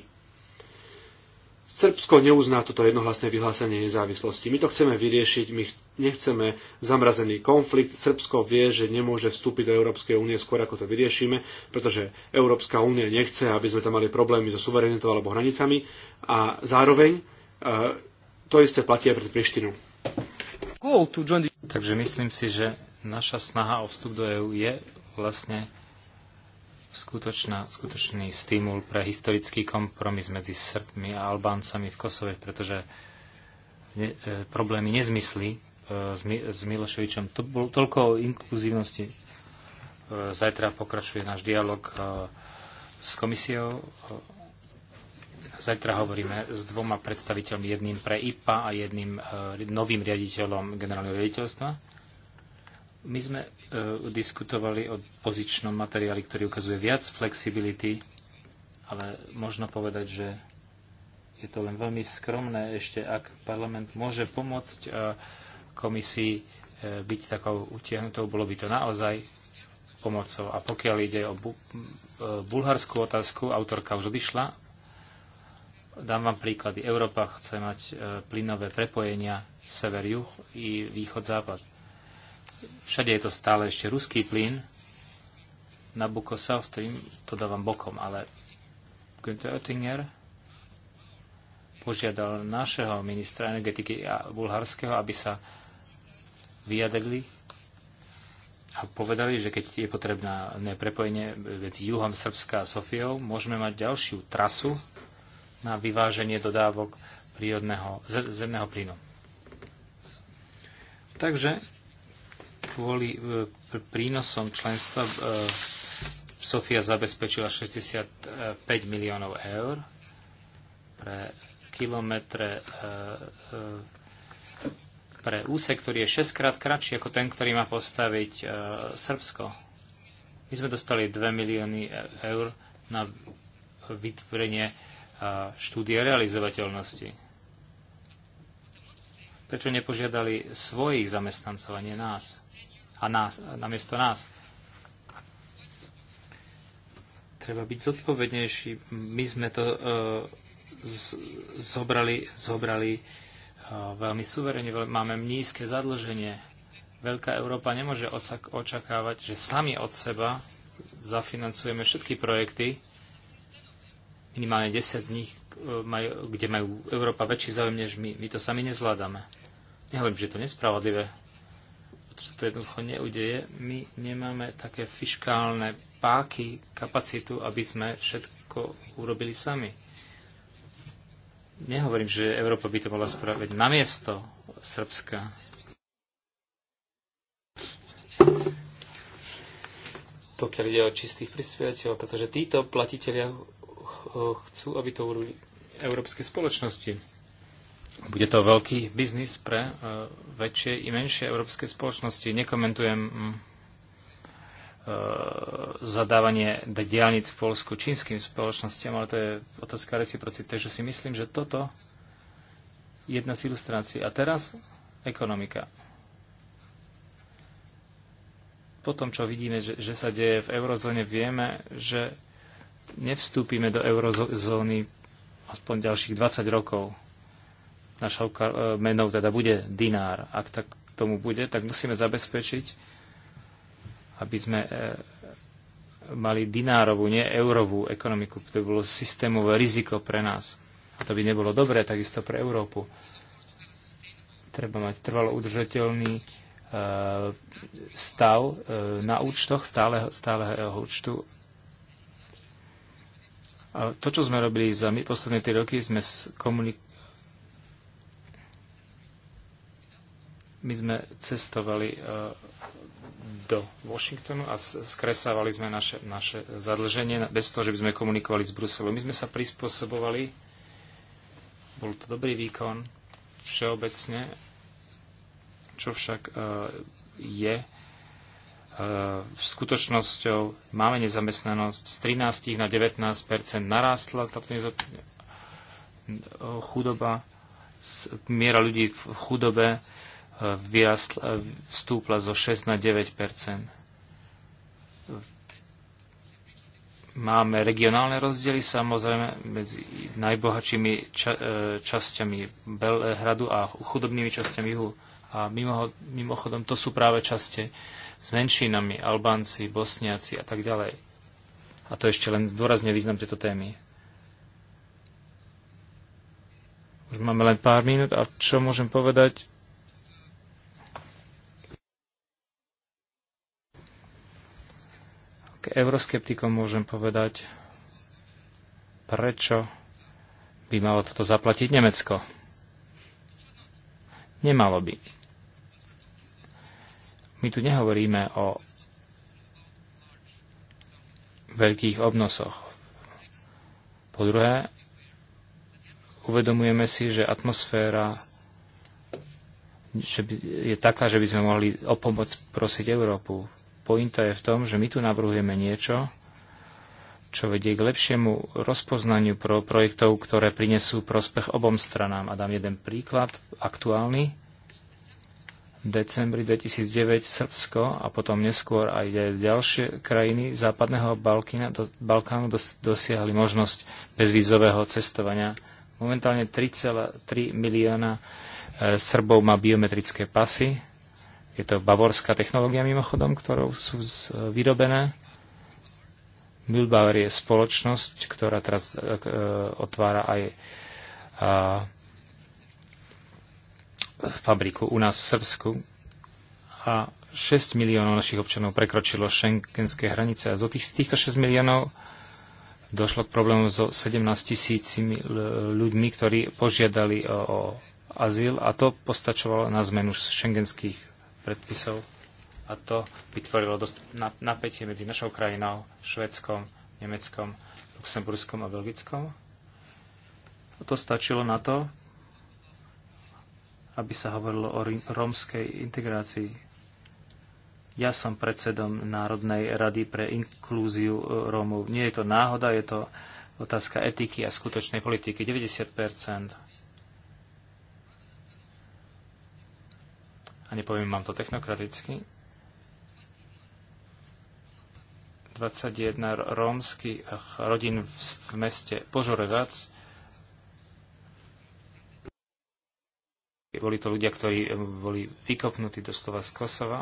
Srbsko neuzná toto jednohlasné vyhlásenie nezávislosti. My to chceme vyriešiť, my nechceme zamrazený konflikt. Srbsko vie, že nemôže vstúpiť do Európskej únie skôr, ako to vyriešime, pretože Európska únia nechce, aby sme tam mali problémy so suverenitou alebo hranicami. A zároveň to isté platí aj pre Prištinu. Takže myslím si, že naša snaha o vstup do EÚ je vlastne skutočná, skutočný stimul pre historický kompromis medzi Srbmi a Albáncami v Kosove, pretože ne, e, problémy nezmysly e, s, Mi, s Miloševičom. To bol toľko o inkluzívnosti. E, zajtra pokračuje náš dialog e, s komisiou. E, Zajtra hovoríme s dvoma predstaviteľmi, jedným pre IPA a jedným eh, novým riaditeľom generálneho riaditeľstva. My sme eh, diskutovali o pozičnom materiáli, ktorý ukazuje viac flexibility, ale možno povedať, že je to len veľmi skromné ešte, ak parlament môže pomôcť eh, komisii byť takou utiahnutou, bolo by to naozaj pomocou. A pokiaľ ide o bu- bulharskú otázku, autorka už odišla, Dám vám príklady. Európa chce mať e, plynové prepojenia sever-juh i východ-západ. Všade je to stále ešte ruský plyn. Nabucco South Stream, to dávam bokom, ale Günther Oettinger požiadal našeho ministra energetiky a bulharského, aby sa vyjadrili a povedali, že keď je potrebné prepojenie medzi juhom Srbska a Sofiou, môžeme mať ďalšiu trasu, na vyváženie dodávok prírodného, zemného plynu. Takže kvôli e, prínosom členstva e, Sofia zabezpečila 65 miliónov eur pre kilometre e, pre úsek, ktorý je 6 krát kratší ako ten, ktorý má postaviť Srbsko. My sme dostali 2 milióny eur na vytvorenie štúdie realizovateľnosti. Prečo nepožiadali svojich zamestnancov a nie nás? A nás, a namiesto nás. Treba byť zodpovednejší. My sme to uh, z, zobrali, zobrali uh, veľmi suverene. Máme nízke zadlženie. Veľká Európa nemôže očakávať, že sami od seba zafinancujeme všetky projekty, minimálne 10 z nich, e, majú, kde majú Európa väčší záujem, než my. My to sami nezvládame. Nehovorím, že je to nespravodlivé, pretože to jednoducho neudeje. My nemáme také fiškálne páky, kapacitu, aby sme všetko urobili sami. Nehovorím, že Európa by to mohla spraviť na miesto Srbska. Pokiaľ ide o čistých prispievateľov, pretože títo platiteľia chcú, aby to urobili európske spoločnosti. Bude to veľký biznis pre e, väčšie i menšie európske spoločnosti. Nekomentujem mm, e, zadávanie diálnic v Polsku čínskym spoločnostiam, ale to je otázka reciprocity. Takže si myslím, že toto je jedna z ilustrácií. A teraz ekonomika. Po tom, čo vidíme, že, že sa deje v eurozóne, vieme, že nevstúpime do eurozóny aspoň ďalších 20 rokov. Našou e, menou teda bude dinár. Ak tak tomu bude, tak musíme zabezpečiť, aby sme e, mali dinárovú, nie eurovú ekonomiku. To by bolo systémové riziko pre nás. A to by nebolo dobré, takisto pre Európu. Treba mať trvalo udržateľný e, stav na účtoch stáleho, stáleho účtu a to, čo sme robili za my posledné tie roky, sme komunik- my sme cestovali e, do Washingtonu a skresávali sme naše, naše zadlženie bez toho, že by sme komunikovali s Bruselom. My sme sa prispôsobovali, bol to dobrý výkon všeobecne, čo však e, je E, skutočnosťou máme nezamestnanosť z 13 na 19 narástla táto chudoba, miera ľudí v chudobe e, vyrastla, vstúpla e, zo 6 na 9 Máme regionálne rozdiely samozrejme medzi najbohatšími ča- časťami Belhradu a chudobnými časťami juhu a mimo, mimochodom, to sú práve časte s menšinami, Albánci, Bosniaci a tak ďalej. A to ešte len zdôrazňuje význam tejto témy. Už máme len pár minút a čo môžem povedať? K euroskeptikom môžem povedať, prečo by malo toto zaplatiť Nemecko. Nemalo by. My tu nehovoríme o veľkých obnosoch. Po druhé, uvedomujeme si, že atmosféra že je taká, že by sme mohli o pomoc prosiť Európu. Pointa je v tom, že my tu navrhujeme niečo, čo vedie k lepšiemu rozpoznaniu pro projektov, ktoré prinesú prospech obom stranám. A dám jeden príklad, aktuálny decembri 2009 Srbsko a potom neskôr aj ďalšie krajiny západného Balkína, do, Balkánu dos, dosiahli možnosť bezvízového cestovania. Momentálne 3,3 milióna e, Srbov má biometrické pasy. Je to bavorská technológia mimochodom, ktorou sú z, e, vyrobené. Milbauer je spoločnosť, ktorá teraz e, e otvára aj a, fabriku u nás v Srbsku a 6 miliónov našich občanov prekročilo šengenské hranice a z tých, týchto 6 miliónov došlo k problému so 17 tisícimi ľuďmi, ktorí požiadali o, o azyl a to postačovalo na zmenu šengenských predpisov a to vytvorilo dosť napätie medzi našou krajinou, Švedskom, Nemeckom, Luxemburskom a Belgickom. A to stačilo na to, aby sa hovorilo o rómskej integrácii. Ja som predsedom Národnej rady pre inklúziu e, Rómov. Nie je to náhoda, je to otázka etiky a skutočnej politiky. 90 A nepoviem, mám to technokraticky. 21 rómskych rodín v meste Požorevac Boli to ľudia, ktorí eh, boli vykopnutí doslova z Kosova,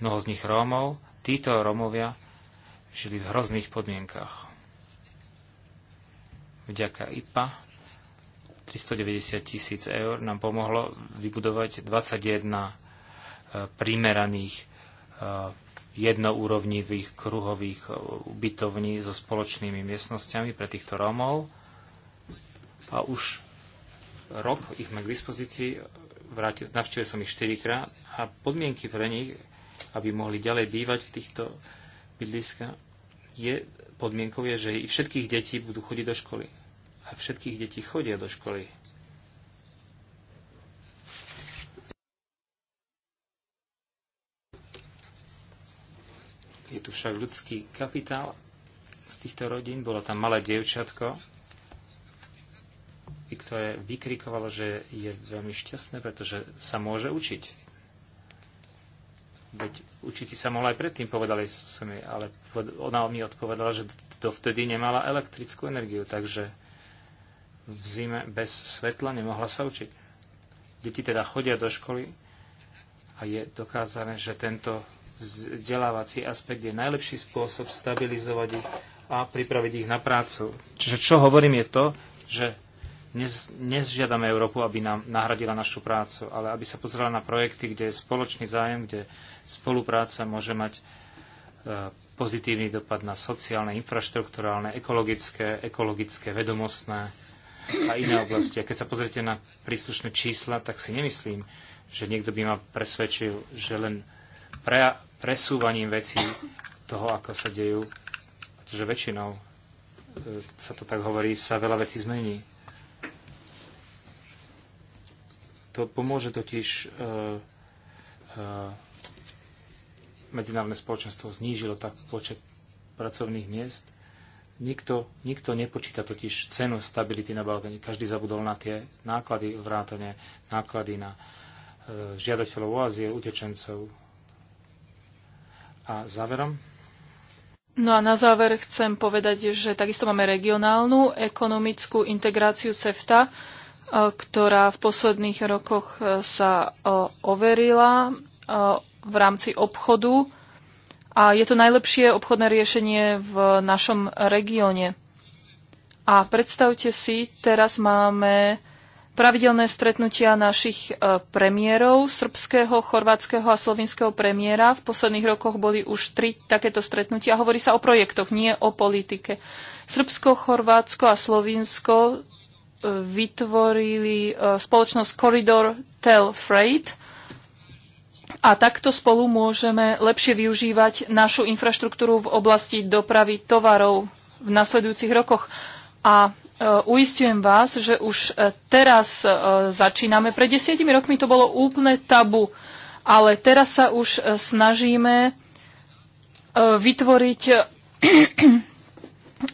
mnoho z nich Rómov. Títo Rómovia žili v hrozných podmienkach. Vďaka IPA 390 tisíc eur nám pomohlo vybudovať 21 eh, primeraných eh, jednoúrovnivých kruhových ubytovní so spoločnými miestnosťami pre týchto Rómov. A už rok ich mám k dispozícii, vrátil, navštívil som ich 4 krát a podmienky pre nich, aby mohli ďalej bývať v týchto bydliskách, je, podmienkou je, že i všetkých detí budú chodiť do školy. A všetkých detí chodia do školy. Je tu však ľudský kapitál z týchto rodín. Bolo tam malé dievčatko, ktoré vykrikovalo, že je veľmi šťastné, pretože sa môže učiť. Veď učiť si sa mohla aj predtým, povedali som jej, ale ona mi odpovedala, že dovtedy nemala elektrickú energiu, takže v zime bez svetla nemohla sa učiť. Deti teda chodia do školy a je dokázané, že tento vzdelávací aspekt je najlepší spôsob stabilizovať ich a pripraviť ich na prácu. Čiže čo hovorím je to, že dnes, Európu, aby nám nahradila našu prácu, ale aby sa pozrela na projekty, kde je spoločný zájem, kde spolupráca môže mať e, pozitívny dopad na sociálne, infraštruktúrálne, ekologické, ekologické, vedomostné a iné oblasti. A keď sa pozrite na príslušné čísla, tak si nemyslím, že niekto by ma presvedčil, že len pre, presúvaním vecí toho, ako sa dejú, pretože väčšinou e, sa to tak hovorí, sa veľa vecí zmení To pomôže totiž e, e, medzinárodné spoločenstvo znížilo tak počet pracovných miest. Nikto, nikto nepočíta totiž cenu stability na Balkáne. Každý zabudol na tie náklady, vrátane náklady na uh, žiadateľov o azie, utečencov. A záverom? No a na záver chcem povedať, že takisto máme regionálnu ekonomickú integráciu CEFTA, ktorá v posledných rokoch e, sa e, overila e, v rámci obchodu a je to najlepšie obchodné riešenie v našom regióne. A predstavte si, teraz máme pravidelné stretnutia našich premiérov, srbského, chorvátskeho a slovinského premiéra. V posledných rokoch boli už tri takéto stretnutia. Hovorí sa o projektoch, nie o politike. Srbsko, Chorvátsko a Slovinsko vytvorili e, spoločnosť Corridor Tel Freight a takto spolu môžeme lepšie využívať našu infraštruktúru v oblasti dopravy tovarov v nasledujúcich rokoch. A e, uistujem vás, že už e, teraz začíname. Pred desiatimi rokmi to bolo úplne tabu, ale teraz sa už snažíme vytvoriť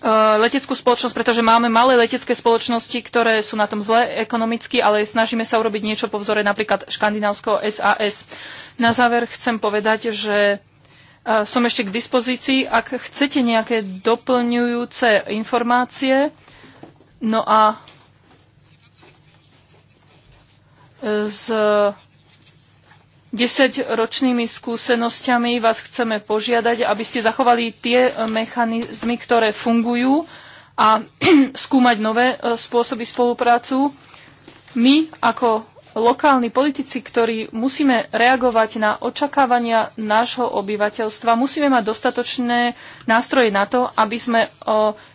E, leteckú spoločnosť, pretože máme malé letecké spoločnosti, ktoré sú na tom zle ekonomicky, ale snažíme sa urobiť niečo po vzore napríklad škandinávsko SAS. Na záver chcem povedať, že e, som ešte k dispozícii, ak chcete nejaké doplňujúce informácie. No a e, z desaťročnými skúsenosťami vás chceme požiadať, aby ste zachovali tie e, mechanizmy, ktoré fungujú a skúmať nové e, spôsoby spoluprácu. My ako lokálni politici, ktorí musíme reagovať na očakávania nášho obyvateľstva, musíme mať dostatočné nástroje na to, aby sme e,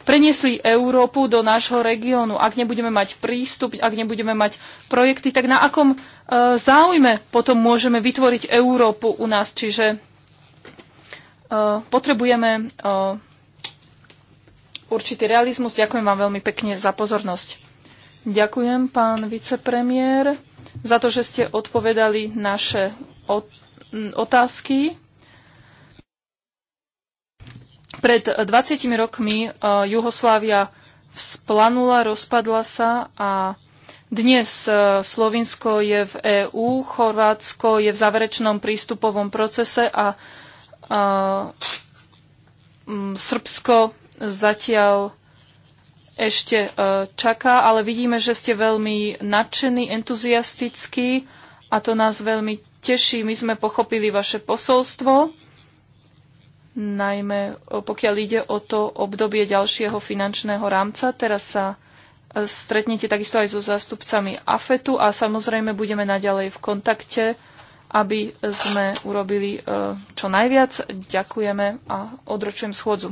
preniesli Európu do nášho regiónu. Ak nebudeme mať prístup, ak nebudeme mať projekty, tak na akom E, záujme potom môžeme vytvoriť Európu u nás. Čiže e, potrebujeme e, určitý realizmus. Ďakujem vám veľmi pekne za pozornosť. Ďakujem, pán vicepremiér, za to, že ste odpovedali naše otázky. Pred 20 rokmi Juhoslávia vzplanula, rozpadla sa a dnes e, Slovinsko je v EÚ, Chorvátsko je v záverečnom prístupovom procese a, a e, Srbsko zatiaľ ešte e, čaká, ale vidíme, že ste veľmi nadšení, entuziastickí a to nás veľmi teší. My sme pochopili vaše posolstvo, najmä pokiaľ ide o to obdobie ďalšieho finančného rámca. Teraz sa stretnete takisto aj so zástupcami AFETu a samozrejme budeme naďalej v kontakte, aby sme urobili e, čo najviac. Ďakujeme a odročujem schôdzu.